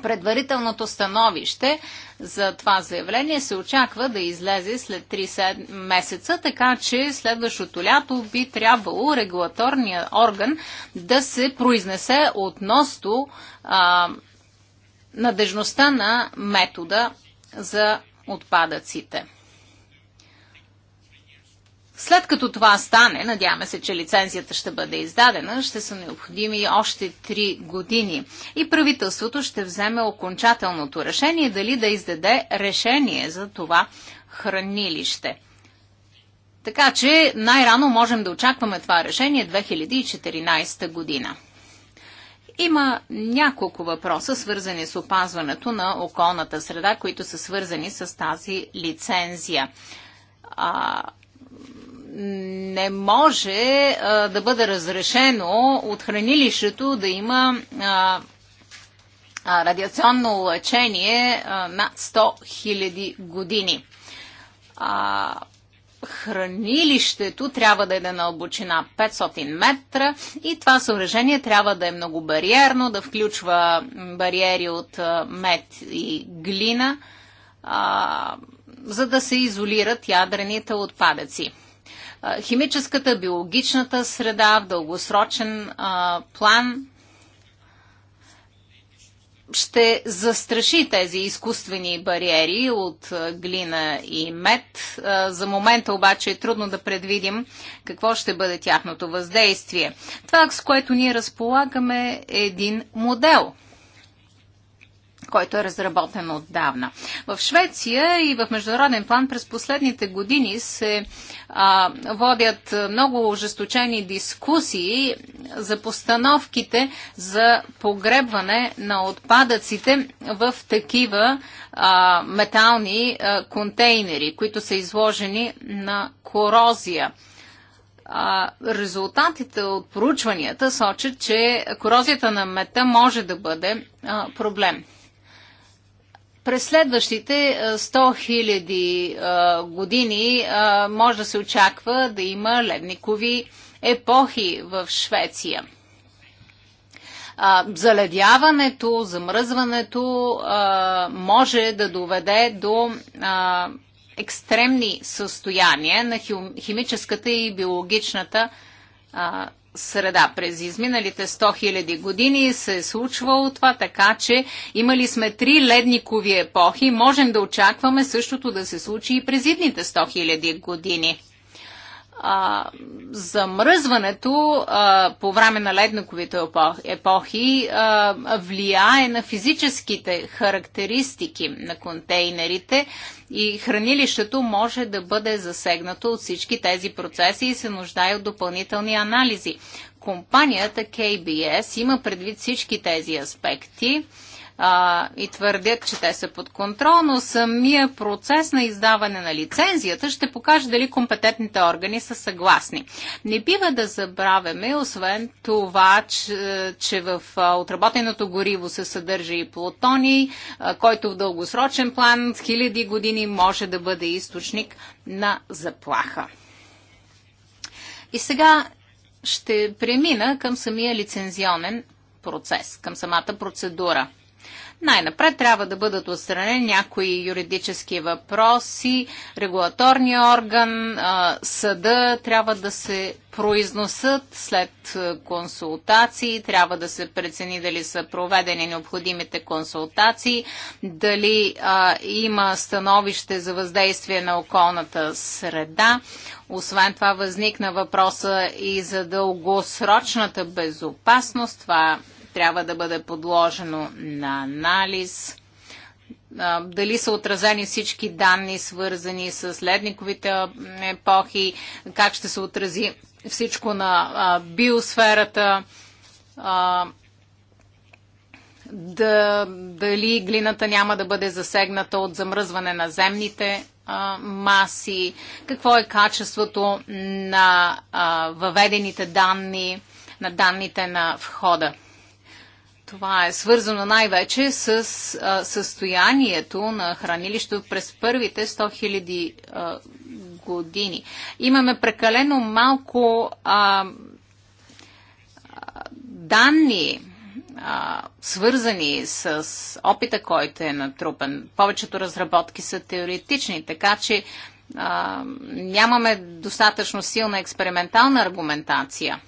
Предварителното становище за това заявление се очаква да излезе след 3 месеца, така че следващото лято би трябвало регулаторния орган да се произнесе относно а, надежността на метода за отпадъците. След като това стане, надяваме се, че лицензията ще бъде издадена, ще са необходими още 3 години и правителството ще вземе окончателното решение дали да издаде решение за това хранилище. Така че най-рано можем да очакваме това решение 2014 година. Има няколко въпроса, свързани с опазването на околната среда, които са свързани с тази лицензия не може а, да бъде разрешено от хранилището да има а, а, радиационно лъчение а, над 100 000 години. А, хранилището трябва да е на дълбочина 500 метра и това съоръжение трябва да е многобариерно, да включва бариери от мед и глина, а, за да се изолират ядрените отпадъци химическата, биологичната среда в дългосрочен а, план ще застраши тези изкуствени бариери от глина и мед. За момента обаче е трудно да предвидим какво ще бъде тяхното въздействие. Това, с което ние разполагаме, е един модел – който е разработен отдавна. В Швеция и в международен план през последните години се а, водят много ожесточени дискусии за постановките за погребване на отпадъците в такива а, метални а, контейнери, които са изложени на корозия. А, резултатите от проучванията сочат, че корозията на мета може да бъде а, проблем. През следващите 100 000 години може да се очаква да има ледникови епохи в Швеция. Заледяването, замръзването може да доведе до екстремни състояния на химическата и биологичната среда. През изминалите 100 000 години се е случвало това, така че имали сме три ледникови епохи. Можем да очакваме същото да се случи и през идните 100 000 години а, замръзването а, по време на ледниковите епохи а, влияе на физическите характеристики на контейнерите и хранилището може да бъде засегнато от всички тези процеси и се нуждае от допълнителни анализи. Компанията KBS има предвид всички тези аспекти а, и твърдят, че те са под контрол, но самия процес на издаване на лицензията ще покаже дали компетентните органи са съгласни. Не бива да забравяме, освен това, че, че в отработеното гориво се съдържа и плутоний, който в дългосрочен план с хиляди години може да бъде източник на заплаха. И сега ще премина към самия лицензионен процес, към самата процедура. Най-напред трябва да бъдат отстранени някои юридически въпроси, регулаторния орган, съда трябва да се произносат след консултации, трябва да се прецени дали са проведени необходимите консултации, дали а, има становище за въздействие на околната среда. Освен това възникна въпроса и за дългосрочната безопасност. Това трябва да бъде подложено на анализ. Дали са отразени всички данни, свързани с ледниковите епохи, как ще се отрази всичко на биосферата, да, дали глината няма да бъде засегната от замръзване на земните маси, какво е качеството на въведените данни, на данните на входа. Това е свързано най-вече с а, състоянието на хранилището през първите 100 000 години. Имаме прекалено малко а, данни, а, свързани с опита, който е натрупан. Повечето разработки са теоретични, така че а, нямаме достатъчно силна експериментална аргументация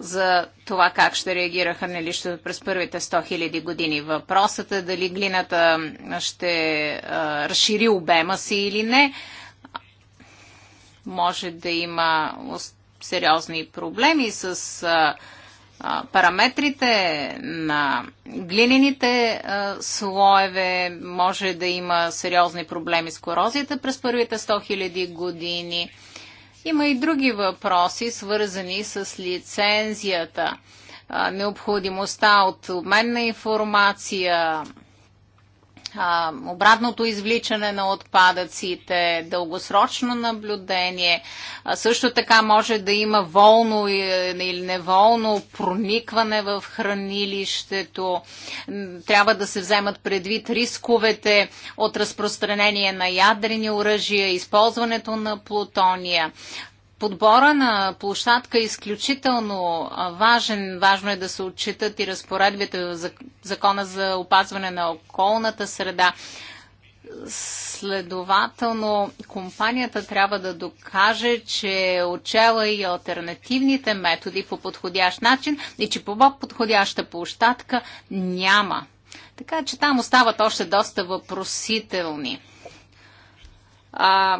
за това как ще реагира хранилището през първите 100 000 години. Въпросът е дали глината ще разшири обема си или не. Може да има сериозни проблеми с параметрите на глинените слоеве. Може да има сериозни проблеми с корозията през първите 100 000 години има и други въпроси, свързани с лицензията, необходимостта от обмен на информация, обратното извличане на отпадъците, дългосрочно наблюдение. също така може да има волно или неволно проникване в хранилището. Трябва да се вземат предвид рисковете от разпространение на ядрени оръжия, използването на плутония подбора на площадка е изключително важен. Важно е да се отчитат и разпоредбите в закона за опазване на околната среда. Следователно, компанията трябва да докаже, че е отчела и альтернативните методи по подходящ начин и че по подходяща площадка няма. Така че там остават още доста въпросителни. А,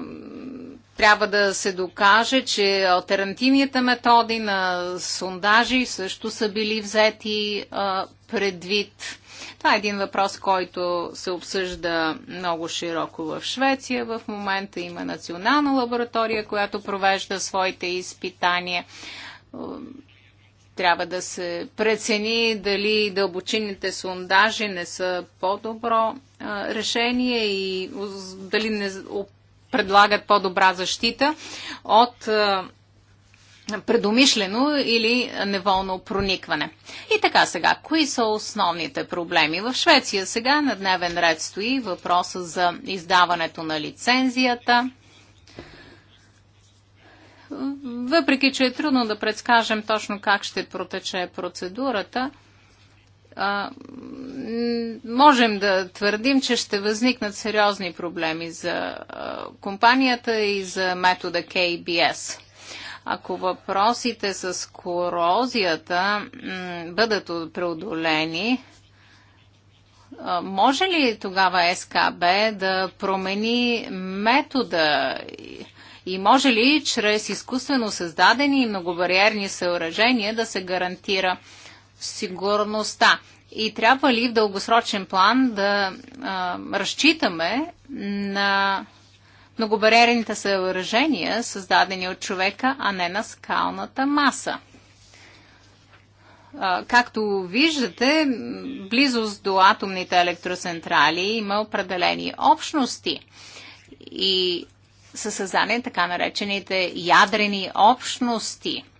трябва да се докаже, че альтернативните методи на сондажи също са били взети а, предвид. Това е един въпрос, който се обсъжда много широко в Швеция. В момента има национална лаборатория, която провежда своите изпитания. Трябва да се прецени дали дълбочинните сондажи не са по-добро решение и дали не предлагат по-добра защита от е, предумишлено или неволно проникване. И така сега, кои са основните проблеми? В Швеция сега на дневен ред стои въпроса за издаването на лицензията. Въпреки, че е трудно да предскажем точно как ще протече процедурата, а, можем да твърдим, че ще възникнат сериозни проблеми за а, компанията и за метода KBS. Ако въпросите с корозията бъдат преодолени, а, може ли тогава СКБ да промени метода? И може ли чрез изкуствено създадени многобариерни съоръжения да се гарантира а, сигурността. И трябва ли в дългосрочен план да а, разчитаме на многобаререните съоръжения, създадени от човека, а не на скалната маса? А, както виждате, близост до атомните електроцентрали има определени общности и са създадени така наречените ядрени общности –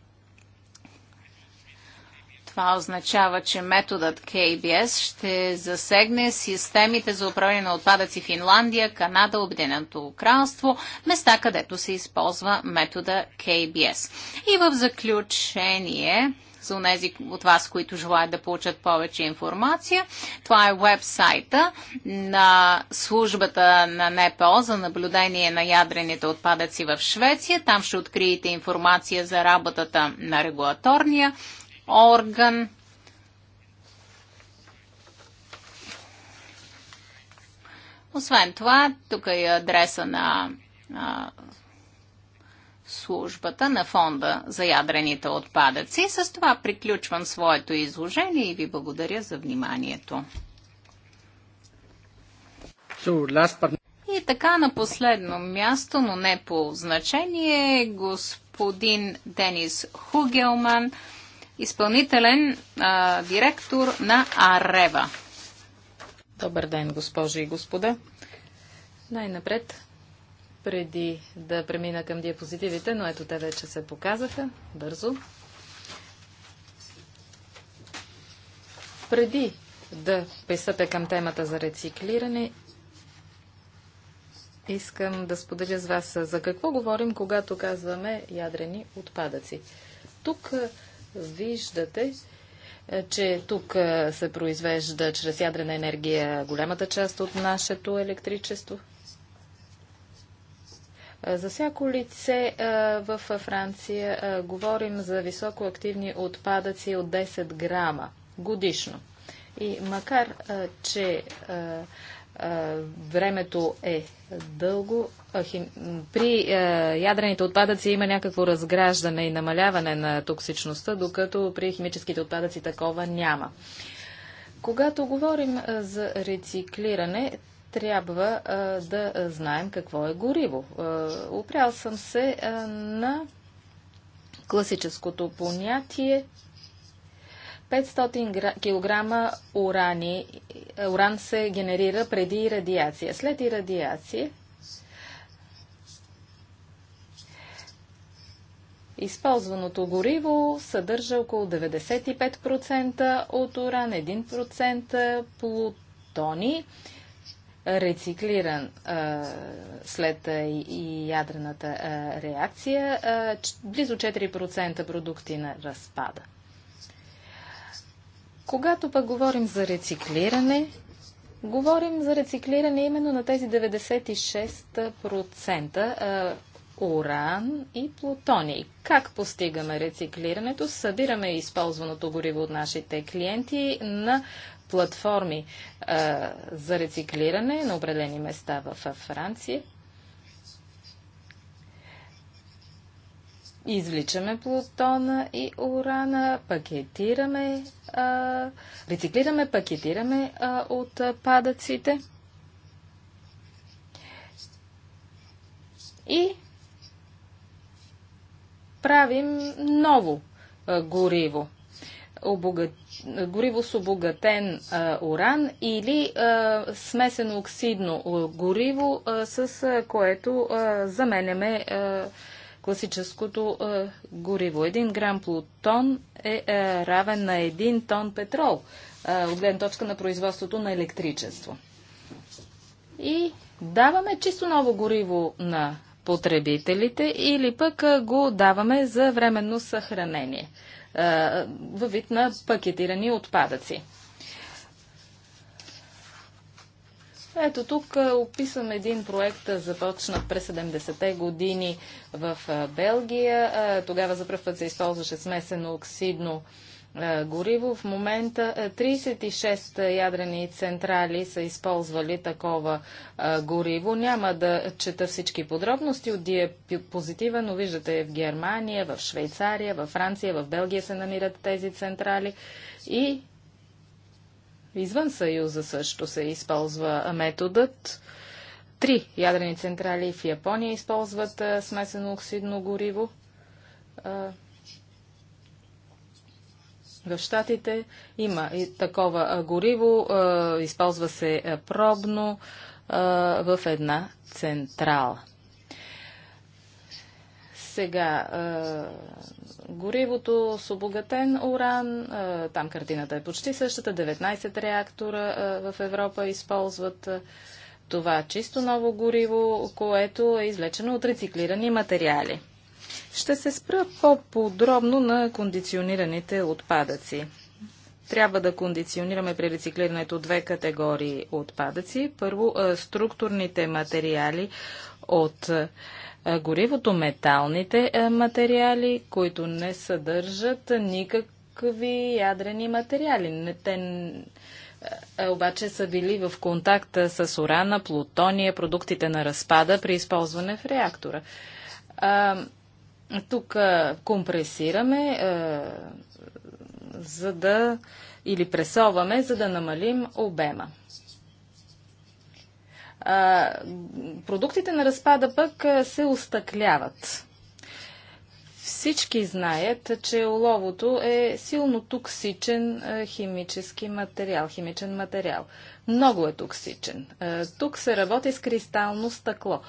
това означава, че методът KBS ще засегне системите за управление на отпадъци в Финландия, Канада, Обединеното кралство, места където се използва метода KBS. И в заключение, за тези от вас, които желаят да получат повече информация. Това е вебсайта на службата на НПО за наблюдение на ядрените отпадъци в Швеция. Там ще откриете информация за работата на регулаторния орган. Освен това, тук е адреса на а, службата на фонда за ядрените отпадъци. С това приключвам своето изложение и ви благодаря за вниманието. И така на последно място, но не по значение, господин Денис Хугелман – изпълнителен а, директор на Арева. Добър ден, госпожи и господа. Най-напред, преди да премина към диапозитивите, но ето те вече се показаха бързо. Преди да пристъпя към темата за рециклиране, искам да споделя с вас за какво говорим, когато казваме ядрени отпадъци. Тук Виждате, е, че тук е, се произвежда чрез ядрена енергия голямата част от нашето електричество. Е, за всяко лице в Франция говорим за високоактивни отпадъци от 10 грама годишно. И макар, че времето е дълго. При ядрените отпадъци има някакво разграждане и намаляване на токсичността, докато при химическите отпадъци такова няма. Когато говорим за рециклиране, трябва да знаем какво е гориво. Опрял съм се на класическото понятие 500 кг урани, уран се генерира преди радиация. След ирадиация използваното гориво съдържа около 95% от уран, 1% плутони, рециклиран а, след а, и ядрената а, реакция, а, близо 4% продукти на разпада. Когато пък говорим за рециклиране, говорим за рециклиране именно на тези 96% уран и плутоний. Как постигаме рециклирането? Събираме използваното гориво от нашите клиенти на платформи а, за рециклиране на определени места в Франция, извличаме плутона и урана, пакетираме, а, рециклираме, пакетираме а, от падъците и правим ново а, гориво. Обогат... Гориво с обогатен а, уран или а, смесено оксидно гориво, а, с а, което а, заменяме а, класическото а, е, гориво. Един грам плутон е, а, е равен на един тон петрол е, от гледна точка на производството на електричество. И даваме чисто ново гориво на потребителите или пък е, го даваме за временно съхранение във вид на пакетирани отпадъци. Ето тук описвам един проект, започнат през 70-те години в Белгия. Тогава за първ път се използваше смесено оксидно гориво. В момента 36 ядрени централи са използвали такова гориво. Няма да чета всички подробности от диапозитива, но виждате в Германия, в Швейцария, в Франция, в Белгия се намират тези централи. И Извън Съюза също се използва методът. Три ядрени централи в Япония използват смесено оксидно гориво. в Штатите има и такова гориво, използва се пробно в една централа. Сега, е, горивото с обогатен уран, е, там картината е почти същата, 19 реактора е, в Европа използват това чисто ново гориво, което е излечено от рециклирани материали. Ще се спра по-подробно на кондиционираните отпадъци. Трябва да кондиционираме при рециклирането две категории отпадъци. Първо, структурните материали от горивото, металните материали, които не съдържат никакви ядрени материали. Те обаче са били в контакт с урана, плутония, продуктите на разпада при използване в реактора. Тук компресираме, за да или пресоваме, за да намалим обема а, продуктите на разпада пък се остъкляват. Всички знаят, че оловото е силно токсичен химически материал, химичен материал. Много е токсичен. Тук се работи с кристално стъкло.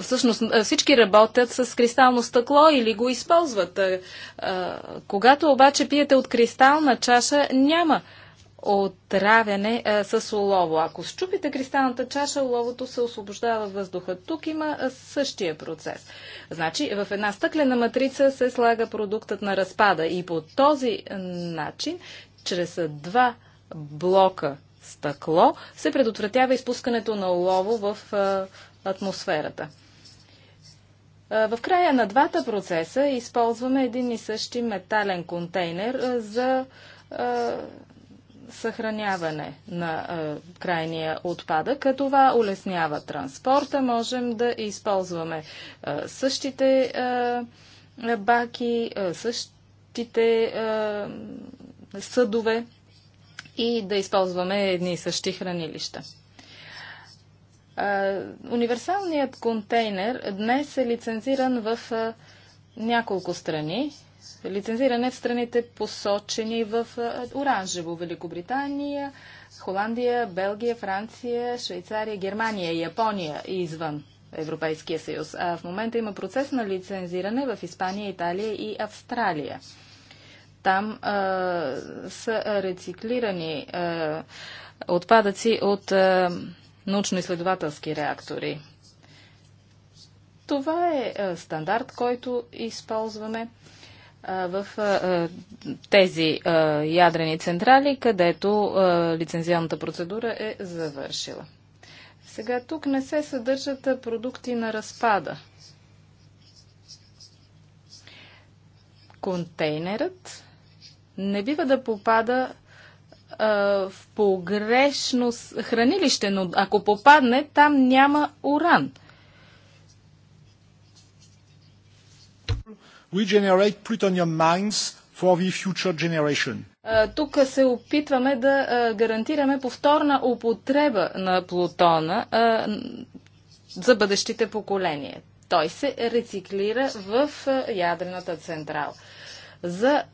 Всъщност всички работят с кристално стъкло или го използват. Когато обаче пиете от кристална чаша, няма отравяне а, с олово. Ако щупите кристалната чаша, оловото се освобождава въздуха. Тук има а, същия процес. Значи, в една стъклена матрица се слага продуктът на разпада и по този начин, чрез два блока стъкло, се предотвратява изпускането на олово в а, атмосферата. В края на двата процеса използваме един и същи метален контейнер за съхраняване на а, крайния отпадък. А това улеснява транспорта. Можем да използваме а, същите а, баки, а, същите а, съдове и да използваме едни и същи хранилища. универсалният контейнер днес е лицензиран в няколко страни лицензиране в страните посочени в оранжево. Великобритания, Холандия, Белгия, Франция, Швейцария, Германия, Япония и извън Европейския съюз. А в момента има процес на лицензиране в Испания, Италия и Австралия. Там а, са рециклирани а, отпадъци от научно-изследователски реактори. Това е стандарт, който използваме в тези ядрени централи, където лицензионната процедура е завършила. Сега тук не се съдържат продукти на разпада. Контейнерът не бива да попада в погрешно хранилище, но ако попадне, там няма уран. regenerate plutonium mines for the future generation. Е, тук се опитваме да е, гарантираме повторна употреба на плутона е, за бъдещите поколения. Той се рециклира в ядрената централа. За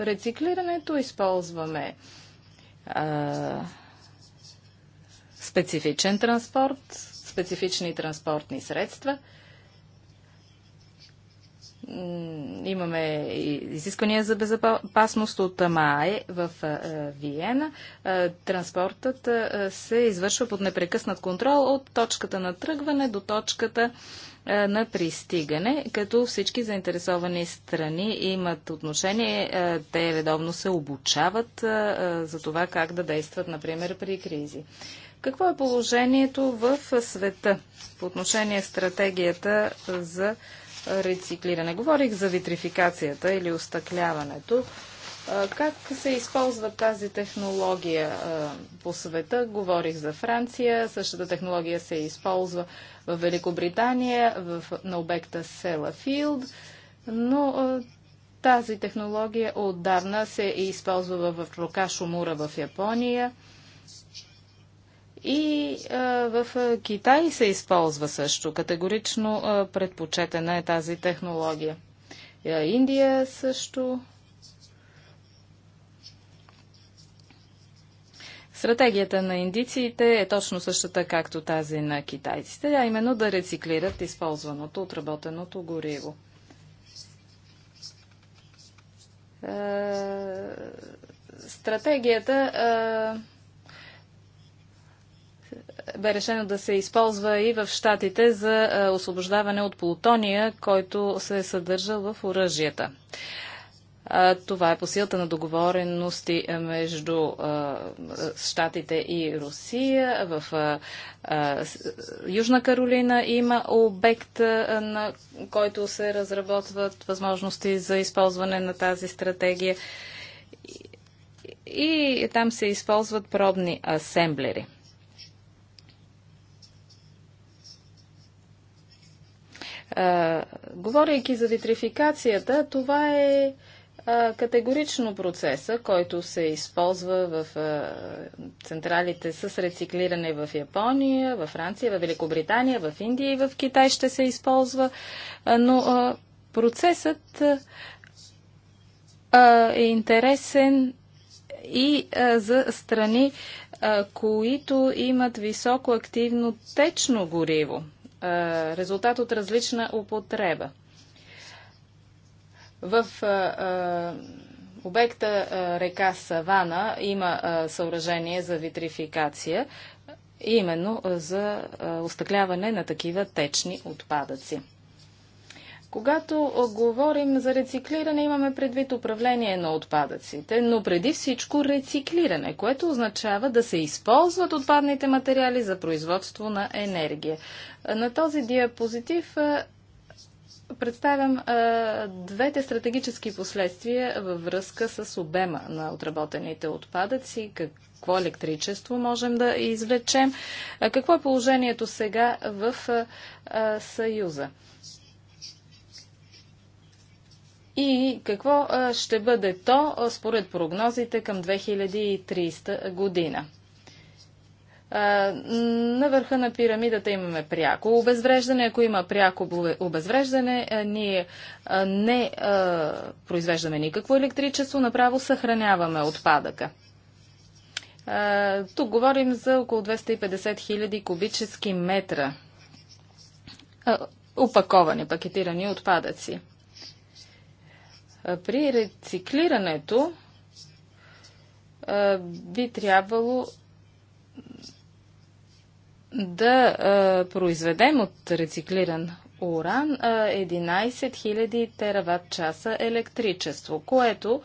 рециклирането използваме специфичен транспорт, специфични транспортни средства – имаме изисквания за безопасност от МАЕ в Виена. Транспортът се извършва под непрекъснат контрол от точката на тръгване до точката на пристигане, като всички заинтересовани страни имат отношение. Те редовно се обучават за това как да действат, например, при кризи. Какво е положението в света по отношение стратегията за рециклиране. Говорих за витрификацията или остъкляването. Как се използва тази технология по света? Говорих за Франция. Същата технология се използва в Великобритания на обекта Селафилд, но тази технология отдавна се използва в Мура в Япония. И а, в Китай се използва също. Категорично а, предпочетена е тази технология. А, Индия също. Стратегията на индициите е точно същата, както тази на китайците, а именно да рециклират използваното, отработеното гориво. Стратегията бе решено да се използва и в Штатите за е, освобождаване от плутония, който се е съдържал в оръжията. Това е по силата на договорености е, между е, Штатите и Русия. В Южна Каролина има обект, на който се разработват възможности за използване на тази стратегия. И там се използват пробни асемблери. говорейки за витрификацията, това е категорично процеса, който се използва в централите с рециклиране в Япония, в Франция, в Великобритания, в Индия и в Китай ще се използва. но процесът е интересен и за страни, които имат високо активно течно гориво. Е, резултат от различна употреба. В е, е, обекта река Савана има съоръжение за витрификация, именно за остъкляване на такива течни отпадъци. Когато говорим за рециклиране, имаме предвид управление на отпадъците, но преди всичко рециклиране, което означава да се използват отпадните материали за производство на енергия. На този диапозитив представям двете стратегически последствия във връзка с обема на отработените отпадъци, какво електричество можем да извлечем, какво е положението сега в Съюза. и какво ще бъде то според прогнозите към 2300 година. На върха на пирамидата имаме пряко обезвреждане. Ако има пряко обезвреждане, ние не произвеждаме никакво електричество, направо съхраняваме отпадъка. Тук говорим за около 250 000 кубически метра опаковани, пакетирани отпадъци. При рециклирането би трябвало да произведем от рециклиран уран 11 000 тераватт часа електричество, което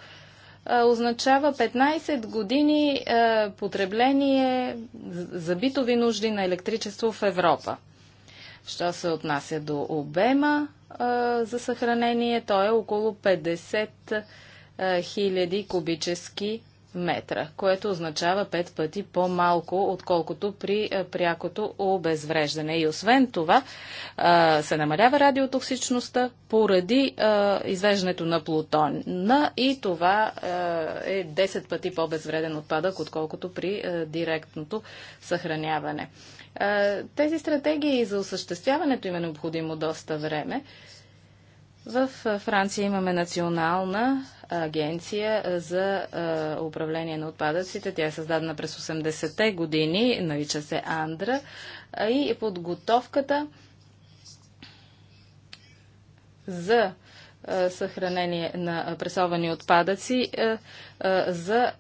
означава 15 години потребление за битови нужди на електричество в Европа. Що се отнася до обема за съхранение. То е около 50 000 кубически метра, което означава пет пъти по-малко, отколкото при е, прякото обезвреждане. И освен това е, се намалява радиотоксичността поради е, извеждането на плутон. и това е 10 пъти по-безвреден отпадък, отколкото при директното съхраняване. Тези стратегии за осъществяването им е необходимо доста време. В Франция имаме национална агенция за управление на отпадъците. Тя е създадена през 80-те години, нарича се Андра. И подготовката за съхранение на пресовани отпадъци за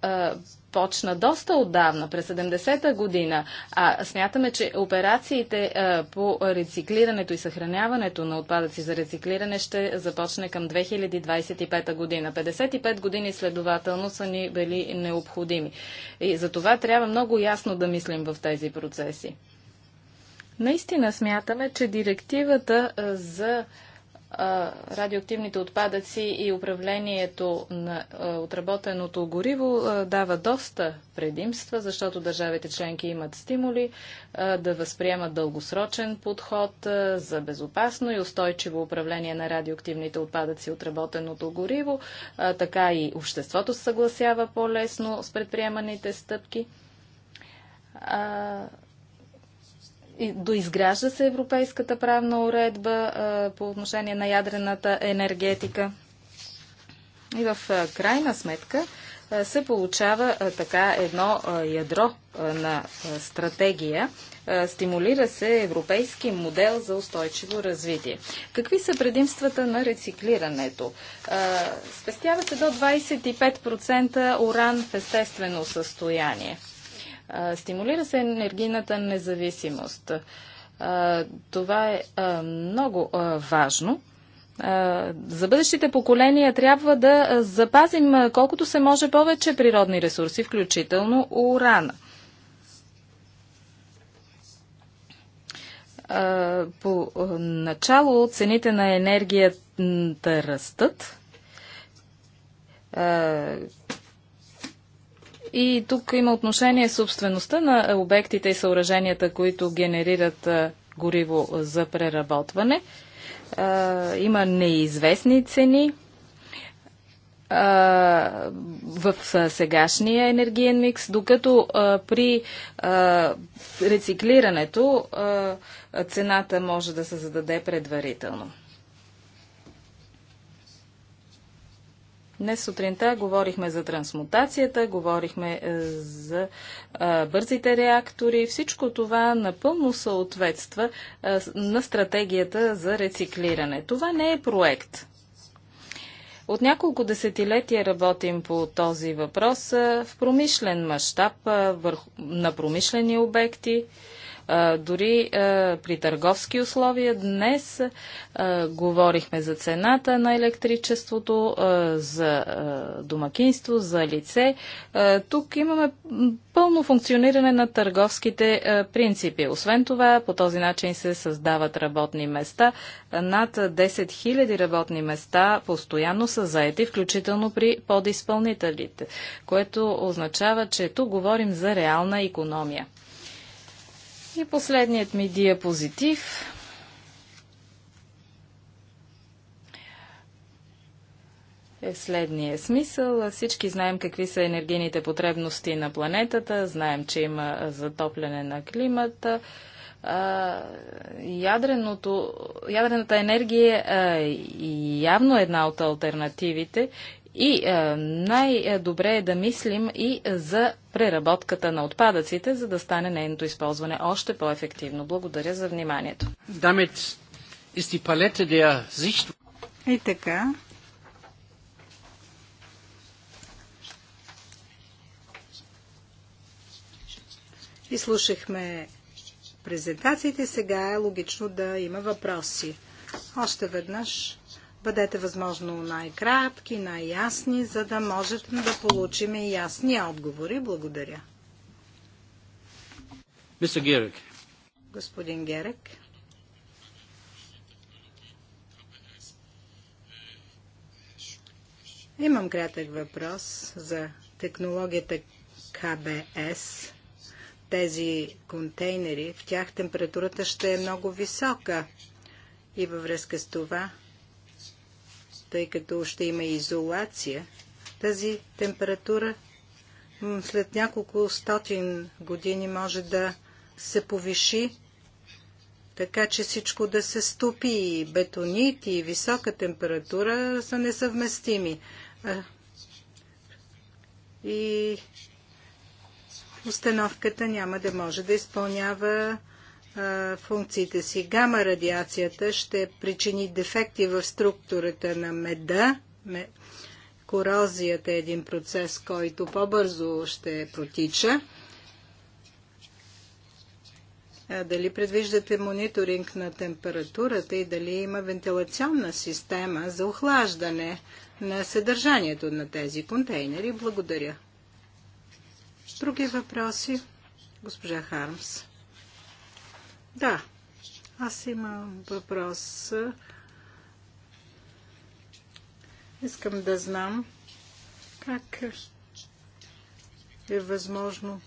започна доста отдавна, през 70-та година, а смятаме, че операциите по рециклирането и съхраняването на отпадъци за рециклиране ще започне към 2025 година. 55 години следователно са ни били необходими. И за това трябва много ясно да мислим в тези процеси. Наистина смятаме, че директивата за радиоактивните отпадъци и управлението на отработеното гориво дава доста предимства, защото държавите членки имат стимули да възприемат дългосрочен подход за безопасно и устойчиво управление на радиоактивните отпадъци и отработеното гориво. Така и обществото се съгласява по-лесно с предприеманите стъпки доизгражда се европейската правна уредба по отношение на ядрената енергетика. И в крайна сметка се получава така едно ядро на стратегия. Стимулира се европейски модел за устойчиво развитие. Какви са предимствата на рециклирането? Спестява се до 25% уран в естествено състояние. Стимулира се енергийната независимост. Това е много важно. За бъдещите поколения трябва да запазим колкото се може повече природни ресурси, включително урана. По начало цените на енергията растат и тук има отношение собствеността на обектите и съоръженията, които генерират гориво за преработване. Има неизвестни цени, в сегашния енергиен микс, докато при рециклирането цената може да се зададе предварително. Днес сутринта говорихме за трансмутацията, говорихме е, за е, бързите реактори. Всичко това напълно съответства е, на стратегията за рециклиране. Това не е проект. От няколко десетилетия работим по този въпрос в промишлен мащаб на промишлени обекти. Дори при търговски условия днес говорихме за цената на електричеството, за домакинство, за лице. Тук имаме пълно функциониране на търговските принципи. Освен това, по този начин се създават работни места. Над 10 000 работни места постоянно са заети, включително при подизпълнителите, което означава, че тук говорим за реална економия. И последният ми диапозитив. е в следния смисъл. Всички знаем какви са енергийните потребности на планетата, знаем, че има затопляне на климата. Ядреното, ядрената енергия е явно една от альтернативите и е, най-добре е да мислим и за преработката на отпадъците, за да стане нейното използване още по-ефективно. Благодаря за вниманието. И така. И слушахме презентациите. Сега е логично да има въпроси. Още веднъж бъдете възможно най-кратки, най-ясни, за да можете да получим и ясни отговори. Благодаря. Мистер Герек. Господин Герек. Имам кратък въпрос за технологията КБС. Тези контейнери, в тях температурата ще е много висока. И във връзка с това, тъй като ще има изолация, тази температура след няколко стотин години може да се повиши, така че всичко да се стопи. И бетонит и висока температура са несъвместими. И установката няма да може да изпълнява функциите си. Гама радиацията ще причини дефекти в структурата на меда. Корозията е един процес, който по-бързо ще протича. Дали предвиждате мониторинг на температурата и дали има вентилационна система за охлаждане на съдържанието на тези контейнери? Благодаря. Други въпроси? Госпожа Хармс. Да, аз имам въпрос. Искам да знам как е възможно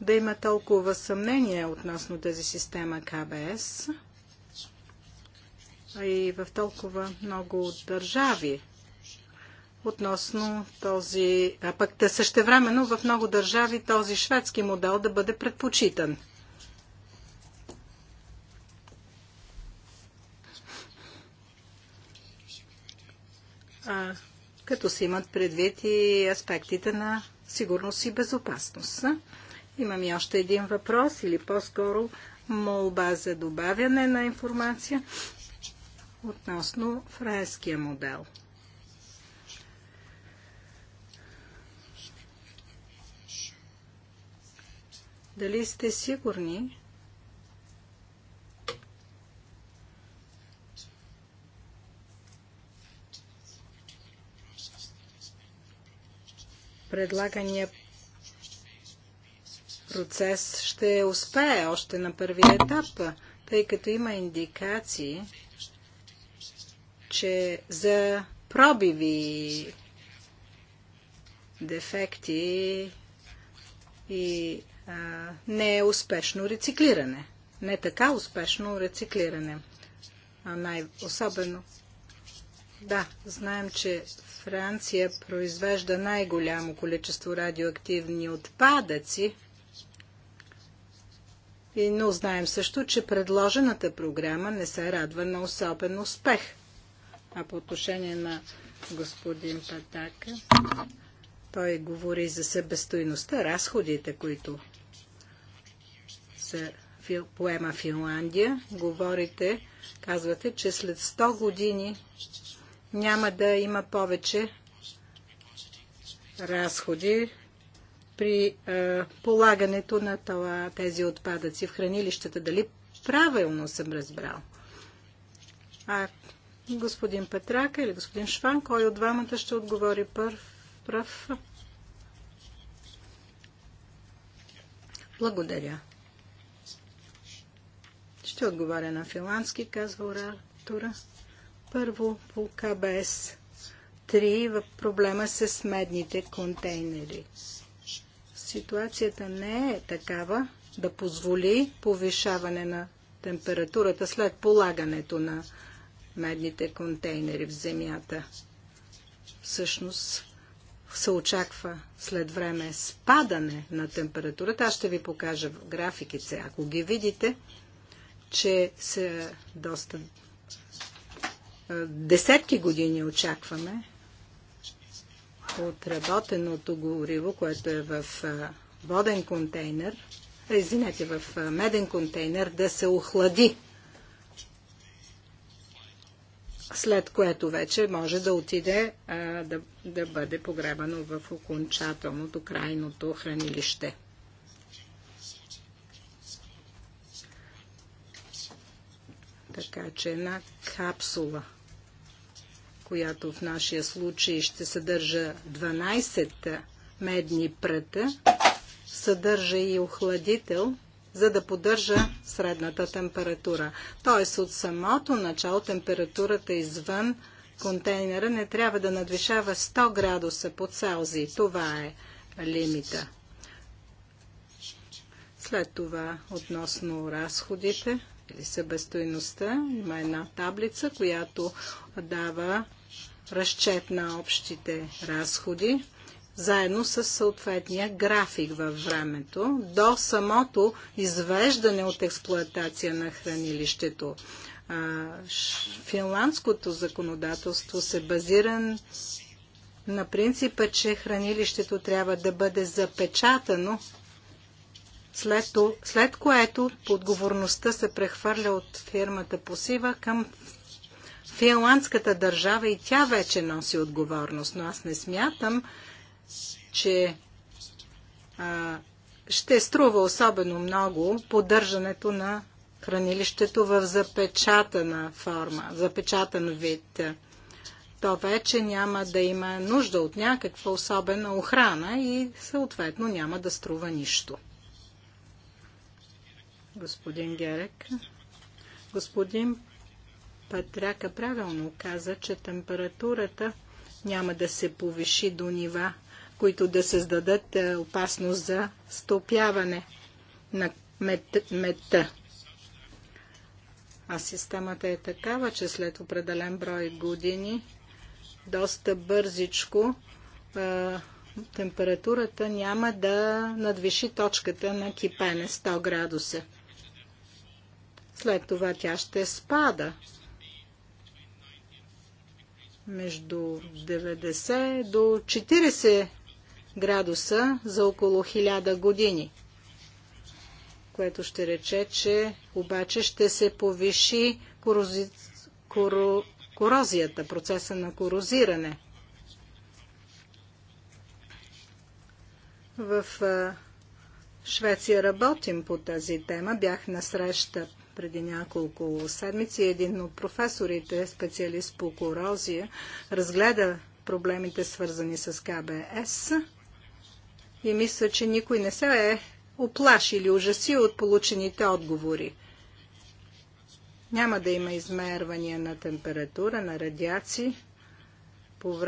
да има толкова съмнение относно тази система КБС и в толкова много държави относно този, а пък да същевременно в много държави този шведски модел да бъде предпочитан. като се имат предвид и аспектите на сигурност и безопасност. Имам и още един въпрос или по-скоро молба за добавяне на информация относно френския модел. Дали сте сигурни, предлагания процес ще успее още на първи етап, тъй като има индикации, че за пробиви дефекти и а, не е успешно рециклиране. Не така успешно рециклиране. А най- особено да, знаем, че Франция произвежда най-голямо количество радиоактивни отпадъци, но знаем също, че предложената програма не се радва на особен успех. А по отношение на господин Патака, той говори за себестойността, разходите, които се поема Финландия. Говорите, казвате, че след 100 години няма да има повече разходи при е, полагането на това, тези отпадъци в хранилищата. Дали правилно съм разбрал? А господин Петрака или господин Шван, кой от двамата ще отговори първ? Прав? Благодаря. Ще отговаря на финландски, казва оратора. Първо по КБС 3 в проблема с медните контейнери. Ситуацията не е такава да позволи повишаване на температурата след полагането на медните контейнери в земята. Всъщност се очаква след време спадане на температурата. Аз ще ви покажа графиките. Ако ги видите, че се доста е, десетки години очакваме отработеното гориво, което е в е, воден контейнер, извинете, в е, меден контейнер да се охлади, след което вече може да отиде а, да, да бъде погребано в окончателното крайното хранилище. Така че една капсула – която в нашия случай ще съдържа 12 медни пръта, съдържа и охладител, за да поддържа средната температура. Тоест от самото начало температурата извън контейнера не трябва да надвишава 100 градуса по Целзий. Това е лимита. След това относно разходите или събестойността, има една таблица, която дава разчет на общите разходи, заедно с съответния график във времето, до самото извеждане от експлоатация на хранилището. Финландското законодателство се базира на принципа, че хранилището трябва да бъде запечатано, след, след което подговорността се прехвърля от фирмата посива към финландската държава и тя вече носи отговорност, но аз не смятам, че а, ще струва особено много поддържането на хранилището в запечатана форма, запечатан вид. То вече няма да има нужда от някаква особена охрана и съответно няма да струва нищо. Господин Герек. Господин Патрака правилно каза, че температурата няма да се повиши до нива, които да създадат е, опасност за стопяване на мет, мета. А системата е такава, че след определен брой години доста бързичко е, температурата няма да надвиши точката на кипене 100 градуса. След това тя ще спада между 90 до 40 градуса за около 1000 години, което ще рече, че обаче ще се повиши корози... коро... корозията, процеса на корозиране. В Швеция работим по тази тема. Бях на среща преди няколко седмици. Един от професорите, специалист по корозия, разгледа проблемите свързани с КБС и мисля, че никой не се е оплаши или ужаси от получените отговори. Няма да има измервания на температура, на радиации. По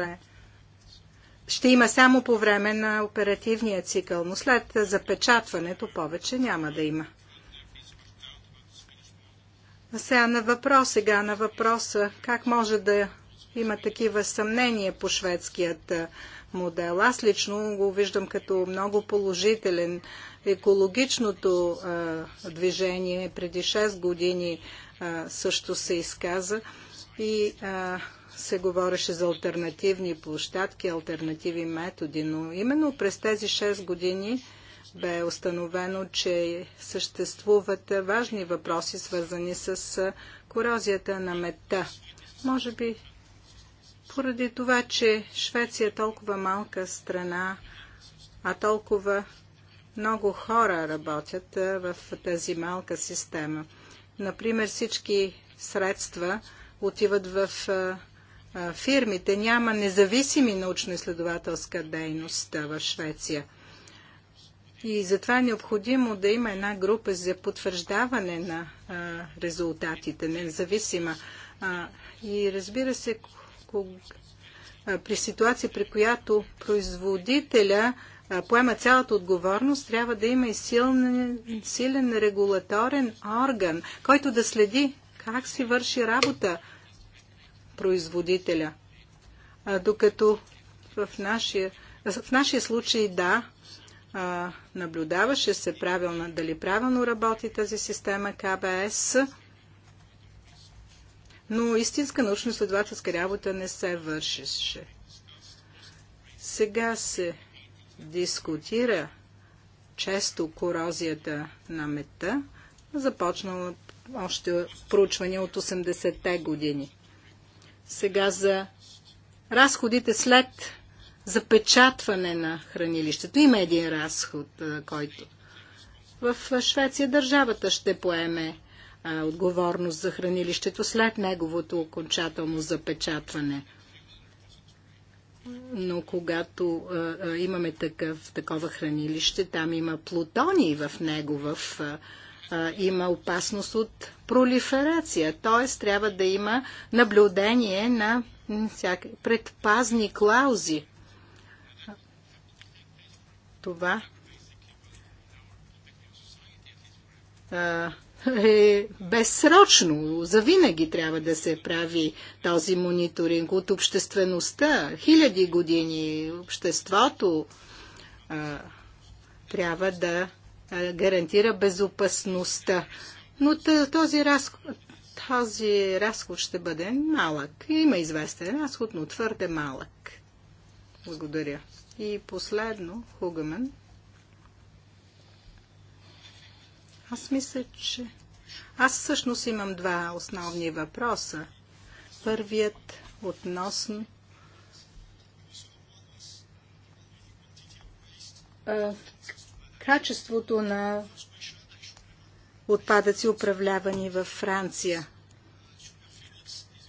Ще има само по време на оперативния цикъл, но след запечатването повече няма да има. Сега на въпрос, сега на въпроса, как може да има такива съмнения по шведският модел. Аз лично го виждам като много положителен. Екологичното а, движение преди 6 години а, също се изказа и а, се говореше за альтернативни площадки, альтернативи методи, но именно през тези 6 години бе установено, че съществуват важни въпроси, свързани с корозията на мета. Може би поради това, че Швеция е толкова малка страна, а толкова много хора работят в тази малка система. Например, всички средства отиват в фирмите. Няма независими научно-изследователска дейност в Швеция. И затова е необходимо да има една група за потвърждаване на а, резултатите, независима. А, и разбира се, а, при ситуация, при която производителя а, поема цялата отговорност, трябва да има и силен, силен регулаторен орган, който да следи как си върши работа производителя. А, докато в нашия, в нашия случай, да, а, наблюдаваше се правилно, дали правилно работи тази система КБС, но истинска научно-следователска работа не се вършеше. Сега се дискутира често корозията на мета, започнала още проучвания от 80-те години. Сега за разходите след запечатване на хранилището. Има един разход, който в Швеция държавата ще поеме отговорност за хранилището след неговото окончателно запечатване. Но когато а, а, имаме такъв, такова хранилище, там има плутони в него, в, а, а, има опасност от пролиферация. Т.е. трябва да има наблюдение на всяк, предпазни клаузи това е безсрочно. Завинаги трябва да се прави този мониторинг от обществеността. Хиляди години обществото а, трябва да гарантира безопасността. Но този разход, този разход ще бъде малък. Има известен разход, но твърде малък. Благодаря. И последно, Хугамен. Аз мисля, че... Аз всъщност имам два основни въпроса. Първият относно качеството на отпадъци, управлявани във Франция.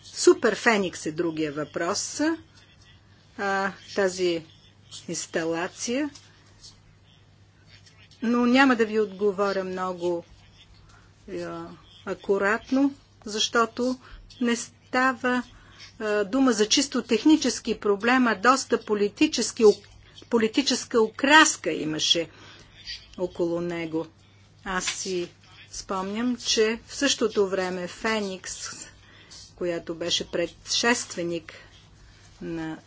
Супер Феникс е другия въпрос. А, тази инсталация, но няма да ви отговоря много е, акуратно, защото не става е, дума за чисто технически проблема, доста политически, политическа окраска имаше около него. Аз си спомням, че в същото време Феникс, която беше предшественик на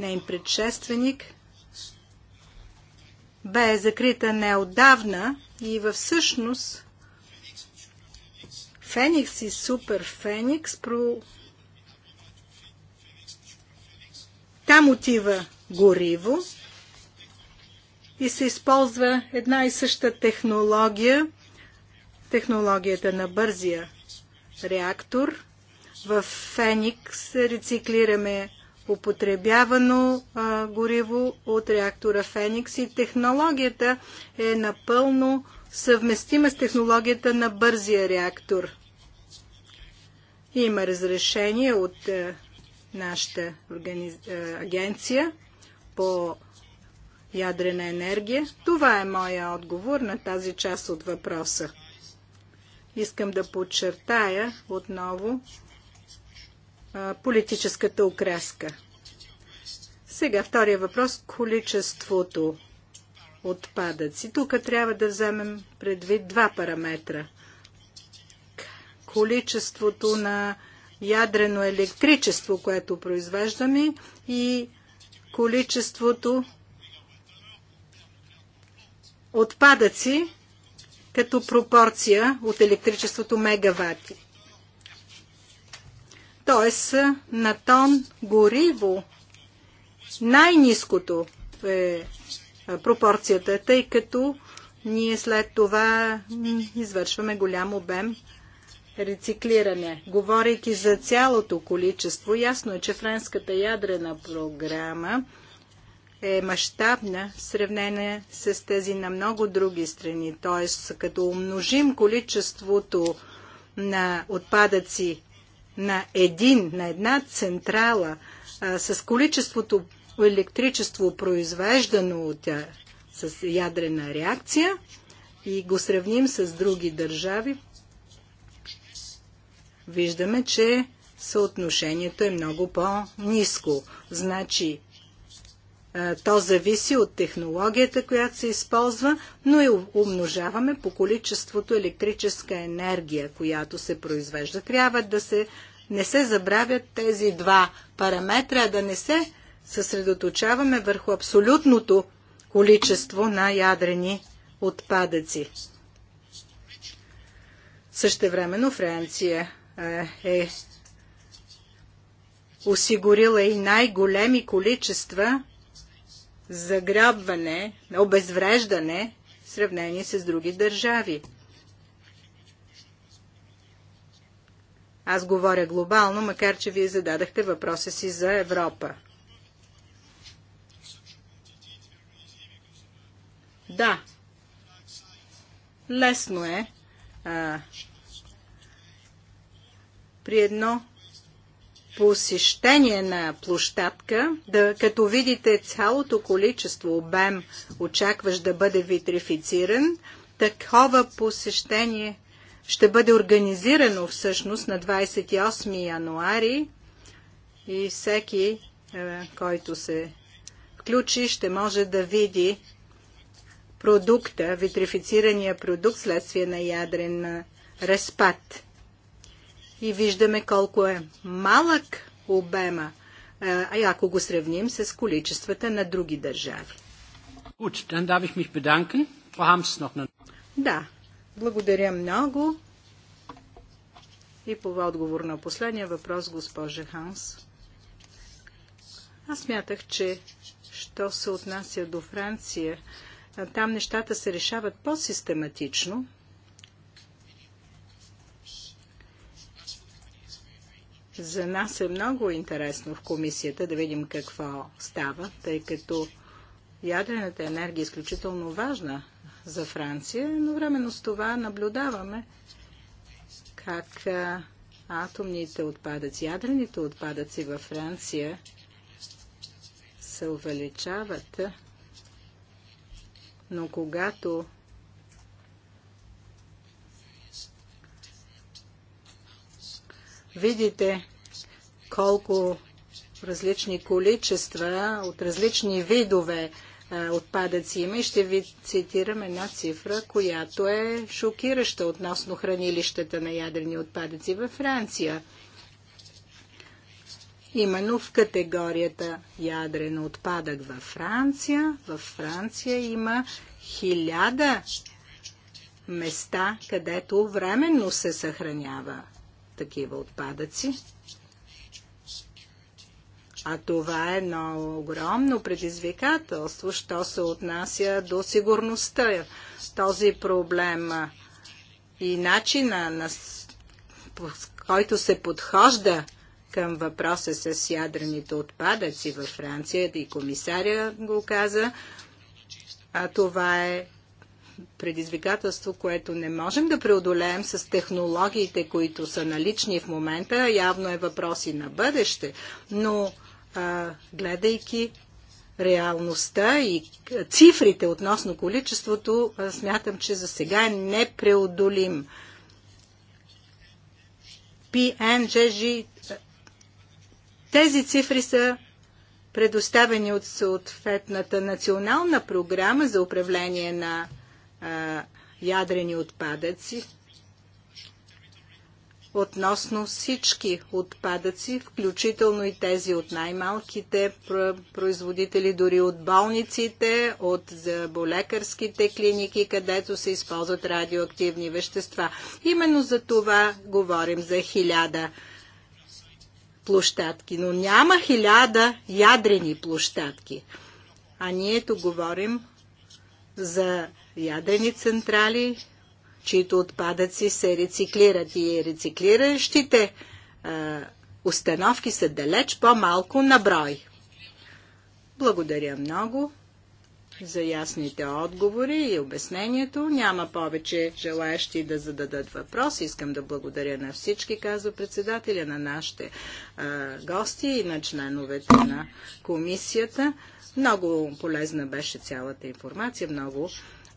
нейн предшественик, бе закрита неодавна и във всъщност Феникс и Супер Феникс про... там отива гориво и се използва една и съща технология, технологията на бързия реактор. В Феникс рециклираме употребявано а, гориво от реактора Феникс и технологията е напълно съвместима с технологията на бързия реактор. Има разрешение от а, е, нашата а, е, агенция по ядрена енергия. Това е моя отговор на тази част от въпроса. Искам да подчертая отново, политическата окраска. Сега втория въпрос – количеството отпадъци. Тук трябва да вземем предвид два параметра. Количеството на ядрено електричество, което произвеждаме и количеството отпадъци като пропорция от електричеството мегавати. Т.е. на тон гориво най-низкото е, е пропорцията, тъй като ние след това извършваме голям обем рециклиране. Говорейки за цялото количество, ясно е, че френската ядрена програма е мащабна в сравнение с тези на много други страни. Т.е. като умножим количеството на отпадъци на един, на една централа а, с количеството електричество, произвеждано от а, с ядрена реакция и го сравним с други държави, виждаме, че съотношението е много по-низко. Значи е, то зависи от технологията, която се използва, но и умножаваме по количеството електрическа енергия, която се произвежда. Трябва да се, не се забравят тези два параметра, а да не се съсредоточаваме върху абсолютното количество на ядрени отпадъци. Същевременно Франция е, е осигурила и най-големи количества заграбване, обезвреждане в сравнение с други държави. Аз говоря глобално, макар че вие зададахте въпроса си за Европа. Да, лесно е а, при едно посещение на площадка, да, като видите цялото количество обем, очакваш да бъде витрифициран, такова посещение ще бъде организирано всъщност на 28 януари и всеки, е, който се включи, ще може да види продукта, витрифицирания продукт следствие на ядрен разпад и виждаме колко е малък обема, а е, ако го сравним с количествата на други държави. Да, благодаря много. И по отговор на последния въпрос, госпожа Ханс. Аз мятах, че що се отнася до Франция, там нещата се решават по-систематично – За нас е много интересно в комисията да видим какво става, тъй като ядрената енергия е изключително важна за Франция, но временно с това наблюдаваме как атомните отпадъци, ядрените отпадъци във Франция се увеличават, но когато видите колко различни количества от различни видове е, отпадъци има и ще ви цитирам една цифра, която е шокираща относно хранилищата на ядрени отпадъци във Франция. Именно в категорията ядрен отпадък във Франция, във Франция има хиляда места, където временно се съхранява такива отпадъци. А това е едно огромно предизвикателство, що се отнася до сигурността. Този проблем и начина на който се подхожда към въпроса с ядрените отпадъци във Франция, и комисаря го каза, а това е предизвикателство, което не можем да преодолеем с технологиите, които са налични в момента. Явно е въпроси на бъдеще, но а, гледайки реалността и цифрите относно количеството, а, смятам, че за сега е непреодолим. PNJG, тези цифри са предоставени от съответната национална програма за управление на а, ядрени отпадъци относно всички отпадъци, включително и тези от най-малките производители, дори от болниците, от болекарските клиники, където се използват радиоактивни вещества. Именно за това говорим за хиляда площадки, но няма хиляда ядрени площадки. А ние тук говорим за ядрени централи, чието отпадъци се рециклират и рециклиращите а, установки са далеч по-малко на брой. Благодаря много за ясните отговори и обяснението. Няма повече желаящи да зададат въпрос. Искам да благодаря на всички, казва председателя, на нашите а, гости и на членовете на комисията. Много полезна беше цялата информация, много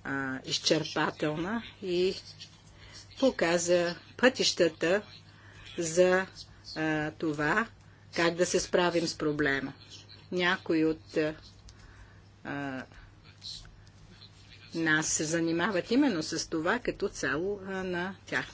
а, изчерпателна и показа пътищата за а, това как да се справим с проблема. Някои от а, нас се занимават именно с това като цяло на тяхна.